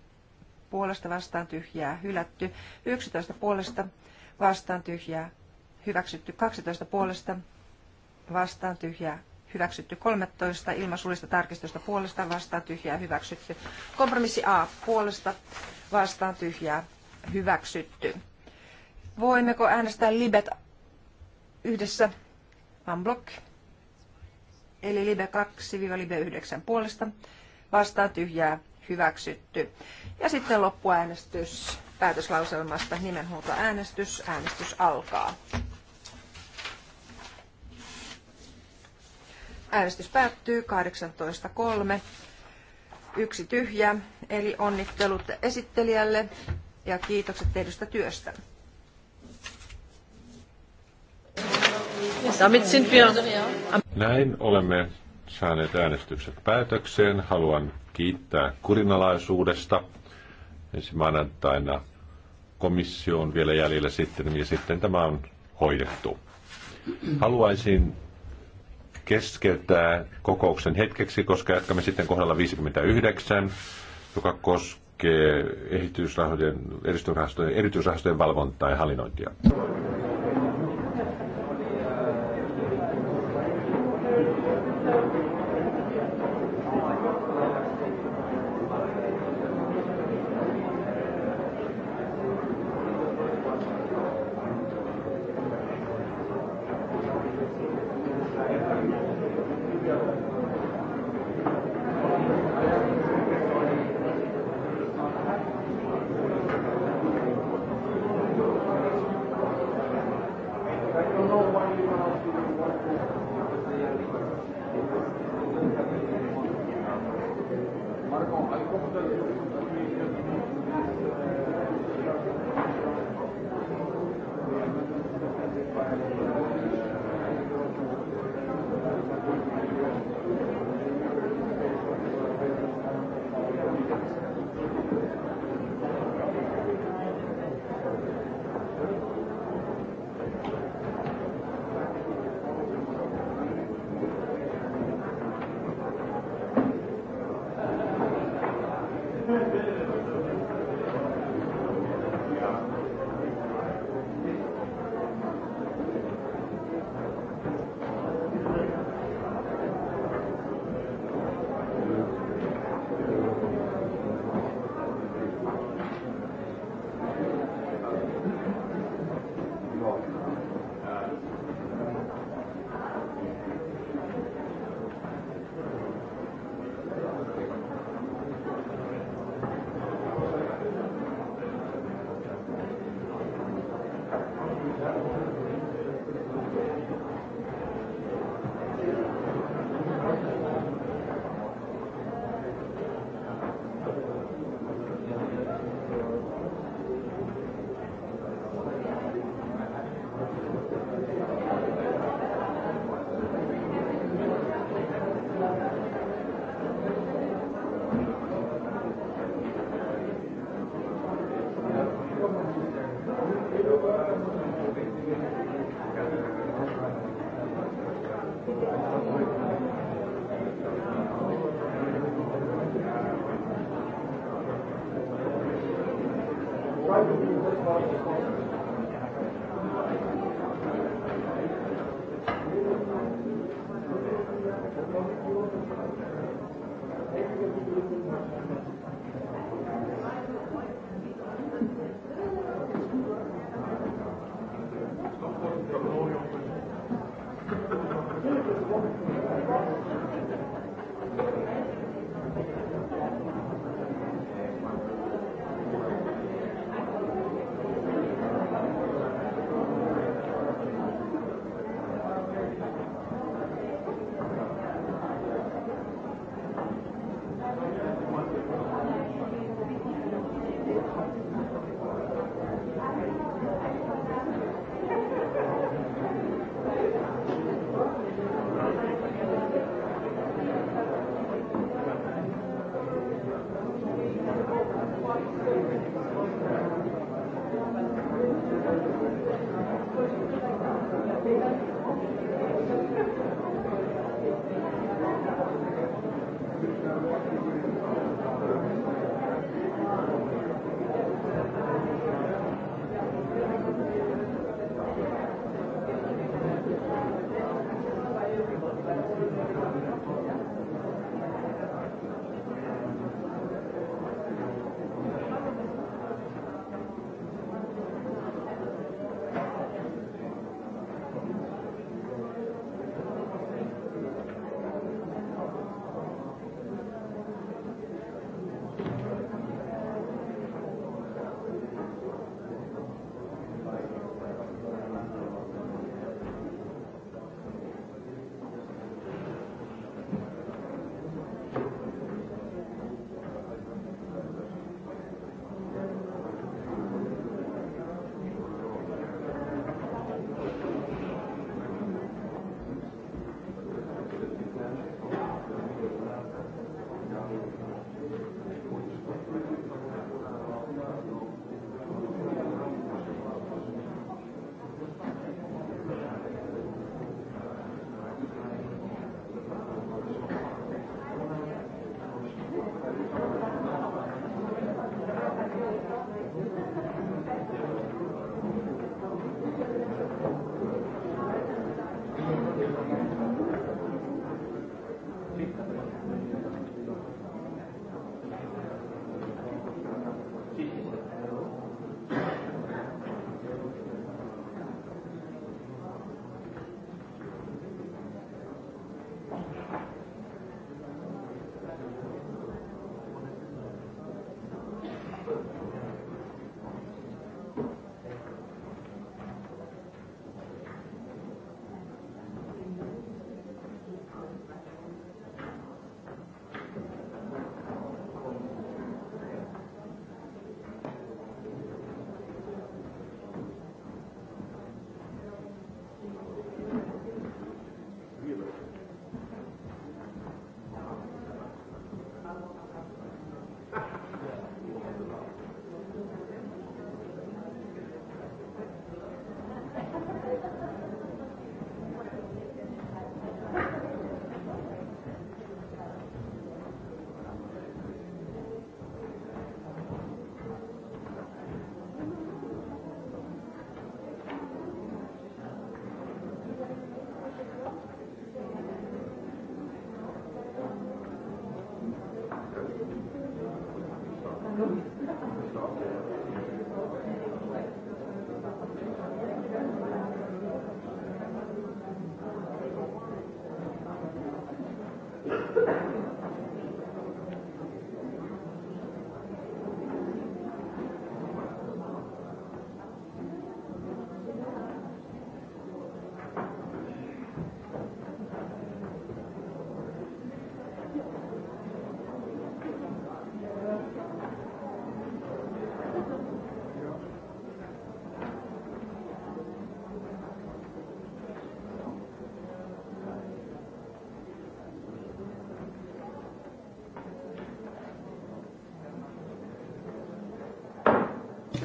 puolesta vastaan tyhjää, hylätty. Yksitoista puolesta vastaan tyhjää, hyväksytty. Kaksitoista puolesta vastaan tyhjää, hyväksytty 13, ilmasuullista tarkistusta puolesta vastaan tyhjää hyväksytty. Kompromissi A puolesta vastaan tyhjää hyväksytty. Voimmeko äänestää libet yhdessä unblock? Eli libe 2-libe 9 puolesta vastaan tyhjää hyväksytty. Ja sitten loppuäänestys päätöslauselmasta äänestys. Äänestys alkaa. Äänestys päättyy 18.3. Yksi tyhjä, eli onnittelut esittelijälle ja kiitokset tehdystä työstä. Näin olemme saaneet äänestykset päätökseen. Haluan kiittää kurinalaisuudesta. Ensi maanantaina komissio on vielä jäljellä sitten ja sitten tämä on hoidettu. Haluaisin keskeyttää kokouksen hetkeksi, koska jatkamme sitten kohdalla 59, joka koskee koskee erityisrahastojen, erityisrahastojen valvontaa ja hallinnointia.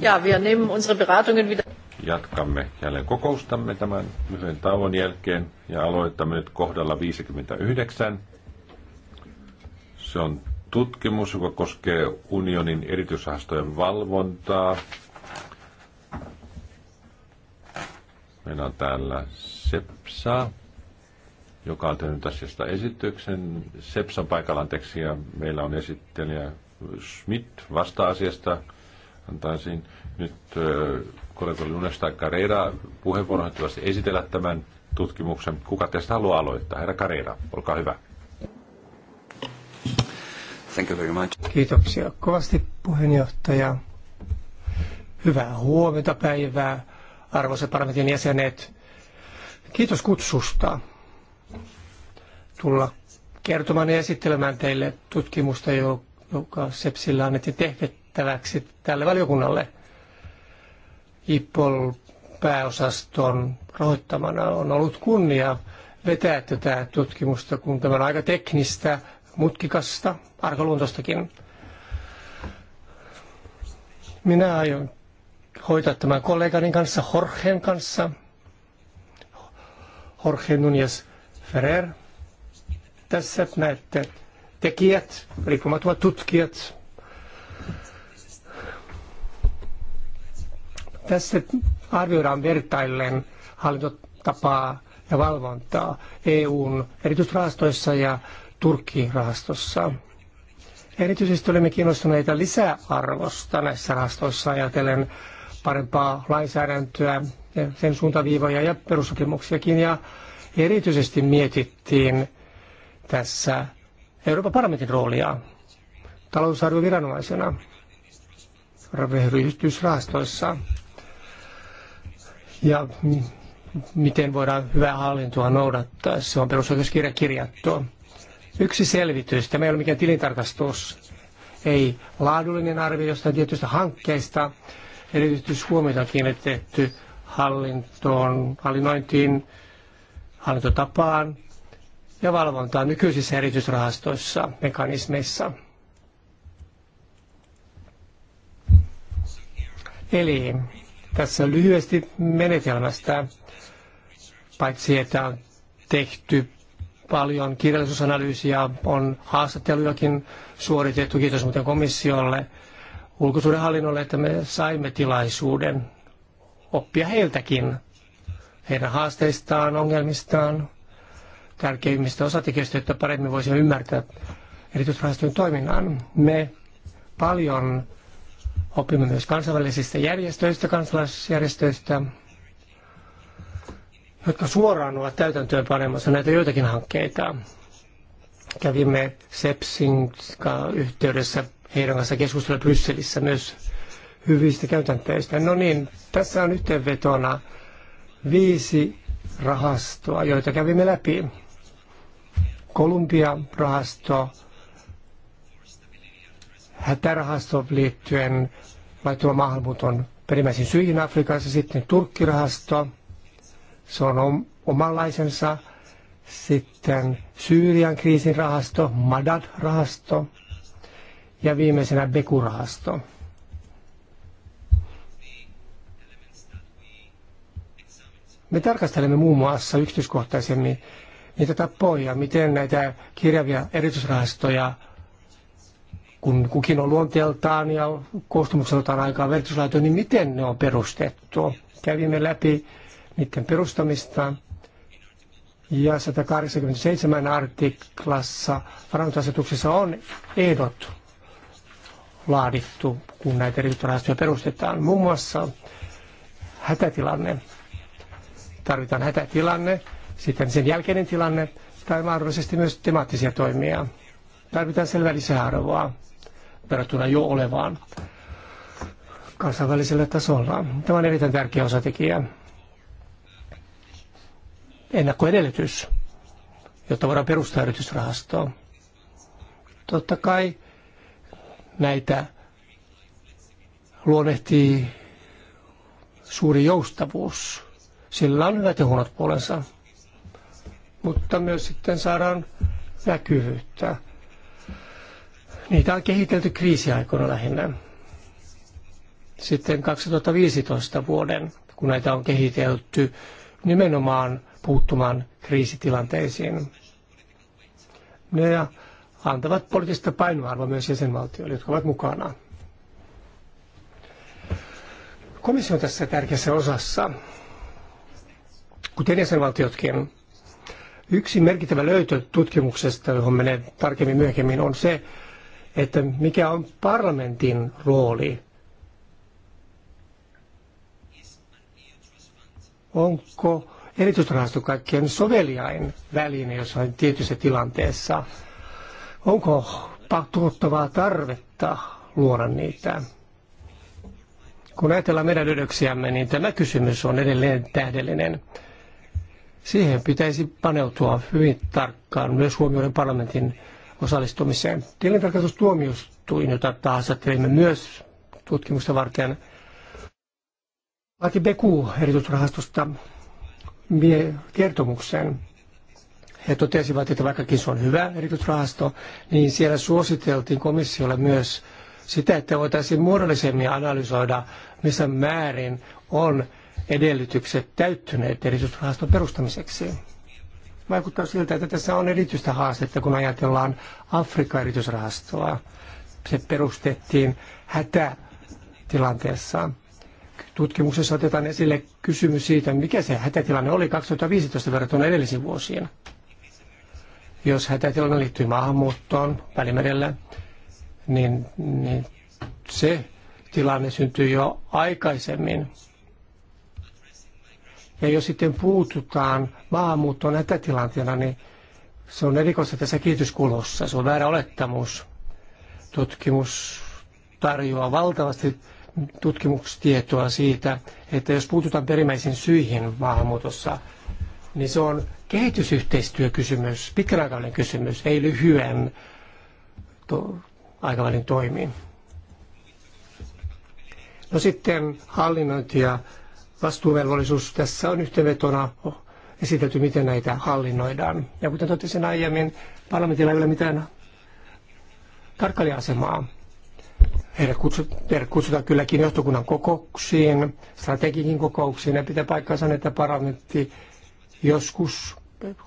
Ja, wir nehmen unsere Beratungen wieder. Jatkamme jälleen kokoustamme tämän lyhyen tauon jälkeen ja aloitamme nyt kohdalla 59. Se on tutkimus, joka koskee unionin erityisrahastojen valvontaa. Meillä on täällä Sepsa, joka on tehnyt asiasta esityksen. Sepsan paikalla anteeksi, ja meillä on esittelijä Schmidt vasta-asiasta antaisin nyt äh, kollegalle Lunesta Carrera puheenvuoron esitellä tämän tutkimuksen. Kuka teistä haluaa aloittaa? Herra Carrera, olkaa hyvä. Thank you very much. Kiitoksia kovasti puheenjohtaja. Hyvää huomenta päivää, arvoisat parlamentin jäsenet. Kiitos kutsusta tulla kertomaan ja esittelemään teille tutkimusta, joka Sepsillä annettiin käsiteltäväksi tälle valiokunnalle. IPOL pääosaston rahoittamana on ollut kunnia vetää tätä tutkimusta, kun tämä on aika teknistä, mutkikasta, arkaluontoistakin. Minä aion hoitaa tämän kollegani kanssa, Jorgen kanssa. Jorge Nunez Ferrer. Tässä näette tekijät, riippumattomat tutkijat, Tässä arvioidaan vertaillen hallintotapaa ja valvontaa EUn erityisrahastoissa ja Turkki rahastossa. Erityisesti olemme kiinnostuneita lisäarvosta näissä rahastoissa ajatellen parempaa lainsäädäntöä, sen suuntaviivoja ja perussopimuksiakin. Ja erityisesti mietittiin tässä Euroopan parlamentin roolia talousarvioviranomaisena ryhdistysrahastoissa ja miten voidaan hyvää hallintoa noudattaa. Se on perusoikeuskirja kirjattu. Yksi selvitys, tämä ei ole mikään tilintarkastus, ei laadullinen arvio jostain tietystä hankkeesta, erityisesti huomiota on kiinnitetty hallintoon, hallinnointiin, hallintotapaan ja valvontaan nykyisissä erityisrahastoissa, mekanismeissa. Eli tässä lyhyesti menetelmästä, paitsi että on tehty paljon kirjallisuusanalyysiä, on haastattelujakin suoritettu, kiitos muuten komissiolle, ulkosuudenhallinnolle, että me saimme tilaisuuden oppia heiltäkin, heidän haasteistaan, ongelmistaan, tärkeimmistä osatekijöistä, että paremmin voisimme ymmärtää erityisrahastojen toiminnan. Me paljon Opimme myös kansainvälisistä järjestöistä, kansalaisjärjestöistä, jotka suoraan ovat täytäntöön panemassa näitä joitakin hankkeita. Kävimme Sepsin yhteydessä heidän kanssa keskustella Brysselissä myös hyvistä käytänteistä. No niin, tässä on yhteenvetona viisi rahastoa, joita kävimme läpi. Kolumbia-rahasto, hätärahastoon liittyen laittoman maahanmuuton perimmäisiin syihin Afrikassa, sitten Turkkirahasto, se on omanlaisensa, sitten Syyrian kriisin rahasto, Madad-rahasto ja viimeisenä Beku-rahasto. Me tarkastelemme muun muassa yksityiskohtaisemmin niitä tapoja, miten näitä kirjavia erityisrahastoja kun kukin on luonteeltaan ja koostumukseltaan aikaa vertaislaito, niin miten ne on perustettu. Kävimme läpi niiden perustamista ja 187 artiklassa varantoasetuksessa on ehdot laadittu, kun näitä riittorahastoja perustetaan. Muun muassa hätätilanne. Tarvitaan hätätilanne, sitten sen jälkeinen tilanne tai mahdollisesti myös temaattisia toimia. Tarvitaan selvä lisäarvoa verrattuna jo olevaan kansainvälisellä tasolla. Tämä on erittäin tärkeä osatekijä. Ennakkoedellytys, jotta voidaan perustaa yritysrahastoa. Totta kai näitä luonnehtii suuri joustavuus. Sillä on hyvät ja huonot puolensa. Mutta myös sitten saadaan näkyvyyttä. Niitä on kehitelty kriisiaikoina lähinnä. Sitten 2015 vuoden, kun näitä on kehitelty nimenomaan puuttumaan kriisitilanteisiin. Ne antavat poliittista painoarvoa myös jäsenvaltioille, jotka ovat mukana. Komissio on tässä tärkeässä osassa, kuten jäsenvaltiotkin. Yksi merkittävä löytö tutkimuksesta, johon menee tarkemmin myöhemmin, on se, että mikä on parlamentin rooli. Onko erityisrahasto kaikkien soveliain väline jossain tietyssä tilanteessa? Onko tuottavaa tarvetta luoda niitä? Kun ajatellaan meidän ydöksiämme, niin tämä kysymys on edelleen tähdellinen. Siihen pitäisi paneutua hyvin tarkkaan, myös huomioiden parlamentin osallistumiseen. Tilintarkastustuomioistuin, jota tahansa teimme myös tutkimusta varten, laati Beku erityisrahastosta kertomuksen. He totesivat, että vaikkakin se on hyvä erityisrahasto, niin siellä suositeltiin komissiolle myös sitä, että voitaisiin muodollisemmin analysoida, missä määrin on edellytykset täyttyneet erityisrahaston perustamiseksi vaikuttaa siltä, että tässä on erityistä haastetta, kun ajatellaan Afrikan erityisrahastoa. Se perustettiin hätätilanteessa. Tutkimuksessa otetaan esille kysymys siitä, mikä se hätätilanne oli 2015 verrattuna edellisiin vuosiin. Jos hätätilanne liittyy maahanmuuttoon Välimerellä, niin, niin se tilanne syntyi jo aikaisemmin ja jos sitten puututaan maahanmuuttoon hätätilanteena, niin se on erikoista tässä kehityskulussa. Se on väärä olettamus. Tutkimus tarjoaa valtavasti tutkimustietoa siitä, että jos puututaan perimmäisiin syihin maahanmuutossa, niin se on kehitysyhteistyökysymys, pitkän aikavälin kysymys, ei lyhyen to- aikavälin toimiin. No sitten hallinnointi ja vastuuvelvollisuus tässä on yhteenvetona esitelty, miten näitä hallinnoidaan. Ja kuten totesin aiemmin, parlamentilla ei ole mitään tarkkailija-asemaa. Heidät, kutsutaan, heidät kutsutaan kylläkin johtokunnan kokouksiin, strategikin kokouksiin, ja pitää paikkansa, että parlamentti joskus,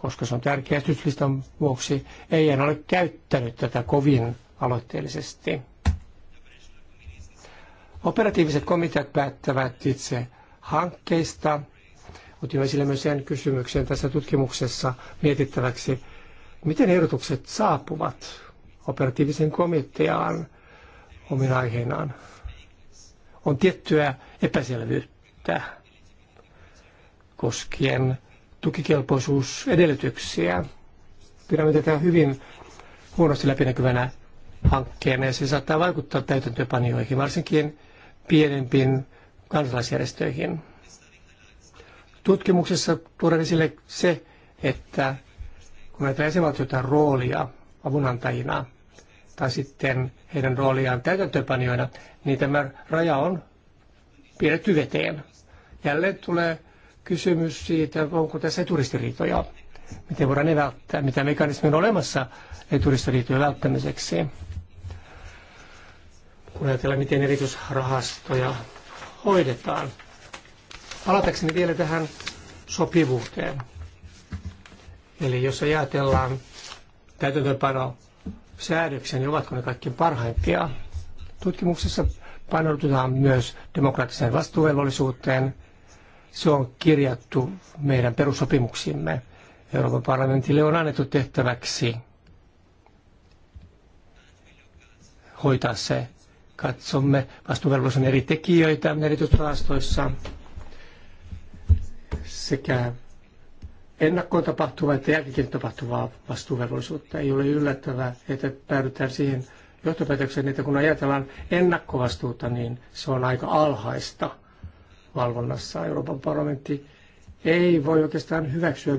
koska se on tärkeä syyslistan vuoksi, ei enää ole käyttänyt tätä kovin aloitteellisesti. Operatiiviset komiteat päättävät itse hankkeista. Otin esille myös sen kysymyksen tässä tutkimuksessa mietittäväksi, miten ehdotukset saapuvat operatiivisen komiteaan omin aiheinaan. On tiettyä epäselvyyttä koskien tukikelpoisuusedellytyksiä. Pidämme tätä hyvin huonosti läpinäkyvänä hankkeena ja se saattaa vaikuttaa täytäntöpanijoihin, varsinkin pienempiin kansalaisjärjestöihin. Tutkimuksessa tuodaan esille se, että kun näitä jäsenvaltioita roolia avunantajina tai sitten heidän rooliaan täytäntöpanijoina, niin tämä raja on piirretty veteen. Jälleen tulee kysymys siitä, onko tässä turistiriitoja, miten voidaan ne välttää, mitä mekanismi on olemassa turistiriitojen välttämiseksi. Kun ajatellaan, miten erityisrahastoja hoidetaan. Palatakseni vielä tähän sopivuuteen. Eli jos ajatellaan täytäntöönpano säädöksiä, niin ovatko ne kaikkein parhaimpia? Tutkimuksessa panoudutaan myös demokraattiseen vastuuvelvollisuuteen. Se on kirjattu meidän perussopimuksimme. Euroopan parlamentille on annettu tehtäväksi hoitaa se katsomme vastuuvelvollisuuden eri tekijöitä erityisrahastoissa sekä ennakkoon tapahtuvaa että jälkikin tapahtuvaa vastuuvelvollisuutta. Ei ole yllättävää, että päädytään siihen johtopäätökseen, että kun ajatellaan ennakkovastuuta, niin se on aika alhaista valvonnassa. Euroopan parlamentti ei voi oikeastaan hyväksyä,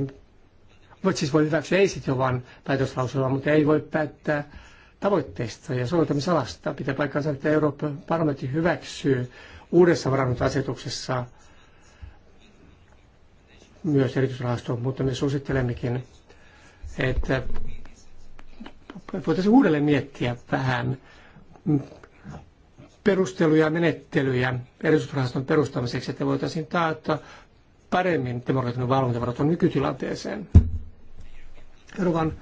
voi siis voi hyväksyä ei sitten vaan päätöslauselmaa, mutta ei voi päättää tavoitteista ja soveltamisalasta. Pitää paikkaansa, että Euroopan parlamentti hyväksyy uudessa varannusasetuksessa myös erityisrahastoon, mutta me suosittelemmekin, että voitaisiin uudelleen miettiä vähän perusteluja ja menettelyjä erityisrahaston perustamiseksi, että voitaisiin taata paremmin demokraattinen valvonta on nykytilanteeseen. Euroopan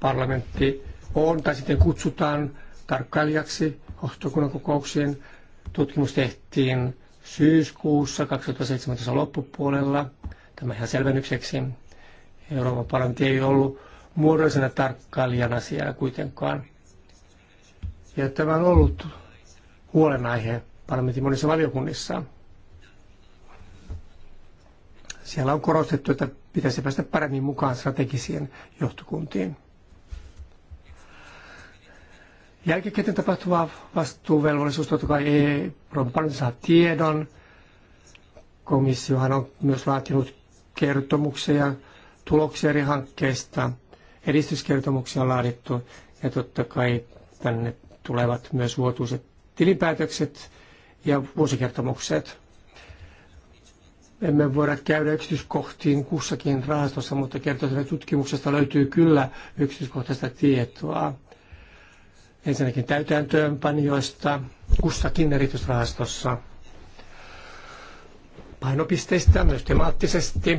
parlamentti on, tai sitten kutsutaan tarkkailijaksi hohtokunnan kokouksiin. Tutkimus tehtiin syyskuussa 2017 loppupuolella, tämä ihan selvennykseksi. Euroopan parlamentti ei ollut muodollisena tarkkailijana siellä kuitenkaan. Ja tämä on ollut huolenaihe parlamentin monissa valiokunnissa. Siellä on korostettu, että pitäisi päästä paremmin mukaan strategisiin johtokuntiin. Jälkikäteen tapahtuva vastuuvelvollisuus, totta kai e, paljon saa tiedon. Komissiohan on myös laatinut kertomuksia ja tuloksia eri hankkeista. Edistyskertomuksia on laadittu ja totta kai tänne tulevat myös vuotuiset tilinpäätökset ja vuosikertomukset. Emme voida käydä yksityiskohtiin kussakin rahastossa, mutta kertoiselle tutkimuksesta löytyy kyllä yksityiskohtaista tietoa ensinnäkin täytäntöönpanijoista kussakin erityisrahastossa, painopisteistä myös temaattisesti,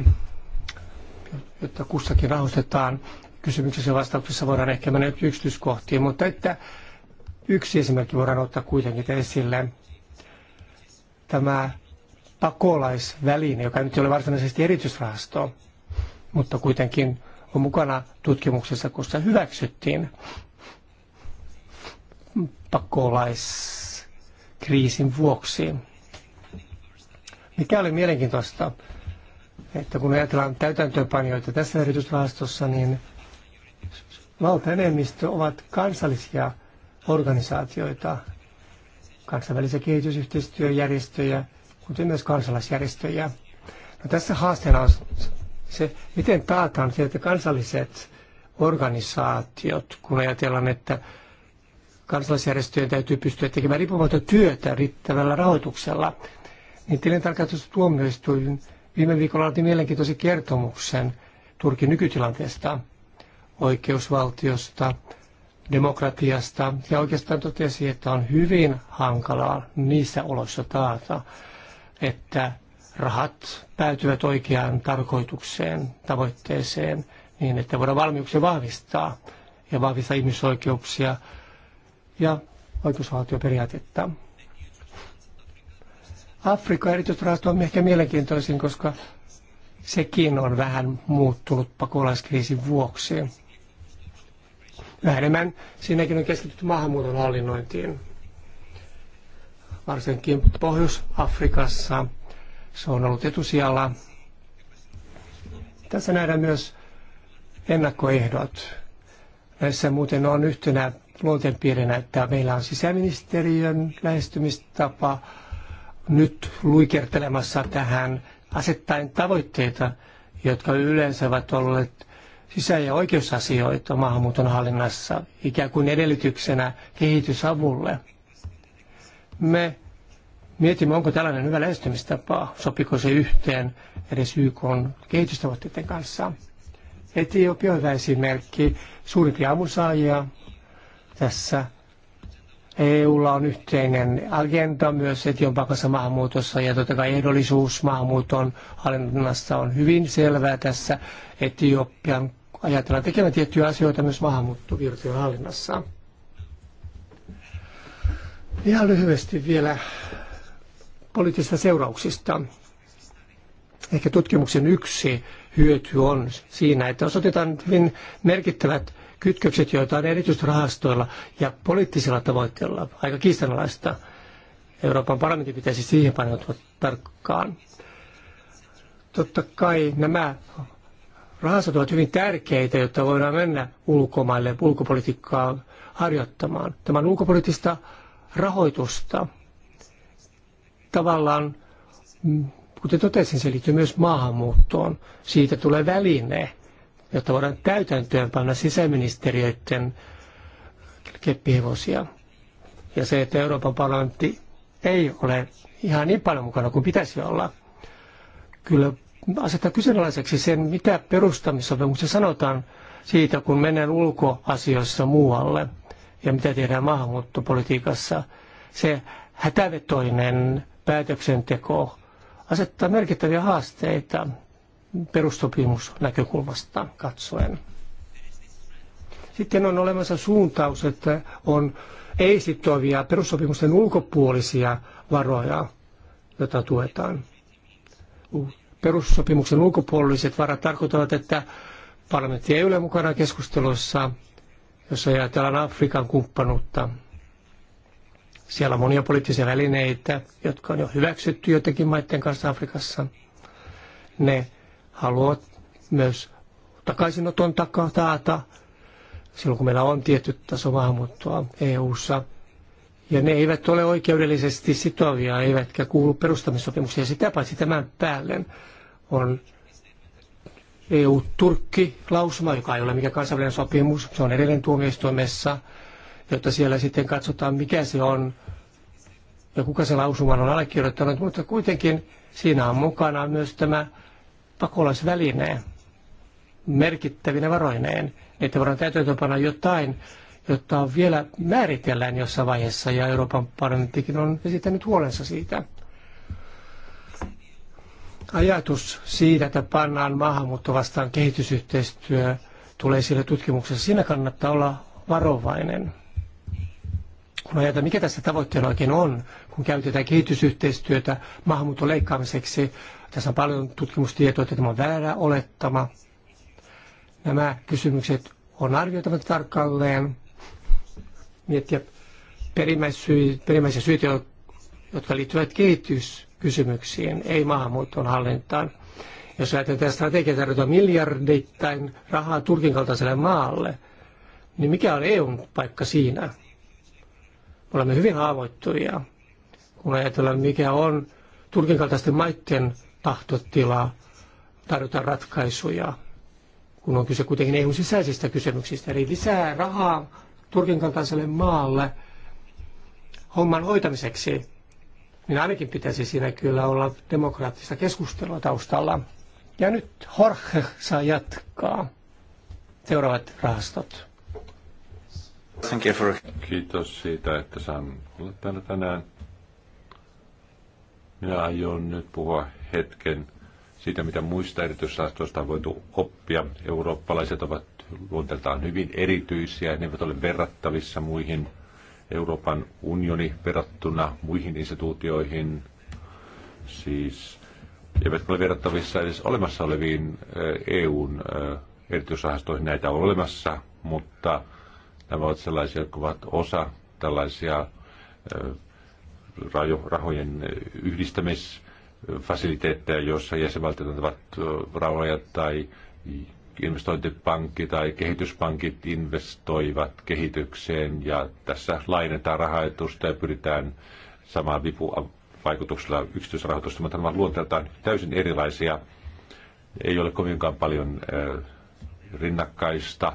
jotta kussakin rahoitetaan. Kysymyksessä ja vastauksessa voidaan ehkä mennä yksityiskohtiin, mutta että yksi esimerkki voidaan ottaa kuitenkin esille. Tämä pakolaisväline, joka nyt ei ole varsinaisesti erityisrahasto, mutta kuitenkin on mukana tutkimuksessa, koska hyväksyttiin pakolaiskriisin vuoksi. Mikä oli mielenkiintoista, että kun ajatellaan täytäntöönpanijoita tässä erityisrahastossa, niin valtaenemmistö ovat kansallisia organisaatioita, kansainvälisiä kehitysyhteistyöjärjestöjä, kuten myös kansalaisjärjestöjä. No tässä haasteena on se, miten taataan se, että kansalliset organisaatiot, kun ajatellaan, että kansalaisjärjestöjen täytyy pystyä tekemään riippumatta työtä riittävällä rahoituksella. Niin tilintarkastustuomioistuin viime viikolla otti mielenkiintoisen kertomuksen Turkin nykytilanteesta, oikeusvaltiosta, demokratiasta ja oikeastaan totesi, että on hyvin hankalaa niissä oloissa taata, että rahat päätyvät oikeaan tarkoitukseen, tavoitteeseen, niin että voidaan valmiuksia vahvistaa ja vahvistaa ihmisoikeuksia, ja oikeusvaltioperiaatetta. Afrikka erityisrahasto on ehkä mielenkiintoisin, koska sekin on vähän muuttunut pakolaiskriisin vuoksi. Vähemmän siinäkin on keskitytty maahanmuuton hallinnointiin. Varsinkin Pohjois-Afrikassa se on ollut etusijalla. Tässä nähdään myös ennakkoehdot. Näissä muuten on yhtenä luonteenpiirinä, että meillä on sisäministeriön lähestymistapa nyt luikertelemassa tähän asettaen tavoitteita, jotka yleensä ovat olleet sisä- ja oikeusasioita maahanmuuton hallinnassa ikään kuin edellytyksenä kehitysavulle. Me mietimme, onko tällainen hyvä lähestymistapa, sopiko se yhteen edes YK kehitystavoitteiden kanssa. Etiopia on hyvä esimerkki. Suurimpia avunsaajia tässä EUlla on yhteinen agenda myös Etiopian kanssa maahanmuutossa ja totta kai ehdollisuus maahanmuuton hallinnassa on hyvin selvää tässä. Etiopian ajatellaan tekemään tiettyjä asioita myös maahanmuuttovirtojen hallinnassa. Ihan lyhyesti vielä poliittisista seurauksista. Ehkä tutkimuksen yksi hyöty on siinä, että osoitetaan hyvin merkittävät kytkökset, joita on erityisesti rahastoilla ja poliittisilla tavoitteilla, aika kiistanalaista. Euroopan parlamentti pitäisi siihen paneutua tarkkaan. Totta kai nämä rahastot ovat hyvin tärkeitä, jotta voidaan mennä ulkomaille ulkopolitiikkaa harjoittamaan. Tämä on ulkopoliittista rahoitusta. Tavallaan, mm, kuten totesin, se liittyy myös maahanmuuttoon. Siitä tulee väline jotta voidaan täytäntöön panna sisäministeriöiden keppihevosia. Ja se, että Euroopan parlamentti ei ole ihan niin paljon mukana kuin pitäisi olla, kyllä asettaa kyseenalaiseksi sen, mitä perustamissopimuksessa sanotaan siitä, kun mennään ulkoasioissa muualle ja mitä tehdään maahanmuuttopolitiikassa. Se hätävetoinen päätöksenteko asettaa merkittäviä haasteita perustopimusnäkökulmasta katsoen. Sitten on olemassa suuntaus, että on ei-sitovia perussopimusten ulkopuolisia varoja, joita tuetaan. Perussopimuksen ulkopuoliset varat tarkoittavat, että parlamentti ei ole mukana keskustelussa, jos ajatellaan Afrikan kumppanuutta. Siellä on monia poliittisia välineitä, jotka on jo hyväksytty jotenkin maiden kanssa Afrikassa. Ne haluavat myös takaisinoton taata silloin, kun meillä on tietty taso maahanmuuttoa EU-ssa. Ja ne eivät ole oikeudellisesti sitovia, eivätkä kuulu perustamissopimukseen. Ja sitä paitsi tämän päälle on EU-Turkki-lausuma, joka ei ole mikään kansainvälinen sopimus. Se on edelleen tuomioistuimessa, jotta siellä sitten katsotaan, mikä se on ja kuka se lausuman on allekirjoittanut. Mutta kuitenkin siinä on mukana myös tämä pakolaisvälineen merkittävinä varoineen, että voidaan täytäntöönpana jotain, jotta vielä määritellään jossain vaiheessa, ja Euroopan parlamenttikin on esittänyt huolensa siitä. Ajatus siitä, että pannaan maahanmuutto vastaan kehitysyhteistyö, tulee sille tutkimuksessa. Siinä kannattaa olla varovainen. Kun ajatellaan, mikä tässä tavoitteena oikein on, kun käytetään kehitysyhteistyötä maahanmuuton leikkaamiseksi, tässä on paljon tutkimustietoa, että tämä on väärä olettama. Nämä kysymykset on arvioitava tarkalleen, miettiä perimmäisiä syitä, jotka liittyvät kehityskysymyksiin, ei maahanmuuton hallintaan. Jos ajatellaan strategiaa tarjota miljardeittain rahaa Turkin kaltaiselle maalle, niin mikä on EUn paikka siinä? Me olemme hyvin haavoittuvia, kun ajatellaan mikä on Turkin kaltaisten maiden tahtotilaa tarjota ratkaisuja, kun on kyse kuitenkin EUn sisäisistä kysymyksistä. Eli lisää rahaa Turkin kaltaiselle maalle homman hoitamiseksi, niin ainakin pitäisi siinä kyllä olla demokraattista keskustelua taustalla. Ja nyt Jorge saa jatkaa. Seuraavat rahastot. Kiitos siitä, että saan olla täällä tänään. Minä aion nyt puhua hetken siitä, mitä muista erityisrahastoista on voitu oppia. Eurooppalaiset ovat luonteeltaan hyvin erityisiä, ne eivät ole verrattavissa muihin Euroopan unioni verrattuna muihin instituutioihin, siis eivät ole verrattavissa edes olemassa oleviin eh, EUn eh, erityisrahastoihin. Näitä on olemassa, mutta nämä ovat sellaisia, jotka ovat osa tällaisia eh, rahojen yhdistämisrahastoja, fasiliteetteja, joissa jäsenvaltiot antavat rahoja tai investointipankki tai kehityspankit investoivat kehitykseen ja tässä lainetaan rahoitusta ja pyritään samaan vipuvaikutuksella yksityisrahoitusta, mutta nämä luonteeltaan täysin erilaisia. Ei ole kovinkaan paljon rinnakkaista.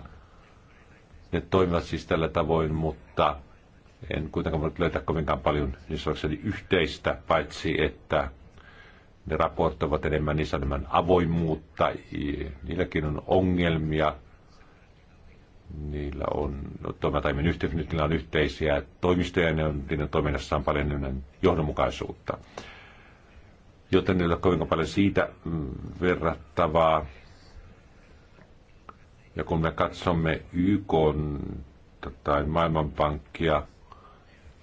Ne toimivat siis tällä tavoin, mutta en kuitenkaan voi löytää kovinkaan paljon niin yhteistä, paitsi että ne raportoivat enemmän, niissä on enemmän avoimuutta, niilläkin on ongelmia, niillä on, no, toimintaimen yhteys, niillä on yhteisiä toimistoja, ne on, niiden toiminnassa on paljon enemmän johdonmukaisuutta. Joten niillä on kovin paljon siitä mm, verrattavaa. Ja kun me katsomme YK tai tota, Maailmanpankkia,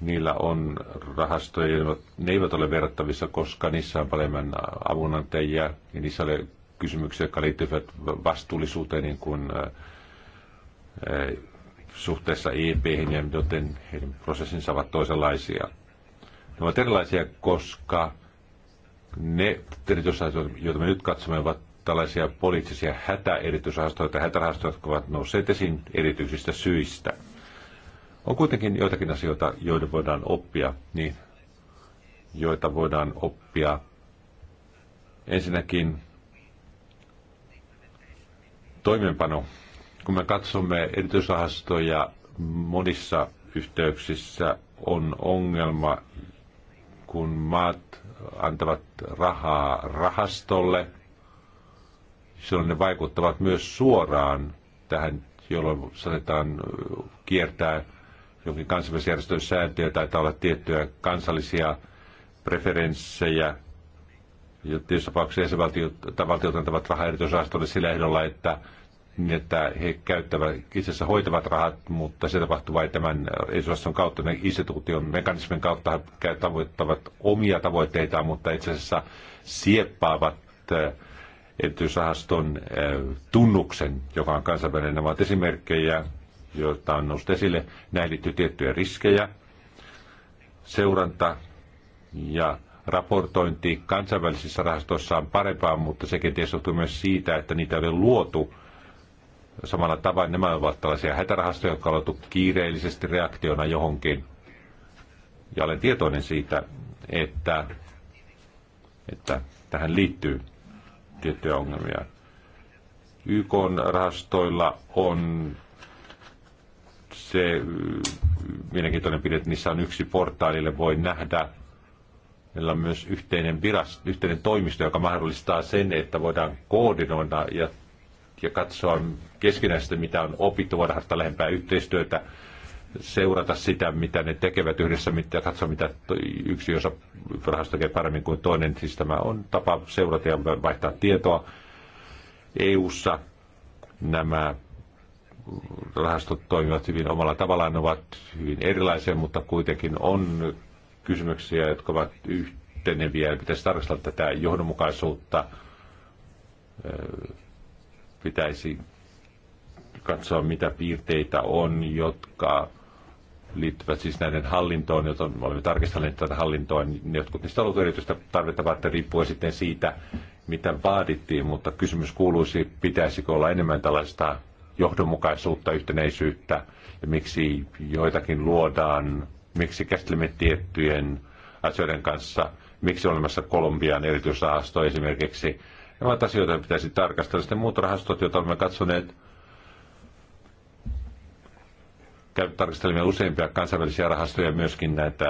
niillä on rahastoja, ne eivät ole verrattavissa, koska niissä on paljon avunantajia ja niissä oli kysymyksiä, jotka liittyvät vastuullisuuteen niin kuin, suhteessa ep ja joten heidän prosessinsa ovat toisenlaisia. Ne ovat erilaisia, koska ne erityisrahastot, joita me nyt katsomme, ovat tällaisia poliittisia hätäerityisrahastoja tai hätärahastoja, jotka ovat nousseet esiin erityisistä syistä – on kuitenkin joitakin asioita, joita voidaan oppia, niin joita voidaan oppia ensinnäkin toimenpano. Kun me katsomme erityisrahastoja monissa yhteyksissä on ongelma, kun maat antavat rahaa rahastolle, silloin ne vaikuttavat myös suoraan tähän, jolloin saatetaan kiertää jonkin kansainvälisjärjestön sääntöjä, taitaa olla tiettyjä kansallisia preferenssejä. Ja tietysti tapauksessa jäsenvaltiot antavat rahaa erityisrahastolle sillä ehdolla, että, niin että he käyttävät, itse asiassa hoitavat rahat, mutta se tapahtuu vain tämän erityisrahaston kautta, ne instituution mekanismin kautta he tavoittavat omia tavoitteitaan, mutta itse asiassa sieppaavat eh, erityisrahaston eh, tunnuksen, joka on kansainvälinen. Nämä ovat esimerkkejä joita on noussut esille. Näihin liittyy tiettyjä riskejä, seuranta ja raportointi kansainvälisissä rahastoissa on parempaa, mutta sekin tietysti myös siitä, että niitä ei luotu samalla tavalla. Nämä ovat tällaisia hätärahastoja, jotka on luotu kiireellisesti reaktiona johonkin. Ja olen tietoinen siitä, että, että tähän liittyy tiettyjä ongelmia. YK rahastoilla on se mm, mielenkiintoinen pide, että niissä on yksi portaalille, voi nähdä. Meillä on myös yhteinen, viras, yhteinen toimisto, joka mahdollistaa sen, että voidaan koordinoida ja, ja katsoa keskinäistä, mitä on opittu, voidaan harrastaa lähempää yhteistyötä, seurata sitä, mitä ne tekevät yhdessä, ja katsoa, mitä yksi osa rahasto tekee paremmin kuin toinen. Siis tämä on tapa seurata ja vaihtaa tietoa. EU-ssa nämä rahastot toimivat hyvin omalla tavallaan, ne ovat hyvin erilaisia, mutta kuitenkin on kysymyksiä, jotka ovat yhteneviä. pitäisi tarkastella tätä johdonmukaisuutta. Pitäisi katsoa, mitä piirteitä on, jotka liittyvät siis näiden hallintoon, joten me olemme tarkistaneet tätä hallintoa, niin jotkut niistä on erityistä tarvetta varten riippuu sitten siitä, mitä vaadittiin, mutta kysymys kuuluisi, pitäisikö olla enemmän tällaista johdonmukaisuutta, yhtenäisyyttä ja miksi joitakin luodaan, miksi käsittelemme tiettyjen asioiden kanssa, miksi on olemassa Kolumbian erityisrahasto esimerkiksi. Nämä ovat asioita, joita pitäisi tarkastella. Sitten muut rahastot, joita olemme katsoneet, tarkastelimme useimpia kansainvälisiä rahastoja, myöskin näitä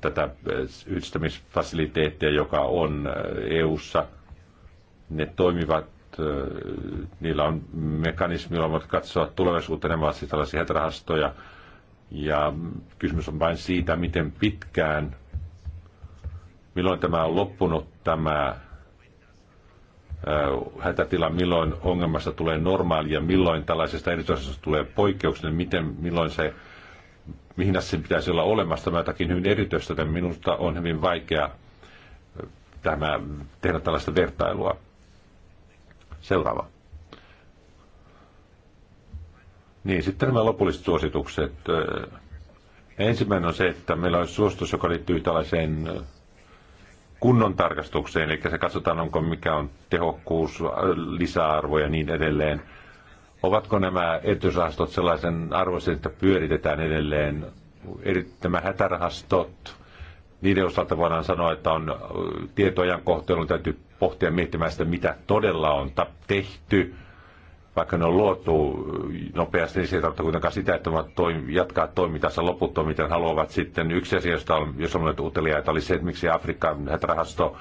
tätä yhdistämisfasiliteettia, joka on EU:ssa. Ne toimivat niillä on mekanismi, jolla voit katsoa tulevaisuutta, ne ovat siis tällaisia hätärahastoja. Ja kysymys on vain siitä, miten pitkään, milloin tämä on loppunut tämä hätätila, milloin ongelmasta tulee normaali ja milloin tällaisesta erityisestä tulee poikkeuksellinen, miten, milloin se, mihin asti pitäisi olla olemassa tämä jotakin hyvin erityistä, minusta on hyvin vaikea tämä, tehdä tällaista vertailua. Seuraava. Niin, sitten nämä lopulliset suositukset. Ensimmäinen on se, että meillä on suositus, joka liittyy tällaiseen kunnon tarkastukseen, eli se katsotaan, onko mikä on tehokkuus, lisäarvo ja niin edelleen. Ovatko nämä erityisrahastot sellaisen arvoisen, että pyöritetään edelleen eri, nämä hätärahastot, niiden osalta voidaan sanoa, että on tietojen kohtelun täytyy pohtia miettimään sitä, mitä todella on tehty, vaikka ne on luotu nopeasti, niin se ei tarkoita kuitenkaan sitä, että voivat toim- jatkaa toimintansa loputtomiin, miten haluavat sitten. Yksi asia, josta on, jos on ollut uteliaita, oli se, että miksi Afrikan rahasto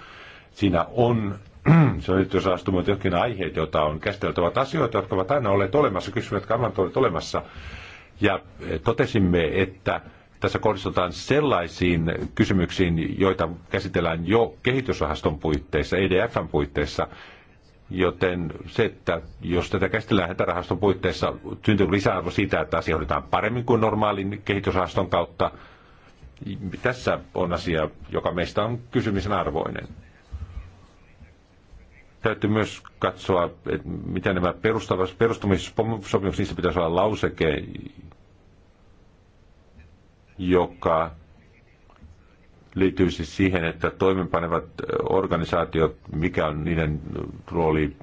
siinä on, *clears throat* se on nyt jos astunut jokin aiheet, joita on käsiteltävä asioita, jotka ovat aina olleet olemassa, kysymykset, jotka ovat olleet olemassa. Ja e, totesimme, että tässä kohdistutaan sellaisiin kysymyksiin, joita käsitellään jo kehitysrahaston puitteissa, EDFn puitteissa, Joten se, että jos tätä käsitellään hätärahaston puitteissa, syntyy lisäarvo siitä, että asia hoidetaan paremmin kuin normaalin kehitysrahaston kautta. Tässä on asia, joka meistä on kysymisen arvoinen. Täytyy myös katsoa, että mitä nämä perustumissopimukset, niissä pitäisi olla lauseke, joka liittyy siis siihen, että toimenpanevat organisaatiot, mikä on niiden rooli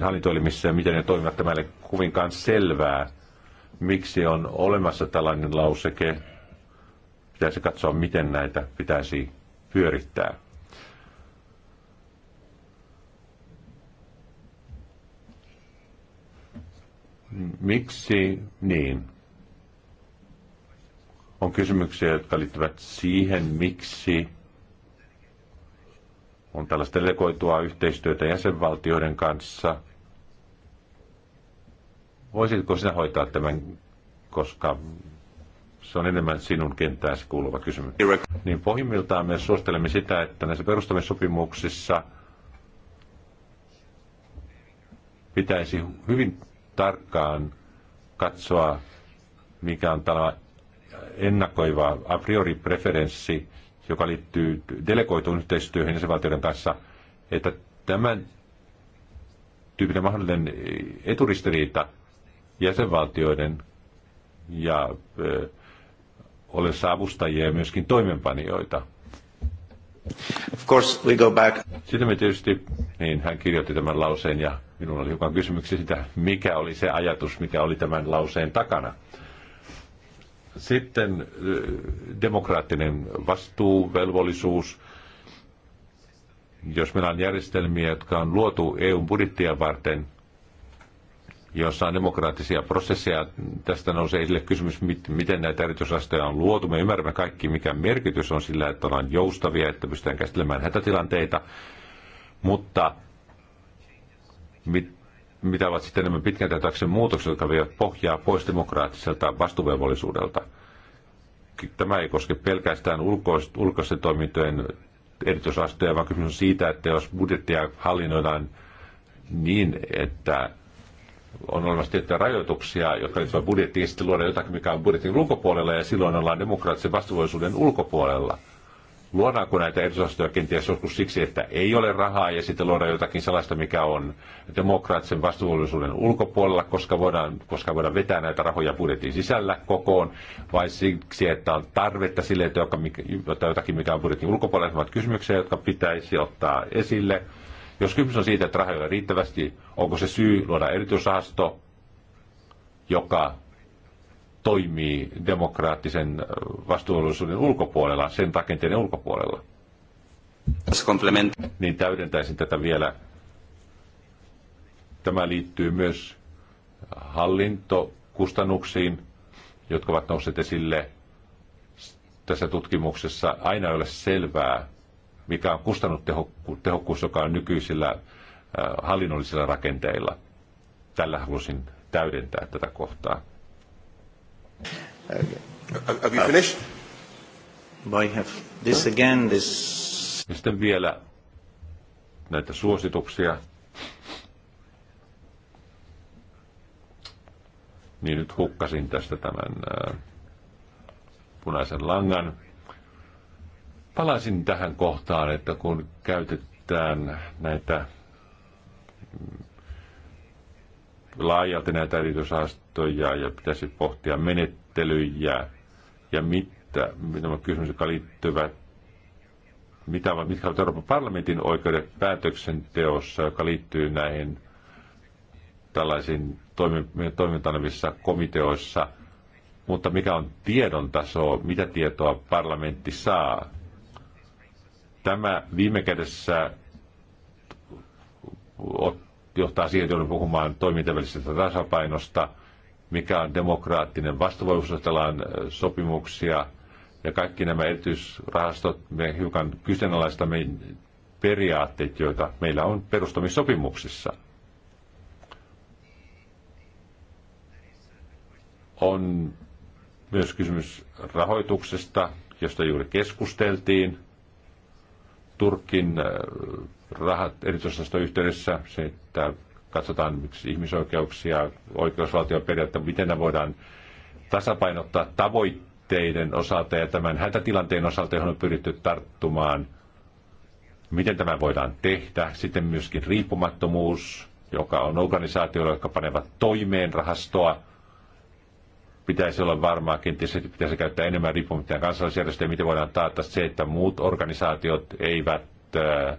hallintoelimissä ja miten ne toimivat, tämä ei ole kovinkaan selvää, miksi on olemassa tällainen lauseke. Pitäisi katsoa, miten näitä pitäisi pyörittää. Miksi niin? on kysymyksiä, jotka liittyvät siihen, miksi on tällaista delegoitua yhteistyötä jäsenvaltioiden kanssa. Voisitko sinä hoitaa tämän, koska se on enemmän sinun kenttääsi kuuluva kysymys. Niin pohjimmiltaan me suostelemme sitä, että näissä perustamissopimuksissa pitäisi hyvin tarkkaan katsoa, mikä on tämä ennakoiva a priori preferenssi, joka liittyy delegoituun yhteistyöhön jäsenvaltioiden kanssa, että tämän tyyppinen mahdollinen eturistiriita jäsenvaltioiden ja ö, ollessa avustajia ja myöskin toimenpanijoita. Of course we go back. Sitten me tietysti, niin hän kirjoitti tämän lauseen ja minulla oli hiukan kysymyksiä sitä, mikä oli se ajatus, mikä oli tämän lauseen takana. Sitten äh, demokraattinen vastuuvelvollisuus. Jos meillä on järjestelmiä, jotka on luotu EUn budjettia varten, jossa on demokraattisia prosesseja. Tästä nousee esille kysymys, miten näitä erityisasteja on luotu. Me ymmärrämme kaikki, mikä merkitys on sillä, että ollaan joustavia, että pystytään käsittelemään hätätilanteita. Mutta mit, mitä ovat sitten nämä pitkän tähtäyksen muutokset, jotka vievät pohjaa pois demokraattiselta vastuvelvollisuudelta. Tämä ei koske pelkästään ulkoisten toimintojen erityisasteja, vaan kysymys on siitä, että jos budjettia hallinnoidaan niin, että on olemassa tiettyjä rajoituksia, jotka liittyvät budjettiin, sitten luoda jotakin, mikä on budjetin ulkopuolella, ja silloin ollaan demokraattisen vastuullisuuden ulkopuolella – Luodaanko näitä erityisosastoja kenties joskus siksi, että ei ole rahaa ja sitten luodaan jotakin sellaista, mikä on demokraattisen vastuullisuuden ulkopuolella, koska voidaan, koska voidaan vetää näitä rahoja budjetin sisällä kokoon, vai siksi, että on tarvetta sille, että jotakin, mikä on budjetin ulkopuolella, ovat kysymyksiä, jotka pitäisi ottaa esille. Jos kysymys on siitä, että rahoja ole riittävästi, onko se syy luoda erityisrahasto, joka toimii demokraattisen äh, vastuullisuuden ulkopuolella, sen rakenteiden ulkopuolella. Niin täydentäisin tätä vielä. Tämä liittyy myös hallintokustannuksiin, jotka ovat nousseet esille tässä tutkimuksessa. Aina ei ole selvää, mikä on kustannustehokkuus, joka on nykyisillä äh, hallinnollisilla rakenteilla. Tällä halusin täydentää tätä kohtaa. Have you finished? I have this again, this... Ja sitten vielä näitä suosituksia. Niin nyt hukkasin tästä tämän äh, punaisen langan. Palasin tähän kohtaan, että kun käytetään näitä mm, laajalti näitä erityisastoja ja pitäisi pohtia menettelyjä ja mitä, nämä kysymykset, jotka liittyvät mitä, mitkä ovat Euroopan parlamentin oikeudet päätöksenteossa, joka liittyy näihin tällaisiin toimintanavissa komiteoissa, mutta mikä on tiedon taso, mitä tietoa parlamentti saa. Tämä viime kädessä johtaa siihen, että puhumaan toimintavälisestä tasapainosta, mikä on demokraattinen vastuvoimus, sopimuksia ja kaikki nämä erityisrahastot, me hiukan kyseenalaistamme periaatteet, joita meillä on perustamissopimuksissa. On myös kysymys rahoituksesta, josta juuri keskusteltiin. Turkin rahat erityisosaston yhteydessä, se, että katsotaan miksi ihmisoikeuksia, oikeusvaltioperiaatteita, miten ne voidaan tasapainottaa tavoitteiden osalta ja tämän hätätilanteen osalta, johon on pyritty tarttumaan. Miten tämä voidaan tehdä? Sitten myöskin riippumattomuus, joka on organisaatioilla, jotka panevat toimeen rahastoa. Pitäisi olla varmaa, kenties että pitäisi käyttää enemmän riippumatta kansallisjärjestöjä, miten voidaan taata se, että muut organisaatiot eivät äh,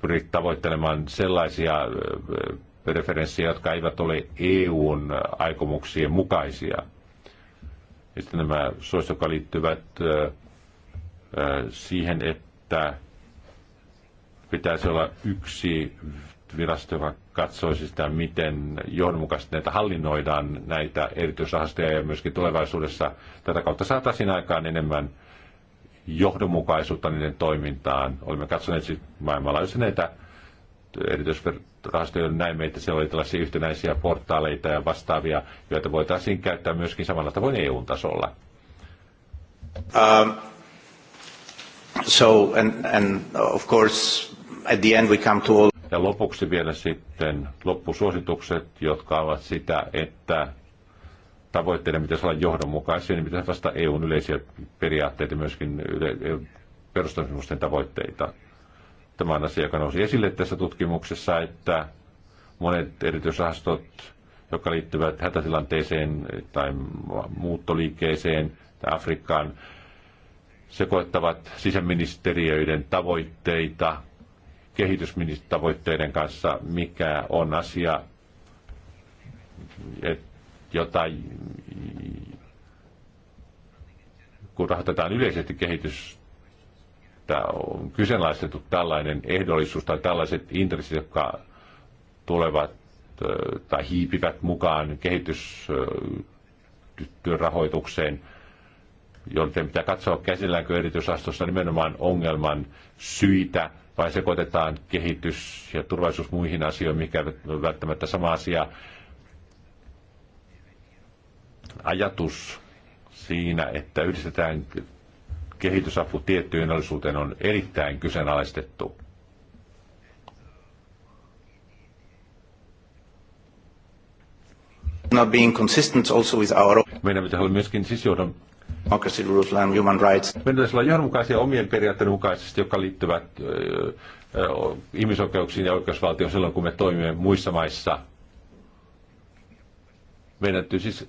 pyrit tavoittelemaan sellaisia referenssejä, jotka eivät ole EUn aikomuksien mukaisia. Ja sitten nämä suosit, jotka liittyvät siihen, että pitäisi olla yksi virasto, joka katsoisi sitä, miten johdonmukaisesti näitä hallinnoidaan, näitä erityisrahastoja ja myöskin tulevaisuudessa tätä kautta saataisiin aikaan enemmän johdonmukaisuutta niiden toimintaan. Olemme katsoneet maailmanlaajuisesti näitä erityisrahastoja, näimme, että siellä oli tällaisia yhtenäisiä portaaleita ja vastaavia, joita voitaisiin käyttää myöskin samalla tavoin EU-tasolla. Um, so, and, and of course, at the end we come to all... Ja lopuksi vielä sitten loppusuositukset, jotka ovat sitä, että tavoitteiden pitäisi olla johdonmukaisia, niin pitäisi vastata EUn yleisiä periaatteita myöskin e- perustamisen tavoitteita. Tämä on asia, joka nousi esille tässä tutkimuksessa, että monet erityisrahastot, jotka liittyvät hätätilanteeseen tai muuttoliikkeeseen tai Afrikkaan, sekoittavat sisäministeriöiden tavoitteita kehitysministeriöiden kanssa, mikä on asia, että jota kun rahoitetaan yleisesti kehitystä, on kyseenalaistettu tällainen ehdollisuus tai tällaiset intressit, jotka tulevat tai hiipivät mukaan kehitystyön rahoitukseen, joten pitää katsoa käsilläänkö erityisastossa nimenomaan ongelman syitä vai sekoitetaan kehitys ja turvallisuus muihin asioihin, mikä välttämättä sama asia ajatus siinä, että yhdistetään kehitysapu tiettyyn ennallisuuteen on erittäin kyseenalaistettu. Not being consistent also with our... Meidän pitää olla myöskin siis johdon democracy, rules human rights. Meidän pitäisi olla johdonmukaisia omien periaatteiden mukaisesti, jotka liittyvät ihmisoikeuksiin ja oikeusvaltioon silloin, kun me toimimme muissa maissa. Meidän täytyy siis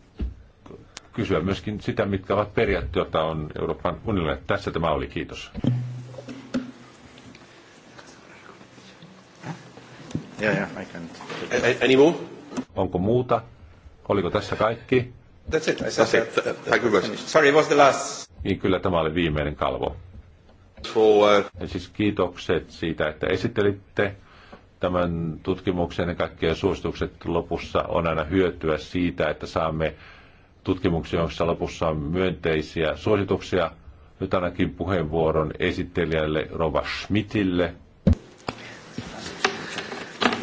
kysyä myöskin sitä, mitkä ovat periaatteet, joita on Euroopan unionille. Tässä tämä oli. Kiitos. Yeah, yeah, I can. Any more? Onko muuta? Oliko tässä kaikki? That's it. I said That's it. That, that, that Sorry, was the last. Niin kyllä tämä oli viimeinen kalvo. Uh, ja siis kiitokset siitä, että esittelitte tämän tutkimuksen ja kaikkien suositukset lopussa on aina hyötyä siitä, että saamme tutkimuksia, joissa lopussa on myönteisiä suosituksia. Nyt ainakin puheenvuoron esittelijälle Rova Schmidtille.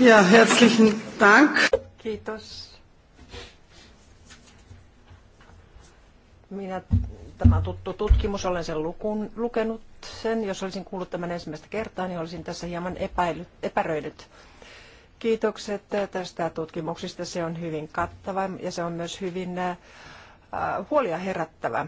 Ja, herzlichen Dank. Kiitos. Minä tämä tuttu tutkimus, olen sen lukun, lukenut sen. Jos olisin kuullut tämän ensimmäistä kertaa, niin olisin tässä hieman epäily, epäröinyt. Kiitokset tästä tutkimuksesta. Se on hyvin kattava ja se on myös hyvin äh, huolia herättävä.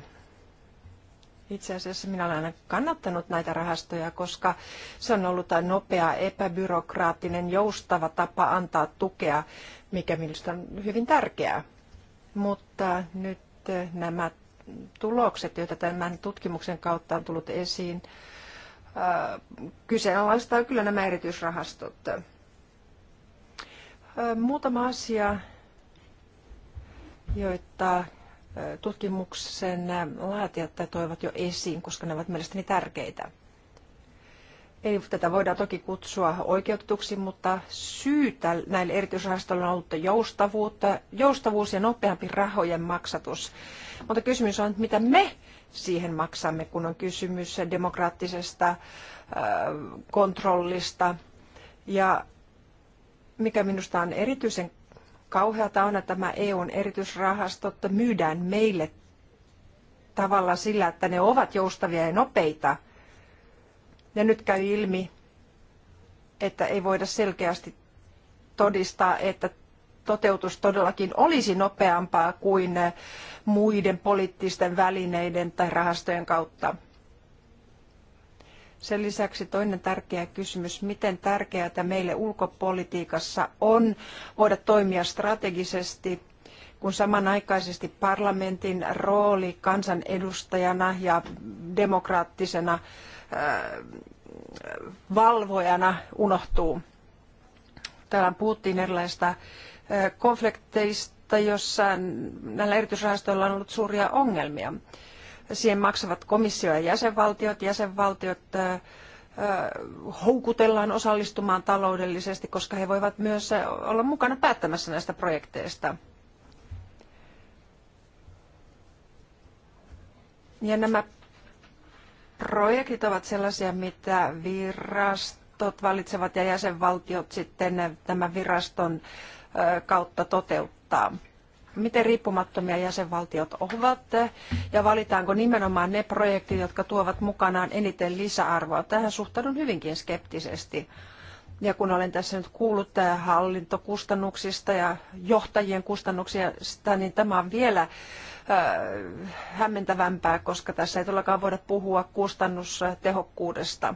Itse asiassa minä olen aina kannattanut näitä rahastoja, koska se on ollut nopea, epäbyrokraattinen, joustava tapa antaa tukea, mikä minusta on hyvin tärkeää. Mutta nyt äh, nämä tulokset, joita tämän tutkimuksen kautta on tullut esiin, äh, kyseenalaistaa kyllä nämä erityisrahastot. Muutama asia, joita tutkimuksen laatijat toivat jo esiin, koska ne ovat mielestäni tärkeitä. Eli tätä voidaan toki kutsua oikeutetuksi, mutta syytä näille erityisrahastoille on ollut joustavuutta, joustavuus ja nopeampi rahojen maksatus. Mutta kysymys on, mitä me siihen maksamme, kun on kysymys demokraattisesta kontrollista ja mikä minusta on erityisen kauheata on, että tämä EUn erityisrahastot myydään meille tavalla sillä, että ne ovat joustavia ja nopeita. Ja nyt käy ilmi, että ei voida selkeästi todistaa, että toteutus todellakin olisi nopeampaa kuin muiden poliittisten välineiden tai rahastojen kautta. Sen lisäksi toinen tärkeä kysymys, miten tärkeää meille ulkopolitiikassa on voida toimia strategisesti, kun samanaikaisesti parlamentin rooli kansanedustajana ja demokraattisena äh, valvojana unohtuu. Täällä puhuttiin erilaisista äh, konflikteista, jossa näillä erityisrahastoilla on ollut suuria ongelmia. Siihen maksavat komissio ja jäsenvaltiot. Jäsenvaltiot houkutellaan osallistumaan taloudellisesti, koska he voivat myös olla mukana päättämässä näistä projekteista. Ja nämä projektit ovat sellaisia, mitä virastot valitsevat ja jäsenvaltiot sitten tämän viraston kautta toteuttaa miten riippumattomia jäsenvaltiot ovat ja valitaanko nimenomaan ne projektit, jotka tuovat mukanaan eniten lisäarvoa. Tähän suhtaudun hyvinkin skeptisesti. Ja kun olen tässä nyt kuullut hallintokustannuksista ja johtajien kustannuksista, niin tämä on vielä hämmentävämpää, koska tässä ei todellakaan voida puhua kustannustehokkuudesta.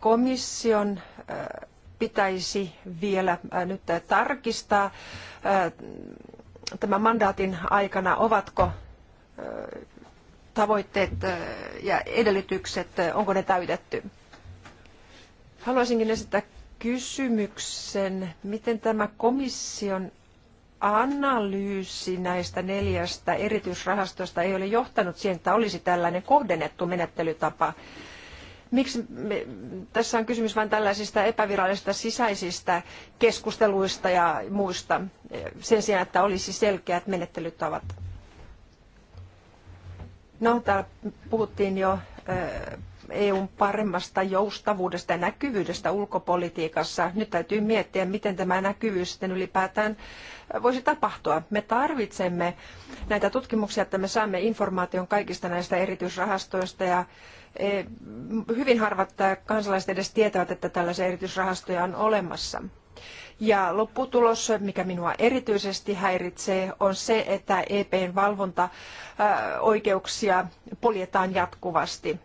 Komission pitäisi vielä nyt tarkistaa tämän mandaatin aikana, ovatko tavoitteet ja edellytykset, onko ne täytetty. Haluaisinkin esittää kysymyksen, miten tämä komission analyysi näistä neljästä erityisrahastosta ei ole johtanut siihen, että olisi tällainen kohdennettu menettelytapa Miksi me, tässä on kysymys vain tällaisista epävirallisista sisäisistä keskusteluista ja muista sen sijaan, että olisi selkeät menettelytavat? No, täällä puhuttiin jo eh, EUn paremmasta joustavuudesta ja näkyvyydestä ulkopolitiikassa. Nyt täytyy miettiä, miten tämä näkyvyys sitten ylipäätään voisi tapahtua. Me tarvitsemme näitä tutkimuksia, että me saamme informaation kaikista näistä erityisrahastoista ja E, hyvin harvat kansalaiset edes tietävät, että tällaisia erityisrahastoja on olemassa. Ja lopputulos, mikä minua erityisesti häiritsee, on se, että EPn valvontaoikeuksia poljetaan jatkuvasti.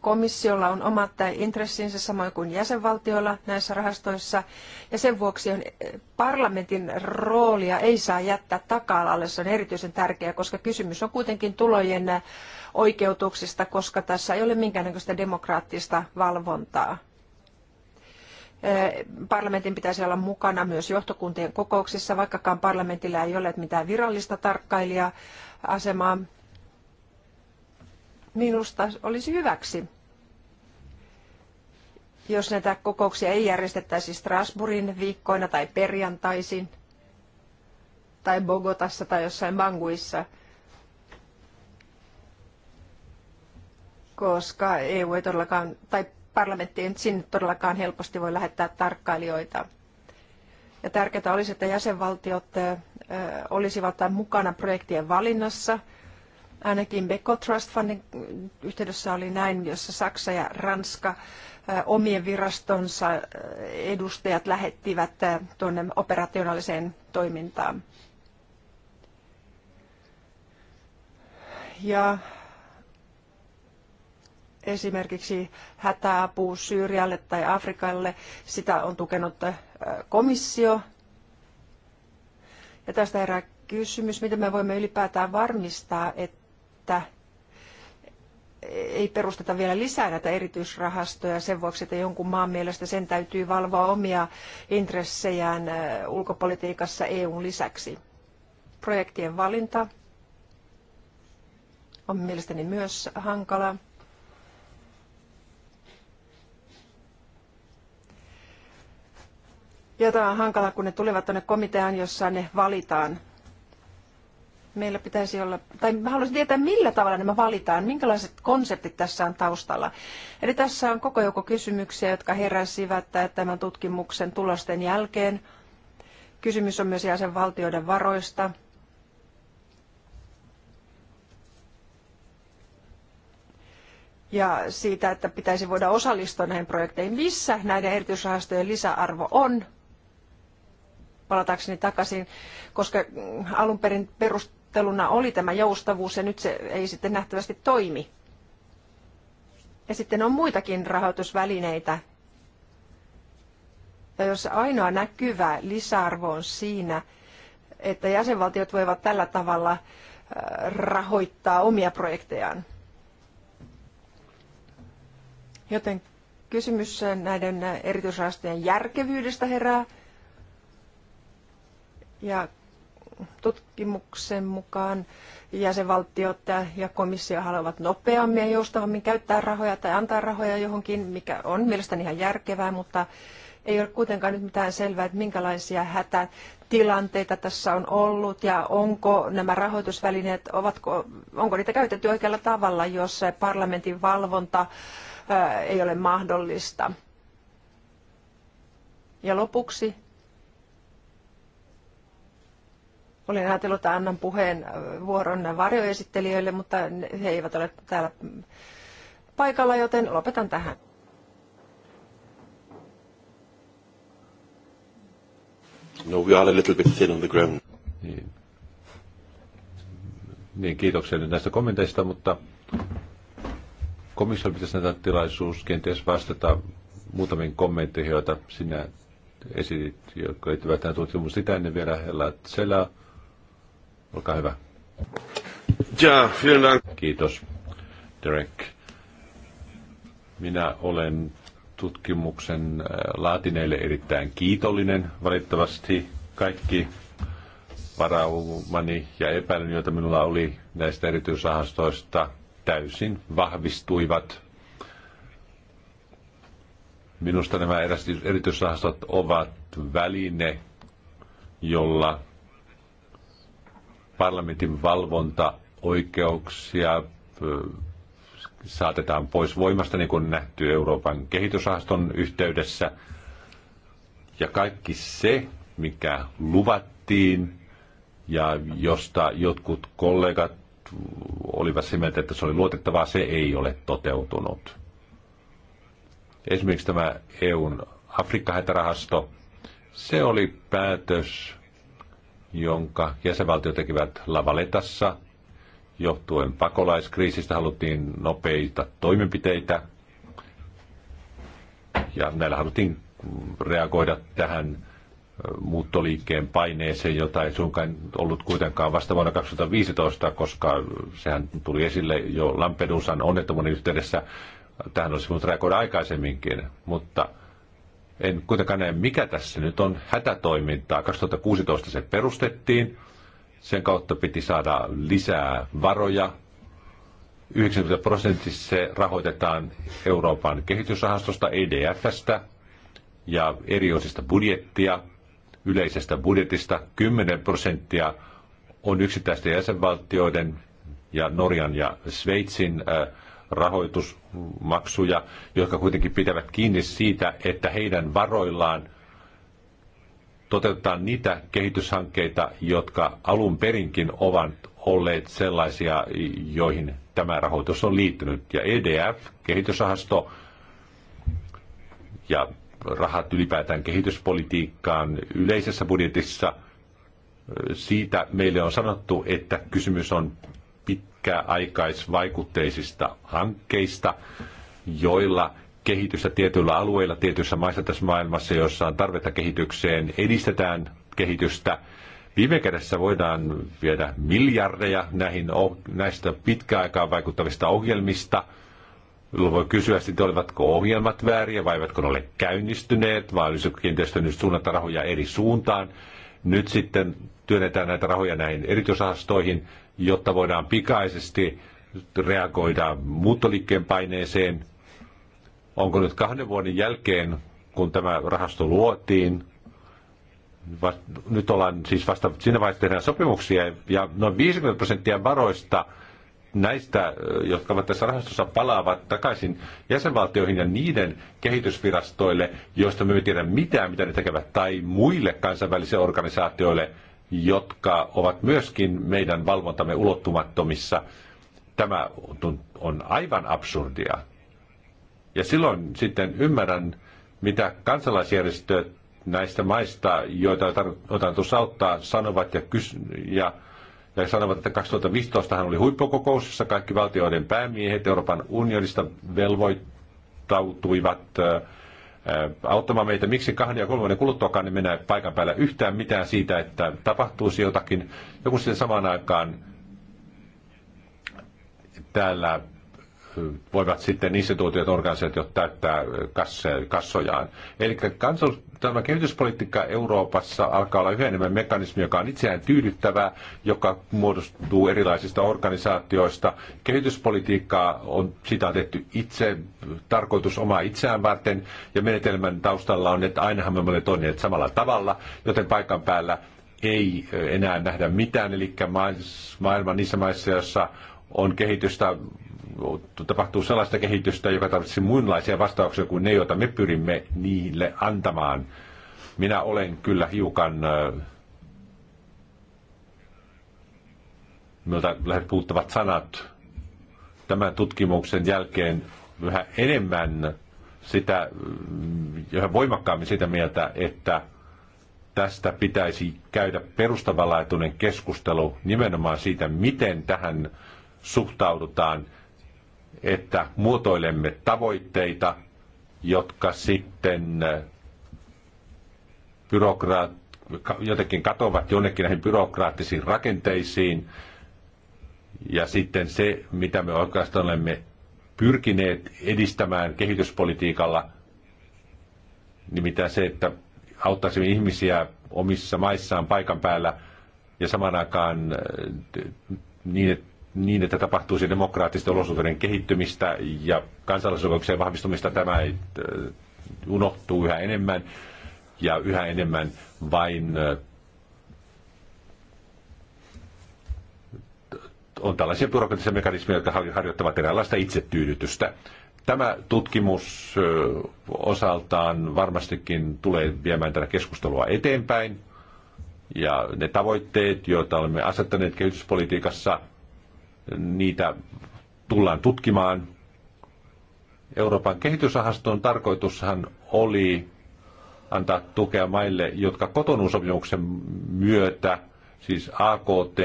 Komissiolla on omat intressinsä samoin kuin jäsenvaltioilla näissä rahastoissa ja sen vuoksi on, e, parlamentin roolia ei saa jättää taka-alalle. Se on erityisen tärkeää, koska kysymys on kuitenkin tulojen oikeutuksista, koska tässä ei ole minkäännäköistä demokraattista valvontaa. Parlamentin pitäisi olla mukana myös johtokuntien kokouksissa, vaikkakaan parlamentilla ei ole mitään virallista tarkkailija-asemaa. Minusta olisi hyväksi, jos näitä kokouksia ei järjestettäisi Strasbourgin viikkoina tai perjantaisin tai Bogotassa tai jossain Banguissa – koska EU ei todellakaan, tai parlamentti ei sinne todellakaan helposti voi lähettää tarkkailijoita. Ja tärkeää olisi, että jäsenvaltiot olisivat mukana projektien valinnassa. Ainakin Beko Trust Fundin yhteydessä oli näin, jossa Saksa ja Ranska omien virastonsa edustajat lähettivät tuonne operationaaliseen toimintaan. Ja esimerkiksi hätäapu Syyrialle tai Afrikalle, sitä on tukenut äh, komissio. Ja tästä herää kysymys, miten me voimme ylipäätään varmistaa, että ei perusteta vielä lisää näitä erityisrahastoja sen vuoksi, että jonkun maan mielestä sen täytyy valvoa omia intressejään äh, ulkopolitiikassa EUn lisäksi. Projektien valinta on mielestäni myös hankala. Jotain on hankala, kun ne tulevat tuonne komiteaan, jossa ne valitaan. Meillä pitäisi olla, tai mä haluaisin tietää, millä tavalla nämä valitaan, minkälaiset konseptit tässä on taustalla. Eli tässä on koko joukko kysymyksiä, jotka heräsivät tämän tutkimuksen tulosten jälkeen. Kysymys on myös jäsenvaltioiden varoista, ja siitä, että pitäisi voida osallistua näihin projekteihin. Missä näiden erityisrahastojen lisäarvo on? palatakseni takaisin, koska mm, alun perin perusteluna oli tämä joustavuus ja nyt se ei sitten nähtävästi toimi. Ja sitten on muitakin rahoitusvälineitä, ja jos ainoa näkyvä lisäarvo on siinä, että jäsenvaltiot voivat tällä tavalla äh, rahoittaa omia projektejaan. Joten kysymys äh, näiden äh, erityisrahastojen järkevyydestä herää. Ja tutkimuksen mukaan jäsenvaltiot ja komissio haluavat nopeammin ja joustavammin käyttää rahoja tai antaa rahoja johonkin, mikä on mielestäni ihan järkevää, mutta ei ole kuitenkaan nyt mitään selvää, että minkälaisia hätätilanteita tässä on ollut ja onko nämä rahoitusvälineet, ovatko, onko niitä käytetty oikealla tavalla, jos parlamentin valvonta ei ole mahdollista. Ja lopuksi Olin ajatellut, että annan puheen äh, vuoron varjoesittelijöille, mutta he eivät ole täällä paikalla, joten lopetan tähän. No, we are a little bit thin on the ground. Niin. Niin, kiitoksia nyt näistä kommenteista, mutta komissio pitäisi näitä tilaisuus kenties vastata muutamiin kommentteihin, joita sinä esitit, jotka liittyvät tähän tutkimukseen. Sitä ennen vielä Hella Tsela Olkaa hyvä. Ja, vielä. Kiitos, Derek. Minä olen tutkimuksen äh, laatineille erittäin kiitollinen. Valitettavasti kaikki varaumani ja epäilyn, joita minulla oli näistä erityisrahastoista, täysin vahvistuivat. Minusta nämä erityisrahastot ovat väline, jolla parlamentin valvonta oikeuksia saatetaan pois voimasta, niin kuin nähty Euroopan kehitysrahaston yhteydessä. Ja kaikki se, mikä luvattiin ja josta jotkut kollegat olivat sitä mieltä, että se oli luotettavaa, se ei ole toteutunut. Esimerkiksi tämä EUn Afrikka-hätärahasto, se oli päätös, jonka jäsenvaltio tekivät Lavaletassa johtuen pakolaiskriisistä haluttiin nopeita toimenpiteitä ja näillä haluttiin reagoida tähän muuttoliikkeen paineeseen, jota ei suinkaan ollut kuitenkaan vasta vuonna 2015, koska sehän tuli esille jo Lampedusan onnettomuuden yhteydessä. Tähän olisi voinut reagoida aikaisemminkin, mutta – en kuitenkaan näe, mikä tässä nyt on hätätoimintaa. 2016 se perustettiin. Sen kautta piti saada lisää varoja. 90 prosentissa se rahoitetaan Euroopan kehitysrahastosta, EDFstä ja eri osista budjettia, yleisestä budjetista. 10 prosenttia on yksittäisten jäsenvaltioiden ja Norjan ja Sveitsin äh, rahoitusmaksuja, jotka kuitenkin pitävät kiinni siitä, että heidän varoillaan toteutetaan niitä kehityshankkeita, jotka alun perinkin ovat olleet sellaisia, joihin tämä rahoitus on liittynyt. Ja EDF, kehitysrahasto ja rahat ylipäätään kehityspolitiikkaan yleisessä budjetissa, siitä meille on sanottu, että kysymys on pitkäaikaisvaikutteisista hankkeista, joilla kehitystä tietyillä alueilla, tietyissä maissa tässä maailmassa, joissa on tarvetta kehitykseen, edistetään kehitystä. Viime kädessä voidaan viedä miljardeja näihin, näistä pitkäaikaan vaikuttavista ohjelmista. Voi kysyä sitten, olivatko ohjelmat vääriä vai eivätkö ne ole käynnistyneet, vai olisiko kiinteistö nyt suunnata rahoja eri suuntaan. Nyt sitten työnnetään näitä rahoja näihin erityisrahastoihin, jotta voidaan pikaisesti reagoida muuttoliikkeen paineeseen. Onko nyt kahden vuoden jälkeen, kun tämä rahasto luotiin, vast, nyt ollaan siis vasta siinä vaiheessa tehdään sopimuksia ja noin 50 prosenttia varoista näistä, jotka ovat tässä rahastossa, palaavat takaisin jäsenvaltioihin ja niiden kehitysvirastoille, joista me emme tiedä mitään, mitä ne tekevät, tai muille kansainvälisille organisaatioille, jotka ovat myöskin meidän valvontamme ulottumattomissa. Tämä on aivan absurdia. Ja silloin sitten ymmärrän, mitä kansalaisjärjestöt näistä maista, joita on tarkoitus auttaa, sanovat ja, kys- ja, ja sanovat, että 2015 hän oli huippukokous, jossa kaikki valtioiden päämiehet Euroopan unionista velvoittautuivat äh, auttamaan meitä. Miksi kahden ja kolmannen kuluttuakaan niin mennään paikan päällä yhtään mitään siitä, että tapahtuisi jotakin. Joku sitten samaan aikaan täällä voivat sitten instituutiot, organisaatiot täyttää kassojaan. Eli kansallis- tämä kehityspolitiikka Euroopassa alkaa olla yhä enemmän mekanismi, joka on itseään tyydyttävää, joka muodostuu erilaisista organisaatioista. Kehityspolitiikkaa on, sitä on tehty itse, tarkoitus omaa itseään varten, ja menetelmän taustalla on, että ainahan me olemme toimineet samalla tavalla, joten paikan päällä ei enää nähdä mitään, eli maailma niissä maissa, joissa on kehitystä tapahtuu sellaista kehitystä, joka tarvitsisi muunlaisia vastauksia kuin ne, joita me pyrimme niille antamaan. Minä olen kyllä hiukan miltä lähdet puuttavat sanat tämän tutkimuksen jälkeen yhä enemmän sitä, yhä voimakkaammin sitä mieltä, että tästä pitäisi käydä perustavanlaatuinen keskustelu nimenomaan siitä, miten tähän suhtaudutaan että muotoilemme tavoitteita, jotka sitten äh, byrokraat, jotenkin katovat jonnekin näihin byrokraattisiin rakenteisiin. Ja sitten se, mitä me oikeastaan olemme pyrkineet edistämään kehityspolitiikalla, nimittäin se, että auttaisimme ihmisiä omissa maissaan paikan päällä ja samaan aikaan äh, niin, että niin, että tapahtuisi demokraattisten olosuhteiden kehittymistä ja kansalaisoikeuksien vahvistumista. Tämä ei äh, unohtuu yhä enemmän ja yhä enemmän vain äh, on tällaisia byrokratisia mekanismeja, jotka harjoittavat eräänlaista itsetyydytystä. Tämä tutkimus äh, osaltaan varmastikin tulee viemään tätä keskustelua eteenpäin. Ja ne tavoitteet, joita olemme asettaneet kehityspolitiikassa, niitä tullaan tutkimaan. Euroopan kehitysrahaston tarkoitushan oli antaa tukea maille, jotka kotonuusopimuksen myötä, siis AKT,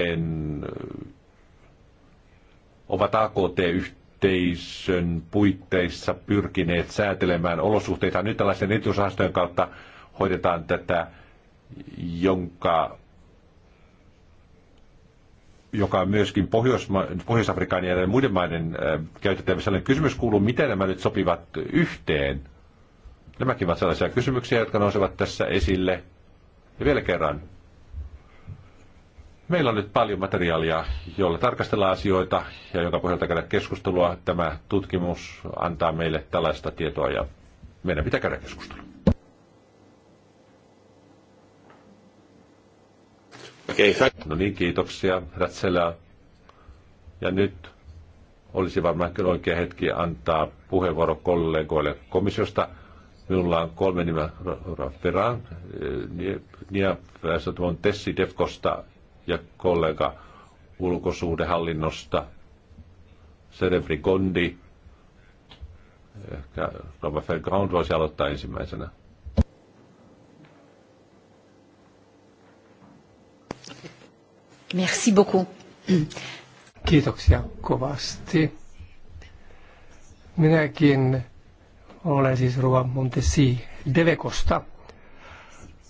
ovat AKT-yhteisön puitteissa pyrkineet säätelemään olosuhteita. Nyt tällaisen erityisrahastojen kautta hoidetaan tätä, jonka joka on myöskin Pohjois-Afrikan ja muiden maiden äh, käytettävissä. Kysymys kuuluu, miten nämä nyt sopivat yhteen? Nämäkin ovat sellaisia kysymyksiä, jotka nousevat tässä esille. Ja vielä kerran, Meillä on nyt paljon materiaalia, jolla tarkastellaan asioita ja jonka pohjalta käydä keskustelua. Tämä tutkimus antaa meille tällaista tietoa ja meidän pitää käydä keskustelua. Okay, no niin, kiitoksia, Ratselä. Ja nyt olisi varmaan kyllä oikea hetki antaa puheenvuoro kollegoille komissiosta. Minulla on kolme nimeä, Ferran, eh, Nia Väestötuon Tessi Defkosta ja kollega ulkosuhdehallinnosta, Serefri Gondi. Ehkä Robert voisi aloittaa ensimmäisenä. Merci beaucoup. Kiitoksia kovasti. Minäkin olen siis Rua Montesi Devekosta.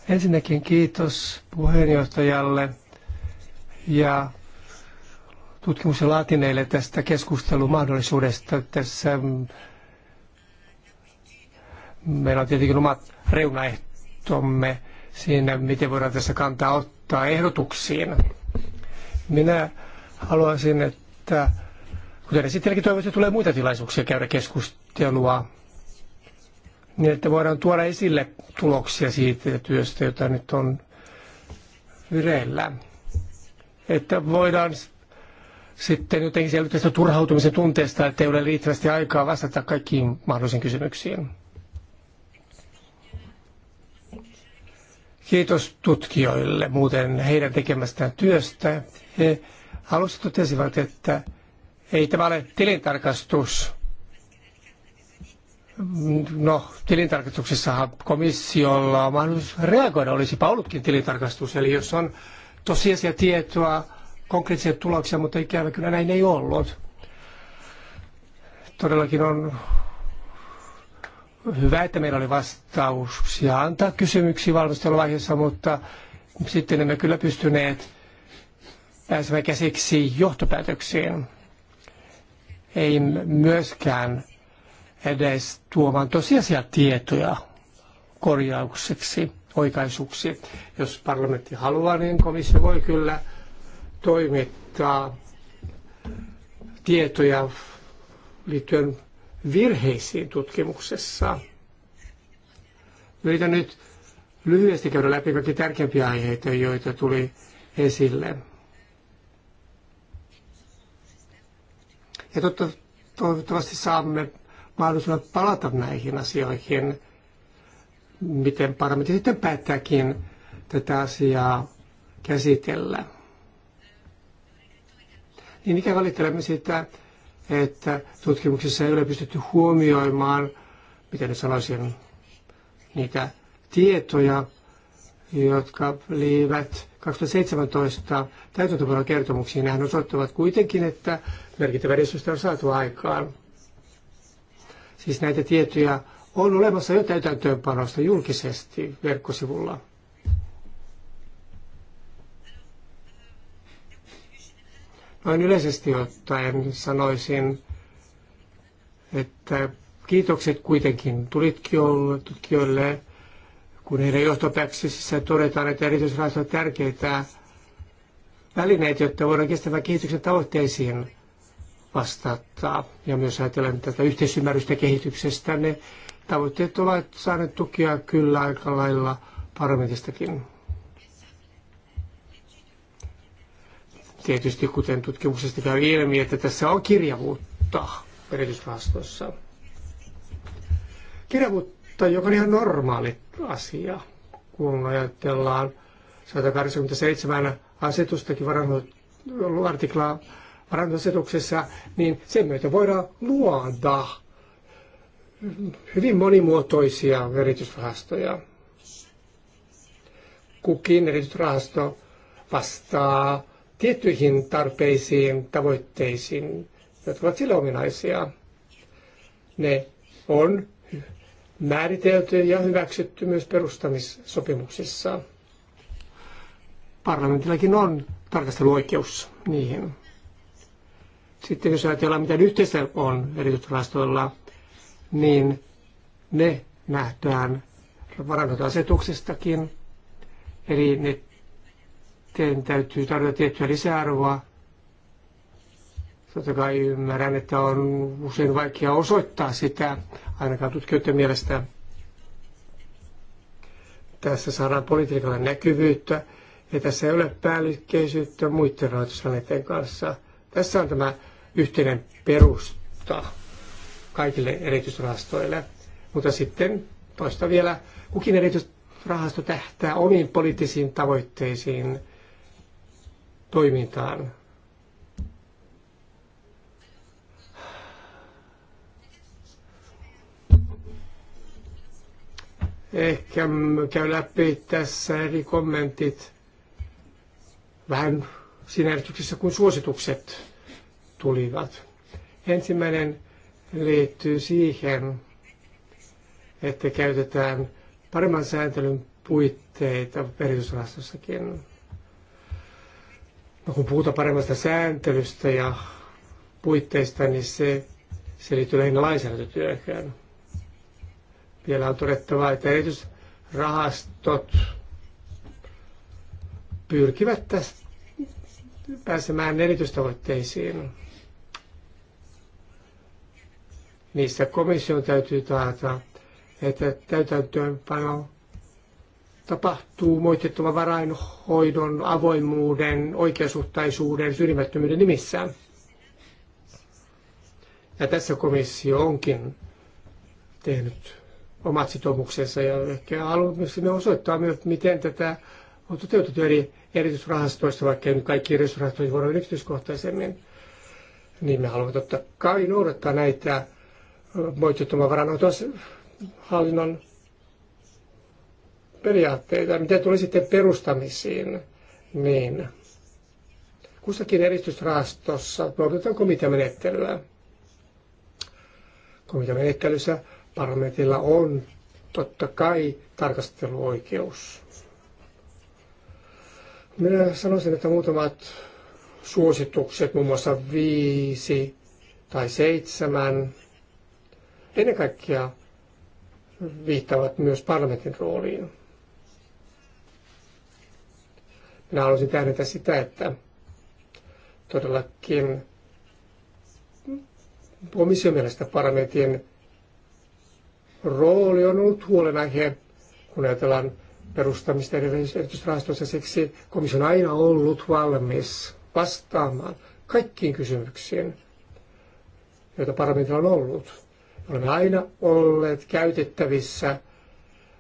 Ensinnäkin kiitos puheenjohtajalle ja tutkimuksen laatineille tästä keskustelumahdollisuudesta. Tässä meillä on tietenkin omat reunaehtomme siinä, miten voidaan tässä kantaa ottaa ehdotuksiin. Minä haluaisin, että kuten esittelikin toivottavasti tulee muita tilaisuuksia käydä keskustelua, niin että voidaan tuoda esille tuloksia siitä työstä, jota nyt on vireillä. Että voidaan sitten jotenkin selvitä tästä turhautumisen tunteesta, että ei ole riittävästi aikaa vastata kaikkiin mahdollisiin kysymyksiin. Kiitos tutkijoille muuten heidän tekemästään työstä. He alussa totesivat, että ei tämä ole tilintarkastus. No, tilintarkastuksessahan komissiolla on mahdollisuus reagoida, olisipa ollutkin tilintarkastus. Eli jos on tosiasia tietoa, konkreettisia tuloksia, mutta ikävä kyllä näin ei ollut. Todellakin on hyvä, että meillä oli vastauksia antaa kysymyksiä valmisteluvaiheessa, mutta sitten emme kyllä pystyneet pääsemään käsiksi johtopäätöksiin. Ei myöskään edes tuomaan tosiasia tietoja korjaukseksi, oikaisuksi. Jos parlamentti haluaa, niin komissio voi kyllä toimittaa tietoja liittyen virheisiin tutkimuksessa. Yritän nyt lyhyesti käydä läpi kaikki tärkeimpiä aiheita, joita tuli esille. Ja totta, toivottavasti saamme mahdollisuuden palata näihin asioihin, miten parlamentti sitten päättääkin tätä asiaa käsitellä. Niin ikä valittelemme sitä, että tutkimuksissa ei ole pystytty huomioimaan, miten ne sanoisin, niitä tietoja, jotka liivät 2017 täytäntöpuolen kertomuksiin. Nehän osoittavat kuitenkin, että merkittävä edistystä on saatu aikaan. Siis näitä tietoja on olemassa jo täytäntöönpanosta julkisesti verkkosivulla. Noin yleisesti ottaen sanoisin, että kiitokset kuitenkin tutkijoille, kun heidän johtopäksissä todetaan, että erityisrahastot on tärkeitä välineitä, jotta voidaan kestävän kehityksen tavoitteisiin vastata. Ja myös ajatellen tätä yhteisymmärrystä kehityksestä, ne tavoitteet ovat saaneet tukia kyllä aika lailla parlamentistakin. Tietysti, kuten tutkimuksesta käy ilmi, että tässä on kirjavuutta erityisrahastossa. Kirjavuutta, joka on ihan normaali asia, kun ajatellaan 187 asetustakin varannut artiklaa varantoasetuksessa, niin sen myötä voidaan luoda hyvin monimuotoisia veritysrahastoja. Kukin erityisrahasto vastaa tiettyihin tarpeisiin, tavoitteisiin, jotka ovat sille ominaisia. Ne on määritelty ja hyväksytty myös perustamissopimuksissa. Parlamentillakin on tarkasteluoikeus niihin. Sitten jos ajatellaan, mitä yhteistä on erityisrahastoilla, niin ne nähdään asetuksestakin. Eli ne sitten täytyy tarjota tiettyä lisäarvoa. Totta kai ymmärrän, että on usein vaikea osoittaa sitä, ainakaan tutkijoiden mielestä. Tässä saadaan politiikalle näkyvyyttä ja tässä ei ole päällikkeisyyttä muiden rahoitusaineiden kanssa. Tässä on tämä yhteinen perusta kaikille erityisrahastoille. Mutta sitten toista vielä, kukin erityisrahasto tähtää omiin poliittisiin tavoitteisiin – toimintaan. Ehkä käy läpi tässä eri kommentit vähän siinä järjestyksessä, kun suositukset tulivat. Ensimmäinen liittyy siihen, että käytetään paremman sääntelyn puitteita erityisrahastossakin. No, kun puhutaan paremmasta sääntelystä ja puitteista, niin se, se liittyy lähinnä lainsäädäntötyöhön. Vielä on todettava, että erityisrahastot pyrkivät tästä pääsemään erityistavoitteisiin. Niissä komission täytyy taata, että täytäntöönpano tapahtuu moitettava varainhoidon, avoimuuden, oikeasuhtaisuuden, syrjimättömyyden nimissä. Ja tässä komissio onkin tehnyt omat sitoumuksensa ja ehkä haluamme osoittaa myös, miten tätä on toteutettu eri erityisrahastoista, vaikka ei nyt kaikki erityisrahastoja voida yksityiskohtaisemmin, niin me haluamme totta kai noudattaa näitä moitettoman varanhoidon periaatteita, mitä tuli sitten perustamisiin, niin kussakin edistysrahastossa noudatetaan komiteamenettelyä. Komiteamenettelyssä parlamentilla on totta kai tarkasteluoikeus. Minä sanoisin, että muutamat suositukset, muun muassa viisi tai seitsemän, ennen kaikkea viittavat myös parlamentin rooliin. Minä haluaisin tähdentää sitä, että todellakin komission mielestä parlamentin rooli on ollut huolenaihe, kun ajatellaan perustamista erityisrahastossa. Siksi komissio on aina ollut valmis vastaamaan kaikkiin kysymyksiin, joita parlamentilla on ollut. Olemme aina olleet käytettävissä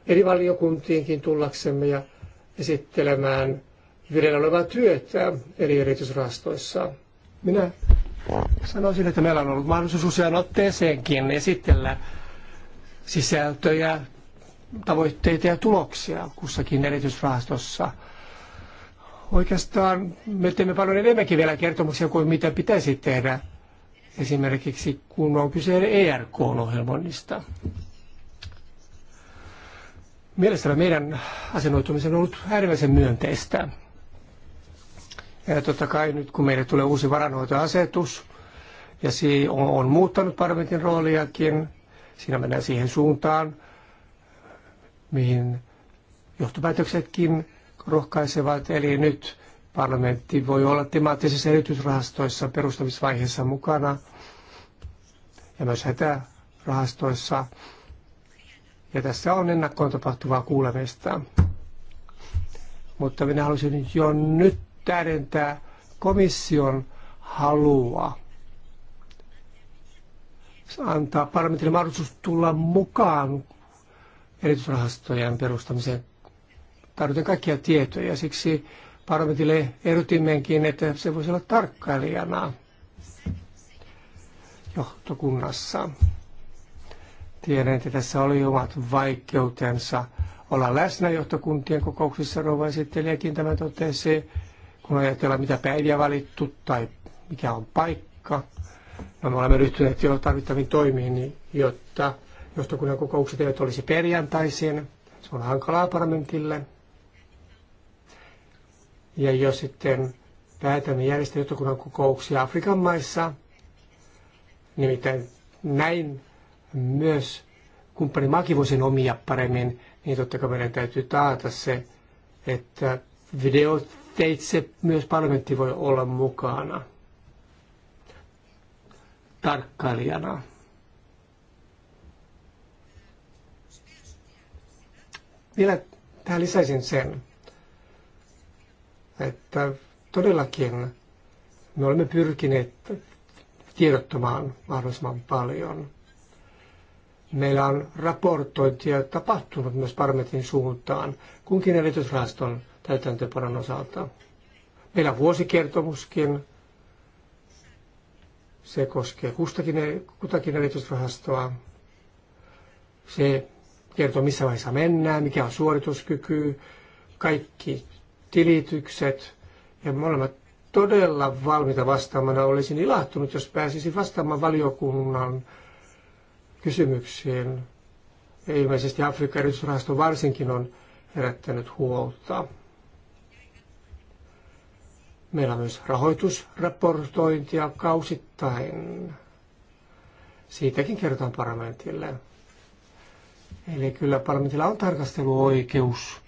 eri valiokuntiinkin tullaksemme ja esittelemään vireillä olevaa työtä eri erityisrahastoissa. Minä sanoisin, että meillä on ollut mahdollisuus usean otteeseenkin esitellä sisältöjä, tavoitteita ja tuloksia kussakin erityisrahastossa. Oikeastaan me teemme paljon enemmänkin vielä kertomuksia kuin mitä pitäisi tehdä, esimerkiksi kun on kyse ERK-ohjelmoinnista. Mielestäni meidän asennoitumisen on ollut äärimmäisen myönteistä. Ja totta kai nyt kun meille tulee uusi varanhoitoasetus, ja se on, on muuttanut parlamentin rooliakin, siinä mennään siihen suuntaan, mihin johtopäätöksetkin rohkaisevat. Eli nyt parlamentti voi olla temaattisissa erityisrahastoissa perustamisvaiheessa mukana ja myös hätärahastoissa. Ja tässä on ennakkoon tapahtuvaa kuulemista. Mutta minä haluaisin jo nyt tähdentää komission halua antaa parlamentille mahdollisuus tulla mukaan erityisrahastojen perustamiseen. Tarvitaan kaikkia tietoja, siksi parlamentille ehdotimmekin, että se voisi olla tarkkailijana johtokunnassa. Tiedän, että tässä oli omat vaikeutensa olla läsnä johtokuntien kokouksissa. Rouva esittelijäkin tämä totesi kun ajatellaan mitä päiviä valittu tai mikä on paikka. No, me olemme ryhtyneet jo tarvittaviin toimiin, niin, jotta johtokunnan kokoukset eivät olisi perjantaisin. Se on hankalaa parlamentille. Ja jos sitten päätämme järjestää johtokunnan kokouksia Afrikan maissa, nimittäin näin myös maki voisi omia paremmin, niin totta kai meidän täytyy taata se, että videot teitse myös parlamentti voi olla mukana tarkkailijana. Vielä tähän lisäisin sen, että todellakin me olemme pyrkineet tiedottamaan mahdollisimman paljon. Meillä on raportointia tapahtunut myös parlamentin suuntaan kunkin erityisrahaston täytäntöpanon osalta. Meillä on vuosikertomuskin. Se koskee kustakin, kutakin erityisrahastoa. Se kertoo, missä vaiheessa mennään, mikä on suorituskyky, kaikki tilitykset. Ja me olemme todella valmiita vastaamana. Olisin ilahtunut, jos pääsisin vastaamaan valiokunnan kysymyksiin. Ja ilmeisesti Afrikan erityisrahasto varsinkin on herättänyt huolta. Meillä on myös rahoitusraportointia kausittain. Siitäkin kerrotaan parlamentille. Eli kyllä parlamentilla on tarkasteluoikeus.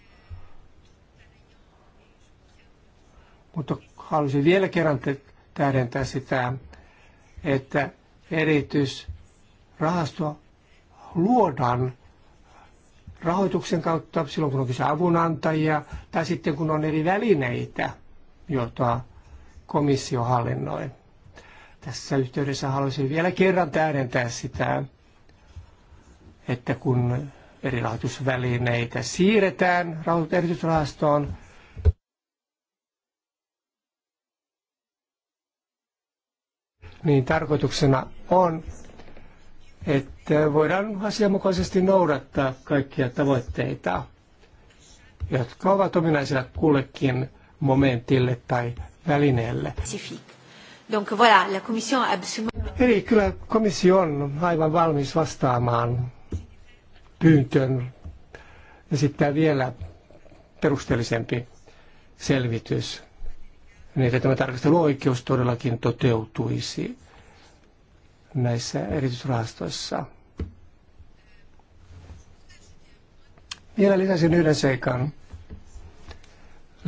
Mutta haluaisin vielä kerran täydentää sitä, että erityisrahasto luodaan rahoituksen kautta silloin, kun on kyse avunantajia tai sitten kun on eri välineitä – jota komissio hallinnoi. Tässä yhteydessä haluaisin vielä kerran täydentää sitä, että kun eri rahoitusvälineitä siirretään rahoitusrahastoon, niin tarkoituksena on, että voidaan asianmukaisesti noudattaa kaikkia tavoitteita, jotka ovat ominaisia kullekin momentille tai välineelle. Donc voilà, la commission absolument... Eli kyllä komissio on aivan valmis vastaamaan pyyntöön ja sitten vielä perusteellisempi selvitys, niin että tämä tarkasteluoikeus todellakin toteutuisi näissä erityisrahastoissa. Vielä lisäisin yhden seikan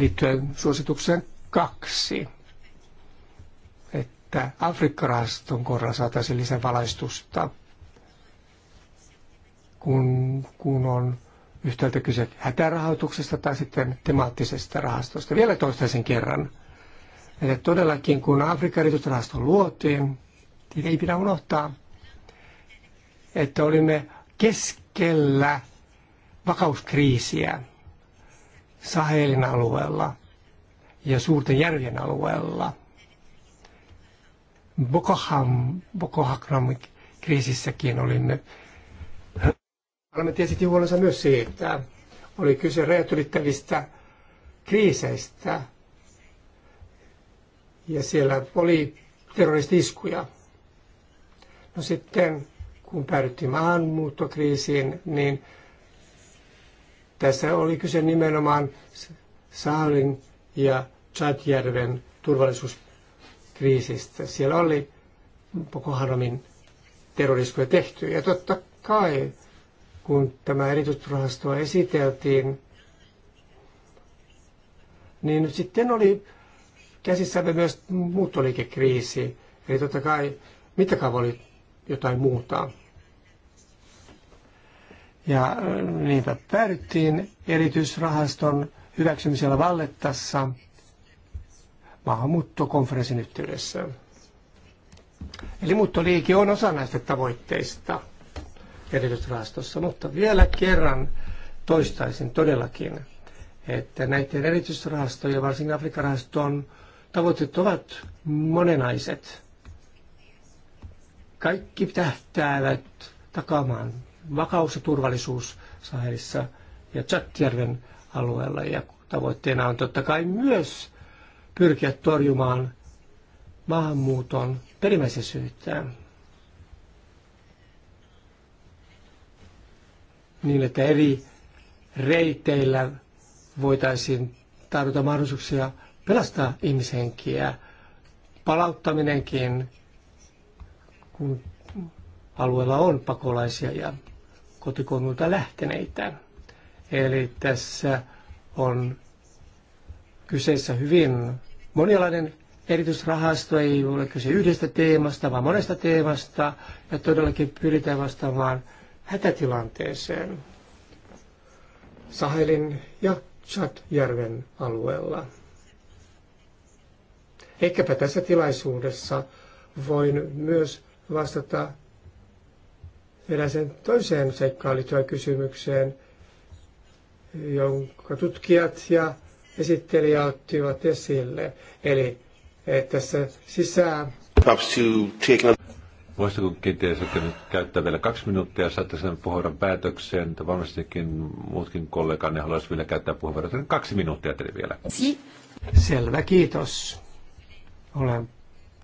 liittyen suositukseen kaksi, että Afrikka-rahaston kohdalla saataisiin lisää valaistusta, kun, kun on yhtäältä kyse hätärahoituksesta tai sitten temaattisesta rahastosta. Vielä toistaisin kerran, että todellakin kun Afrikan erityisrahasto luotiin, niin ei pidä unohtaa, että olimme keskellä vakauskriisiä. Sahelin alueella ja suurten järvien alueella. Boko, Haram, Boko Hakram kriisissäkin olimme. Olemme tietysti huolensa myös siitä. Oli kyse rajat ylittävistä kriiseistä. Ja siellä oli terroristiskuja. No sitten, kun päädyttiin maahanmuuttokriisiin, niin tässä oli kyse nimenomaan Saalin ja Chadjärven turvallisuuskriisistä. Siellä oli Boko Haramin terroriskuja tehty. Ja totta kai, kun tämä erityisrahasto esiteltiin, niin sitten oli käsissämme myös muuttoliikekriisi. Eli totta kai mittakaava oli jotain muuta. Ja äh, niinpä päädyttiin erityisrahaston hyväksymisellä Vallettassa maahanmuuttokonferenssin yhteydessä. Eli muuttoliike on osa näistä tavoitteista erityisrahastossa, mutta vielä kerran toistaisin todellakin, että näiden erityisrahastojen, varsinkin Afrikan rahaston tavoitteet ovat monenaiset. Kaikki tähtäävät takaamaan vakaus ja turvallisuus Sahelissa ja Chattjärven alueella. Ja tavoitteena on totta kai myös pyrkiä torjumaan maahanmuuton perimmäisiä syyttään. Niin, että eri reiteillä voitaisiin tarjota mahdollisuuksia pelastaa ihmishenkiä. Palauttaminenkin, kun alueella on pakolaisia ja kotikonnulta lähteneitä. Eli tässä on kyseessä hyvin monialainen erityisrahasto, ei ole kyse yhdestä teemasta, vaan monesta teemasta, ja todellakin pyritään vastaamaan hätätilanteeseen Sahelin ja Chadjärven alueella. Ehkäpä tässä tilaisuudessa voin myös vastata sen toiseen seikkaan liittyvään kysymykseen, jonka tutkijat ja esittelijä ottivat esille. Eli eh, tässä sisään... Voisitko kenties käyttää vielä kaksi minuuttia ja saatte sen puheenvuoron päätökseen? Varmastikin muutkin kollegani haluaisivat vielä käyttää puheenvuoron. Sen kaksi minuuttia teille vielä. Si. Selvä, kiitos. Olen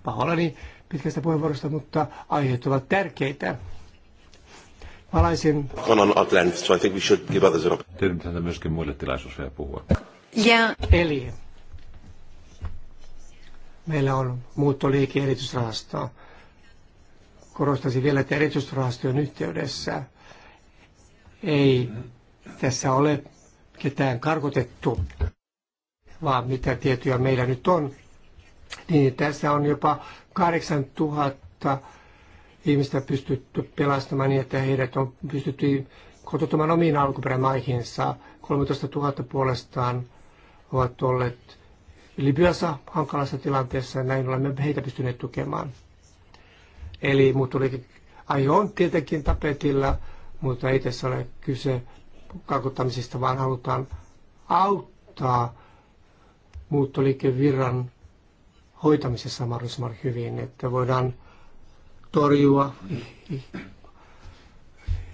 pahoillani pitkästä puheenvuorosta, mutta aiheet ovat tärkeitä. Palaisin. On on Atlant, so I think we should give others an opportunity. Tiedän myöskin muille tilaisuus vielä puhua. Ja. Eli meillä on muuttoliike erityisrahastoa. Korostaisin vielä, että erityisrahastojen yhteydessä ei tässä ole ketään karkotettu, vaan mitä tietoja meillä nyt on. Niin tässä on jopa 8000 ihmistä pystytty pelastamaan niin, että heidät on pystytty kotoutumaan omiin alkuperämaihinsa. 13 000 puolestaan ovat olleet Libyassa hankalassa tilanteessa, näin olemme heitä pystyneet tukemaan. Eli mut oli, aion on tietenkin tapetilla, mutta ei tässä ole kyse kakuttamisesta, vaan halutaan auttaa muuttoliikevirran hoitamisessa mahdollisimman hyvin, että voidaan torjua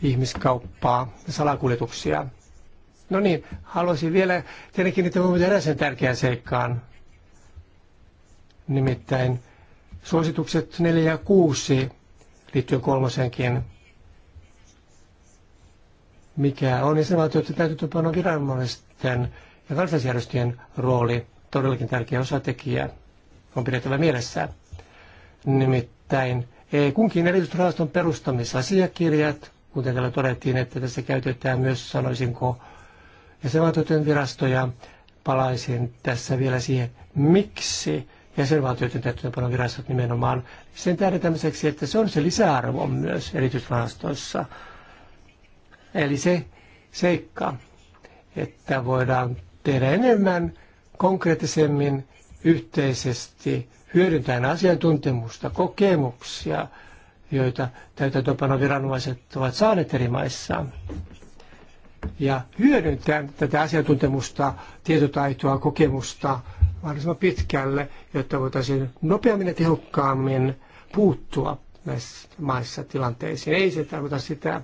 ihmiskauppaa ja salakuljetuksia. No niin, haluaisin vielä tietenkin niitä huomioida eräisen tärkeän seikkaan. Nimittäin suositukset 4 ja 6 liittyen kolmosenkin. Mikä on jäsenvaltioiden täytäntöpano viranomaisten ja kansallisjärjestöjen rooli todellakin tärkeä osatekijä on pidettävä mielessä. Nimittäin Eh, kunkin erityisrahaston perustamisasiakirjat, kuten täällä todettiin, että tässä käytetään myös, sanoisinko, jäsenvaltioiden virastoja. Palaisin tässä vielä siihen, miksi jäsenvaltioiden täytäntöönpanon virastot nimenomaan sen tähdentämiseksi, että se on se lisäarvo myös erityisrahastoissa. Eli se seikka, että voidaan tehdä enemmän konkreettisemmin yhteisesti hyödyntäen asiantuntemusta, kokemuksia, joita täytäntöönpanoviranomaiset ovat saaneet eri maissaan. Ja hyödyntäen tätä asiantuntemusta, tietotaitoa, kokemusta mahdollisimman pitkälle, jotta voitaisiin nopeammin ja tehokkaammin puuttua näissä maissa tilanteisiin. Ei se tarkoita sitä,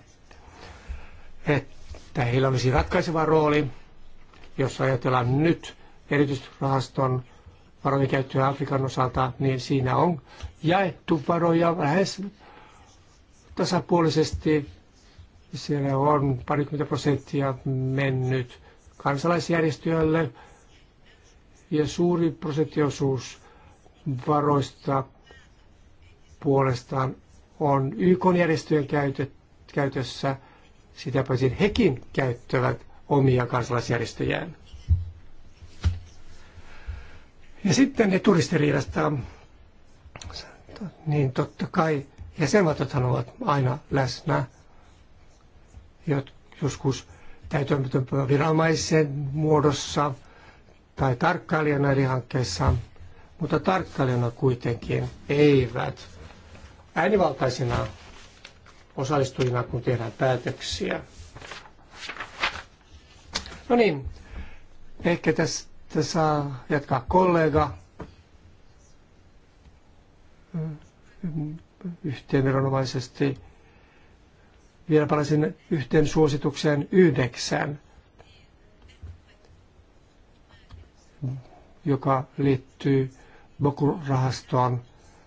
että heillä olisi ratkaiseva rooli, jos ajatellaan nyt erityisrahaston varojen käyttöä Afrikan osalta, niin siinä on jaettu varoja lähes tasapuolisesti. Siellä on parikymmentä prosenttia mennyt kansalaisjärjestöille ja suuri prosenttiosuus varoista puolestaan on YK-järjestöjen käytössä, sitä paitsi hekin käyttävät omia kansalaisjärjestöjään. Ja sitten eturistiriidasta, niin totta kai jäsenvaltiothan ovat aina läsnä. jot Joskus täytäntöönpanoa viranomaisen muodossa tai tarkkailijana eri hankkeissa, mutta tarkkailijana kuitenkin eivät äänivaltaisina osallistujina, kun tehdään päätöksiä. No niin, ehkä tässä sitten saa jatkaa kollega yhteenveronomaisesti. Vielä palasin yhteen suositukseen yhdeksän, joka liittyy Bokurahastoon. rahastoon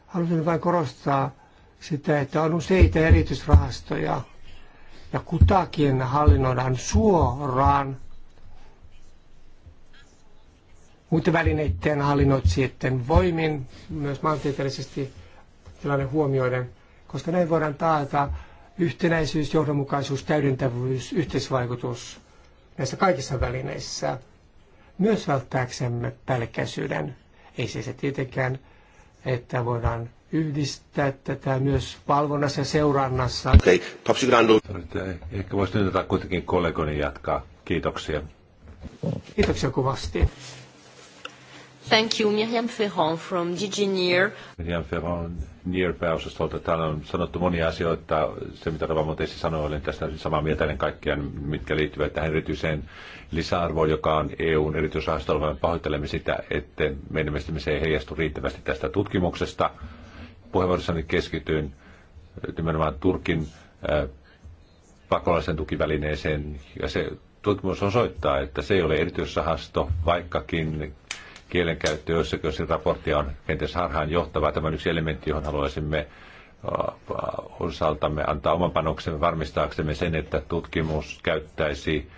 Haluaisin vain korostaa sitä, että on useita erityisrahastoja ja kutakin hallinnoidaan suoraan muiden välineiden hallinnoitsijoiden voimin, myös maantieteellisesti tilanne huomioiden, koska näin voidaan taata yhtenäisyys, johdonmukaisuus, täydentävyys, yhteisvaikutus näissä kaikissa välineissä, myös välttääksemme pälkäisyyden. Ei siis se tietenkään, että voidaan yhdistää tätä myös valvonnassa ja seurannassa. Okei, okay. E- ehkä voisi nyt kuitenkin kollegoni jatkaa. Kiitoksia. Kiitoksia kuvasti. Thank you. Miriam Ferron from DigiNear. Miriam Ferron NEAR-pääosastolta. Täällä on sanottu monia asioita. Se, mitä Rova Motesi sanoi, olen tästä samaa mieltä ennen kaikkea, mitkä liittyvät tähän erityiseen lisäarvoon, joka on EUn erityisrahastolla. Me pahoittelemme sitä, että meidän mielestämme se ei heijastu riittävästi tästä tutkimuksesta. Puheenvuorossani keskityin äh, nimenomaan Turkin äh, pakolaisen tukivälineeseen, ja se tutkimus osoittaa, että se ei ole erityisrahasto, vaikkakin kielenkäyttö joissakin, jos raportti on kenties harhaan johtava. Tämä on yksi elementti, johon haluaisimme osaltamme antaa oman panoksemme varmistaaksemme sen, että tutkimus käyttäisi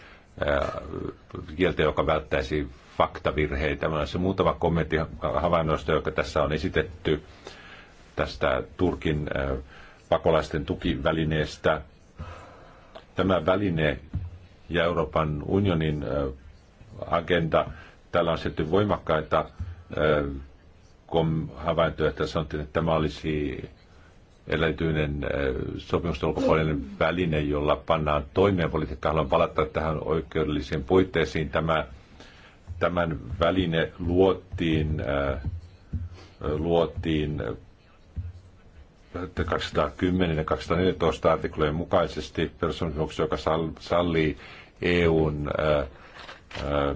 kieltä, joka välttäisi faktavirheitä. Tämä on se muutama kommentti havainnoista, joka tässä on esitetty tästä Turkin pakolaisten tukivälineestä. Tämä väline ja Euroopan unionin agenda Täällä on sitten voimakkaita havaintoja, että sanottiin, että tämä olisi erityinen sopimusten ulkopuolinen väline, jolla pannaan toimeen politiikkaa. Haluan palata tähän oikeudellisiin puitteisiin. Tämä, tämän väline luotiin, luotiin 210 ja 214 artiklojen mukaisesti perussopimuksessa, joka sallii EUn ää, ää,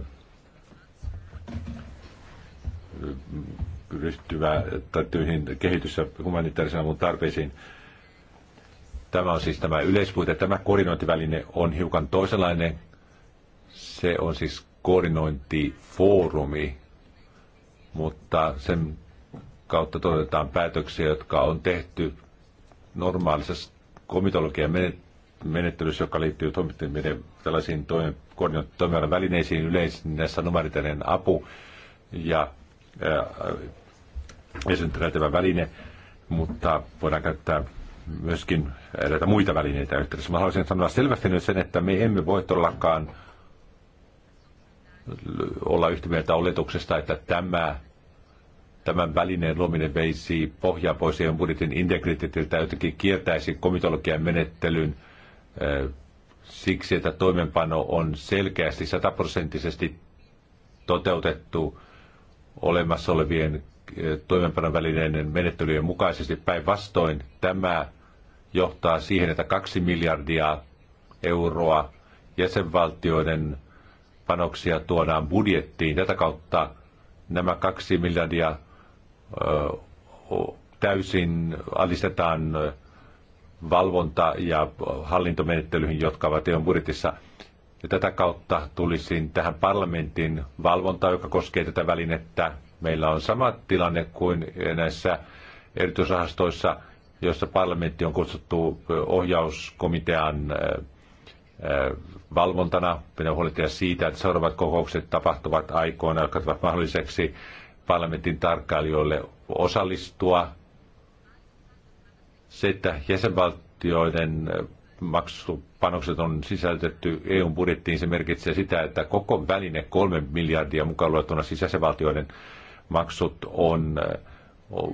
tai tyhjin kehitys- ja humanitaarisen avun tarpeisiin. Tämä on siis tämä yleispuite. Tämä koordinointiväline on hiukan toisenlainen. Se on siis koordinointifoorumi, mutta sen kautta toteutetaan päätöksiä, jotka on tehty normaalisessa komitologian menettelyssä menettelyssä, joka liittyy toimittajien tällaisiin toimialan välineisiin, näissä numeritellinen apu ja äh, esiintyvä väline, mutta voidaan käyttää myöskin näitä muita välineitä yhteydessä. Mä haluaisin sanoa selvästi nyt sen, että me emme voi todellakaan olla yhtä mieltä oletuksesta, että tämä tämän välineen luominen veisi pohjaa pois EUn budjetin integriteetiltä, jotenkin kiertäisi komitologian menettelyn siksi, että toimenpano on selkeästi sataprosenttisesti toteutettu olemassa olevien toimenpanon välineiden menettelyjen mukaisesti. Päinvastoin tämä johtaa siihen, että kaksi miljardia euroa jäsenvaltioiden panoksia tuodaan budjettiin. Tätä kautta nämä kaksi miljardia täysin alistetaan valvonta- ja hallintomenettelyihin, jotka ovat EUn budjetissa. Ja tätä kautta tulisin tähän parlamentin valvonta, joka koskee tätä välinettä. Meillä on sama tilanne kuin näissä erityisrahastoissa, jossa parlamentti on kutsuttu ohjauskomitean valvontana. Meidän huolehtia siitä, että seuraavat kokoukset tapahtuvat aikoina, jotka ovat mahdolliseksi parlamentin tarkkailijoille osallistua se, että jäsenvaltioiden maksupanokset on sisältetty EUn budjettiin, se merkitsee sitä, että koko väline kolme miljardia mukaan luettuna siis jäsenvaltioiden maksut on äh,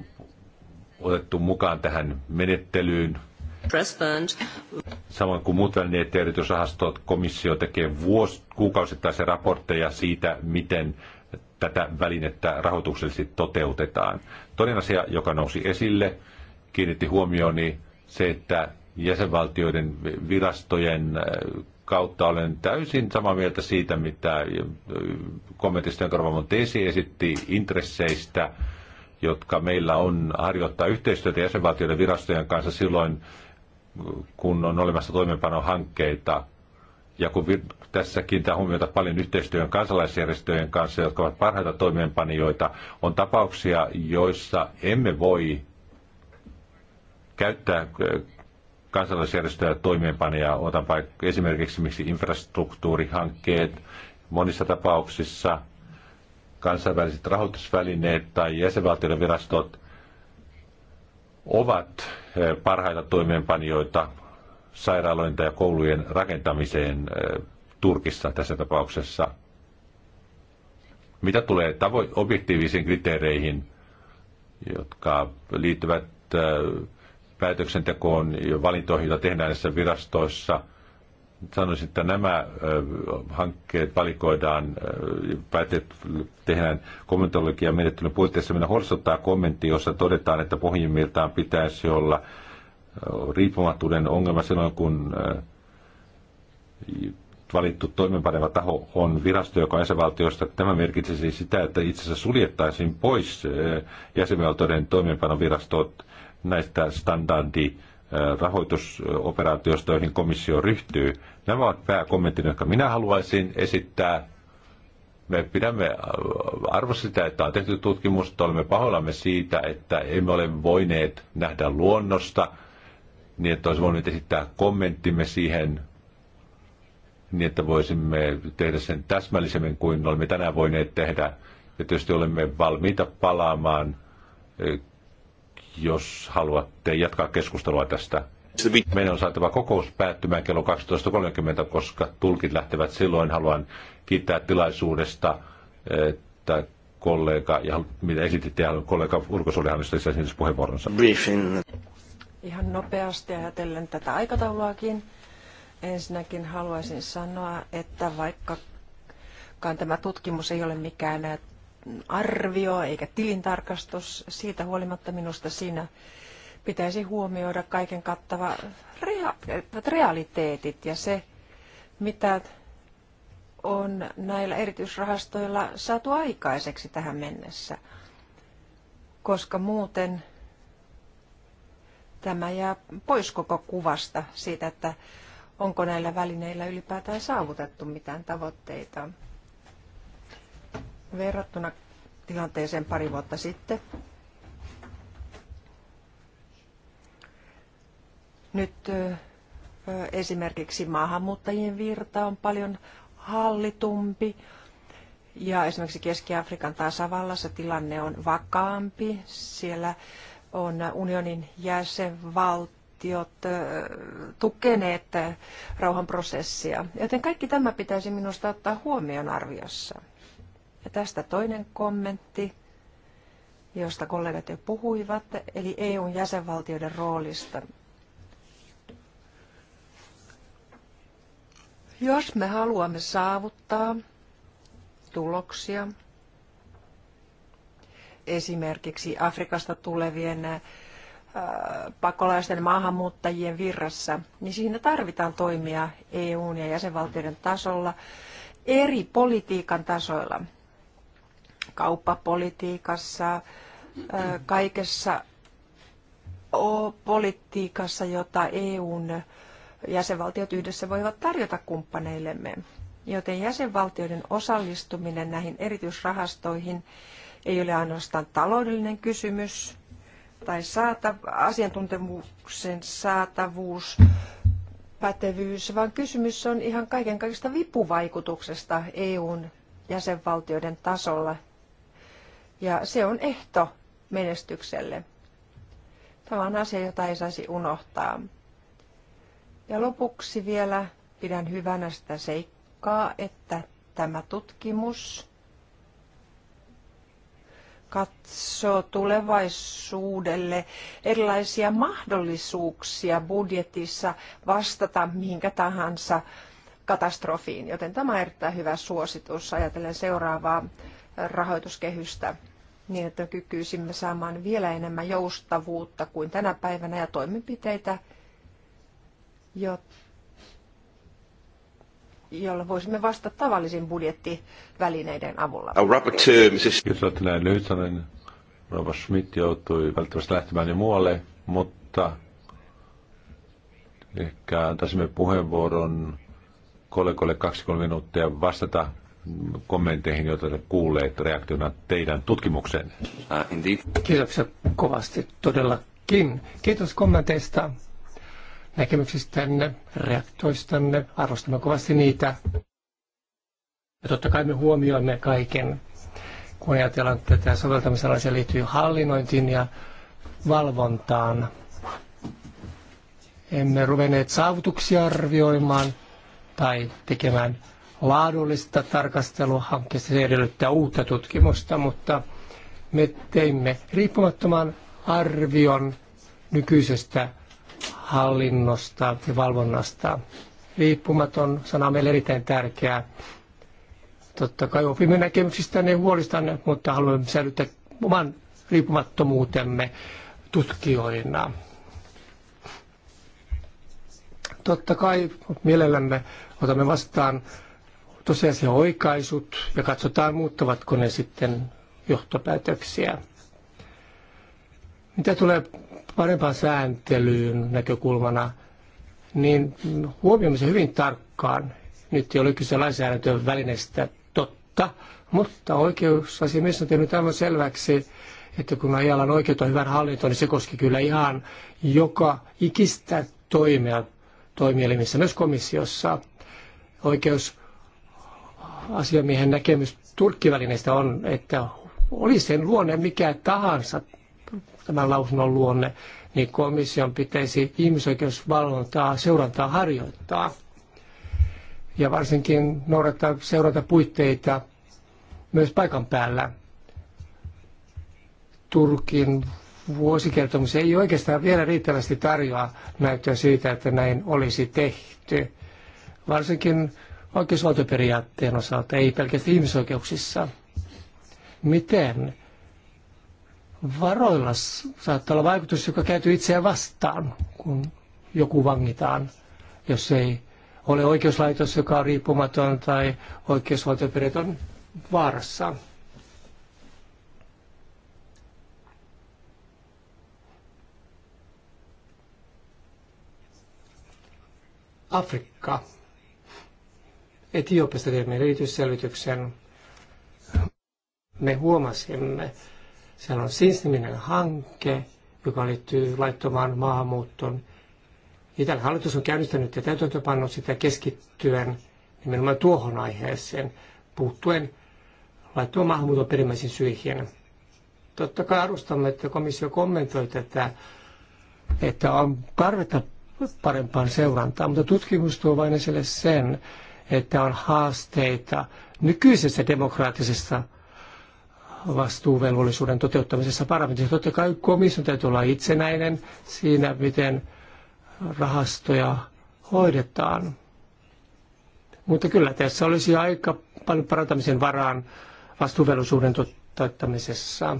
otettu mukaan tähän menettelyyn. Samoin kuin muut välineet ja erityisrahastot, komissio tekee vuos, kuukausittaisia raportteja siitä, miten tätä välinettä rahoituksellisesti toteutetaan. Toinen asia, joka nousi esille, kiinnitti huomioni se, että jäsenvaltioiden virastojen äh, kautta olen täysin samaa mieltä siitä, mitä äh, kommentista, jonka Teesi esitti intresseistä, jotka meillä on harjoittaa yhteistyötä jäsenvaltioiden virastojen kanssa silloin, kun on olemassa toimeenpanohankkeita. Ja kun tässä tämä huomiota paljon yhteistyön kansalaisjärjestöjen kanssa, jotka ovat parhaita toimeenpanijoita, on tapauksia, joissa emme voi käyttää äh, kansalaisjärjestöjä toimeenpaneja. Otan esimerkiksi miksi infrastruktuurihankkeet monissa tapauksissa kansainväliset rahoitusvälineet tai jäsenvaltioiden virastot ovat äh, parhaita toimeenpanijoita sairaaloiden ja koulujen rakentamiseen äh, Turkissa tässä tapauksessa. Mitä tulee tavo- objektiivisiin kriteereihin, jotka liittyvät päätöksentekoon ja valintoihin, joita tehdään näissä virastoissa. Sanoisin, että nämä hankkeet valikoidaan, päätet tehdään kommentologia menettelyn puitteissa. Minä huolestuttaa kommentti, jossa todetaan, että pohjimmiltaan pitäisi olla riippumattuuden ongelma silloin, kun valittu toimenpaneva taho on virasto, joka on jäsenvaltiosta. Tämä merkitsisi sitä, että itse asiassa suljettaisiin pois jäsenvaltioiden toimenpanovirastot näistä standardi rahoitusoperaatioista, joihin komissio ryhtyy. Nämä ovat pääkommentit, jotka minä haluaisin esittää. Me pidämme arvossa sitä, että on tehty tutkimusta, olemme pahoillamme siitä, että emme ole voineet nähdä luonnosta, niin että olisi voinut esittää kommenttimme siihen, niin että voisimme tehdä sen täsmällisemmin kuin olemme tänään voineet tehdä. Ja tietysti olemme valmiita palaamaan jos haluatte jatkaa keskustelua tästä. Meidän on saatava kokous päättymään kello 12.30, koska tulkit lähtevät silloin. Haluan kiittää tilaisuudesta, että kollega, ja mitä esititte, ja kollega ulkosuolihallinnosta esimerkiksi puheenvuoronsa. Briefing. Ihan nopeasti ajatellen tätä aikatauluakin. Ensinnäkin haluaisin sanoa, että vaikka tämä tutkimus ei ole mikään arvio eikä tilintarkastus. Siitä huolimatta minusta siinä pitäisi huomioida kaiken kattava rea- äh, realiteetit ja se, mitä on näillä erityisrahastoilla saatu aikaiseksi tähän mennessä, koska muuten tämä jää pois koko kuvasta siitä, että onko näillä välineillä ylipäätään saavutettu mitään tavoitteita verrattuna tilanteeseen pari vuotta sitten. Nyt esimerkiksi maahanmuuttajien virta on paljon hallitumpi. Ja esimerkiksi Keski-Afrikan tasavallassa tilanne on vakaampi. Siellä on unionin jäsenvaltiot tukeneet rauhanprosessia. Joten kaikki tämä pitäisi minusta ottaa huomioon arviossa. Ja tästä toinen kommentti, josta kollegat jo puhuivat, eli EUn jäsenvaltioiden roolista. Jos me haluamme saavuttaa tuloksia, esimerkiksi Afrikasta tulevien äh, pakolaisten maahanmuuttajien virrassa, niin siinä tarvitaan toimia EUn ja jäsenvaltioiden tasolla eri politiikan tasoilla kauppapolitiikassa, kaikessa politiikassa, jota EUn jäsenvaltiot yhdessä voivat tarjota kumppaneillemme. Joten jäsenvaltioiden osallistuminen näihin erityisrahastoihin ei ole ainoastaan taloudellinen kysymys tai saata, asiantuntemuksen saatavuus, pätevyys, vaan kysymys on ihan kaiken kaikista vipuvaikutuksesta EUn jäsenvaltioiden tasolla ja se on ehto menestykselle. Tämä on asia, jota ei saisi unohtaa. Ja lopuksi vielä pidän hyvänä sitä seikkaa, että tämä tutkimus katsoo tulevaisuudelle erilaisia mahdollisuuksia budjetissa vastata minkä tahansa katastrofiin. Joten tämä on erittäin hyvä suositus ajatellen seuraavaa rahoituskehystä niin, että kykyisimme saamaan vielä enemmän joustavuutta kuin tänä päivänä ja toimenpiteitä, jolla voisimme vastata tavallisin budjettivälineiden avulla. Jos olette näin lyhyt sanoen, Rova Schmidt joutui välttämättä lähtemään jo muualle, mutta ehkä antaisimme puheenvuoron kollegoille kaksi-kolme minuuttia vastata kommenteihin, joita kuulee, kuulleet reaktiona teidän tutkimukseen. Uh, Kiitoksia kovasti todellakin. Kiitos kommenteista, näkemyksistänne, reaktoistanne. Arvostamme kovasti niitä. Ja totta kai me huomioimme kaiken, kun ajatellaan tätä soveltamisella, se liittyy hallinnointiin ja valvontaan. Emme ruvenneet saavutuksia arvioimaan tai tekemään laadullista tarkastelua hankkeessa, se edellyttää uutta tutkimusta, mutta me teimme riippumattoman arvion nykyisestä hallinnosta ja valvonnasta. Riippumaton sana on meille erittäin tärkeää. Totta kai opimme näkemyksistä ne huolistanne, mutta haluamme säilyttää oman riippumattomuutemme tutkijoina. Totta kai mielellämme otamme vastaan tosiasia oikaisut ja katsotaan muuttavatko ne sitten johtopäätöksiä. Mitä tulee parempaan sääntelyyn näkökulmana, niin huomioimme se hyvin tarkkaan. Nyt ei ole kyse lainsäädäntöön välineestä totta, mutta oikeusasiamies on tehnyt aivan selväksi, että kun ajallaan oikeutta hyvän hallintoon, niin se koski kyllä ihan joka ikistä toimia toimielimissä, myös komissiossa. Oikeus asiamiehen näkemys turkkivälineistä on, että oli sen luonne mikä tahansa, tämän lausunnon luonne, niin komission pitäisi ihmisoikeusvalvontaa, seurantaa harjoittaa. Ja varsinkin noudattaa seurata puitteita myös paikan päällä. Turkin vuosikertomus ei oikeastaan vielä riittävästi tarjoa näyttöä siitä, että näin olisi tehty. Varsinkin oikeusvaltioperiaatteen osalta, ei pelkästään ihmisoikeuksissa. Miten varoilla saattaa olla vaikutus, joka käyty itseään vastaan, kun joku vangitaan, jos ei ole oikeuslaitos, joka on riippumaton tai oikeusvaltioperiaate on vaarassa. Afrikka Etiopista teimme erityisselvityksen. Me huomasimme, siellä on SINS-niminen hanke, joka liittyy laittomaan maahanmuuttoon. Italian hallitus on käynnistänyt ja täytäntöpannut sitä keskittyen nimenomaan tuohon aiheeseen, puuttuen laittomaan maahanmuuton perimmäisiin syihin. Totta kai arvostamme, että komissio kommentoi tätä, että on tarvetta parempaan seurantaan, mutta tutkimus tuo vain esille sen, että on haasteita nykyisessä demokraattisessa vastuuvelvollisuuden toteuttamisessa parlamentissa. Totta kai komission täytyy olla itsenäinen siinä, miten rahastoja hoidetaan. Mutta kyllä tässä olisi aika paljon parantamisen varaan vastuuvelvollisuuden toteuttamisessa,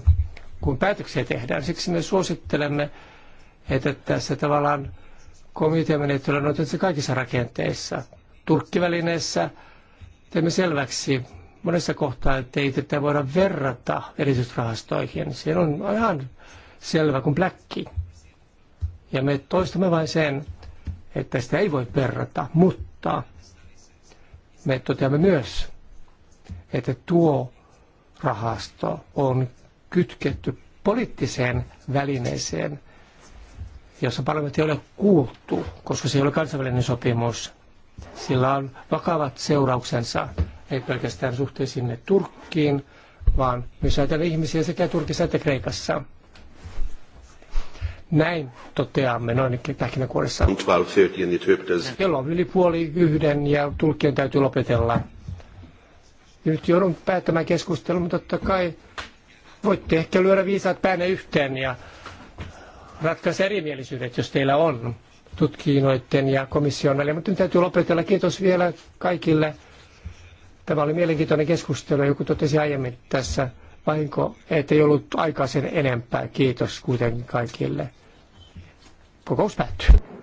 kun päätöksiä tehdään. Siksi me suosittelemme, että tässä tavallaan komiteamenettelyllä on kaikissa rakenteissa. Turkkivälineessä teemme selväksi monessa kohtaa, että ei tätä voida verrata erityisrahastoihin. Se on ihan selvä kuin bläkki. Ja me toistamme vain sen, että sitä ei voi verrata, mutta me toteamme myös, että tuo rahasto on kytketty poliittiseen välineeseen, jossa parlamentti ei ole kuultu, koska se ei ole kansainvälinen sopimus. Sillä on vakavat seurauksensa, ei pelkästään suhteisimme Turkkiin, vaan myös ajatellen ihmisiä sekä Turkissa että Kreikassa. Näin toteamme noin pähkinäkuoressa. Kello on yli puoli yhden ja tulkkien täytyy lopetella. Nyt joudun päättämään keskustelun, mutta totta kai voitte ehkä lyödä viisaat päänne yhteen ja ratkaista erimielisyydet, jos teillä on tutkijoiden ja komission välillä. Mutta nyt täytyy lopetella. Kiitos vielä kaikille. Tämä oli mielenkiintoinen keskustelu. Joku totesi aiemmin tässä vahinko, ettei ollut aikaa sen enempää. Kiitos kuitenkin kaikille. Kokous päättyy.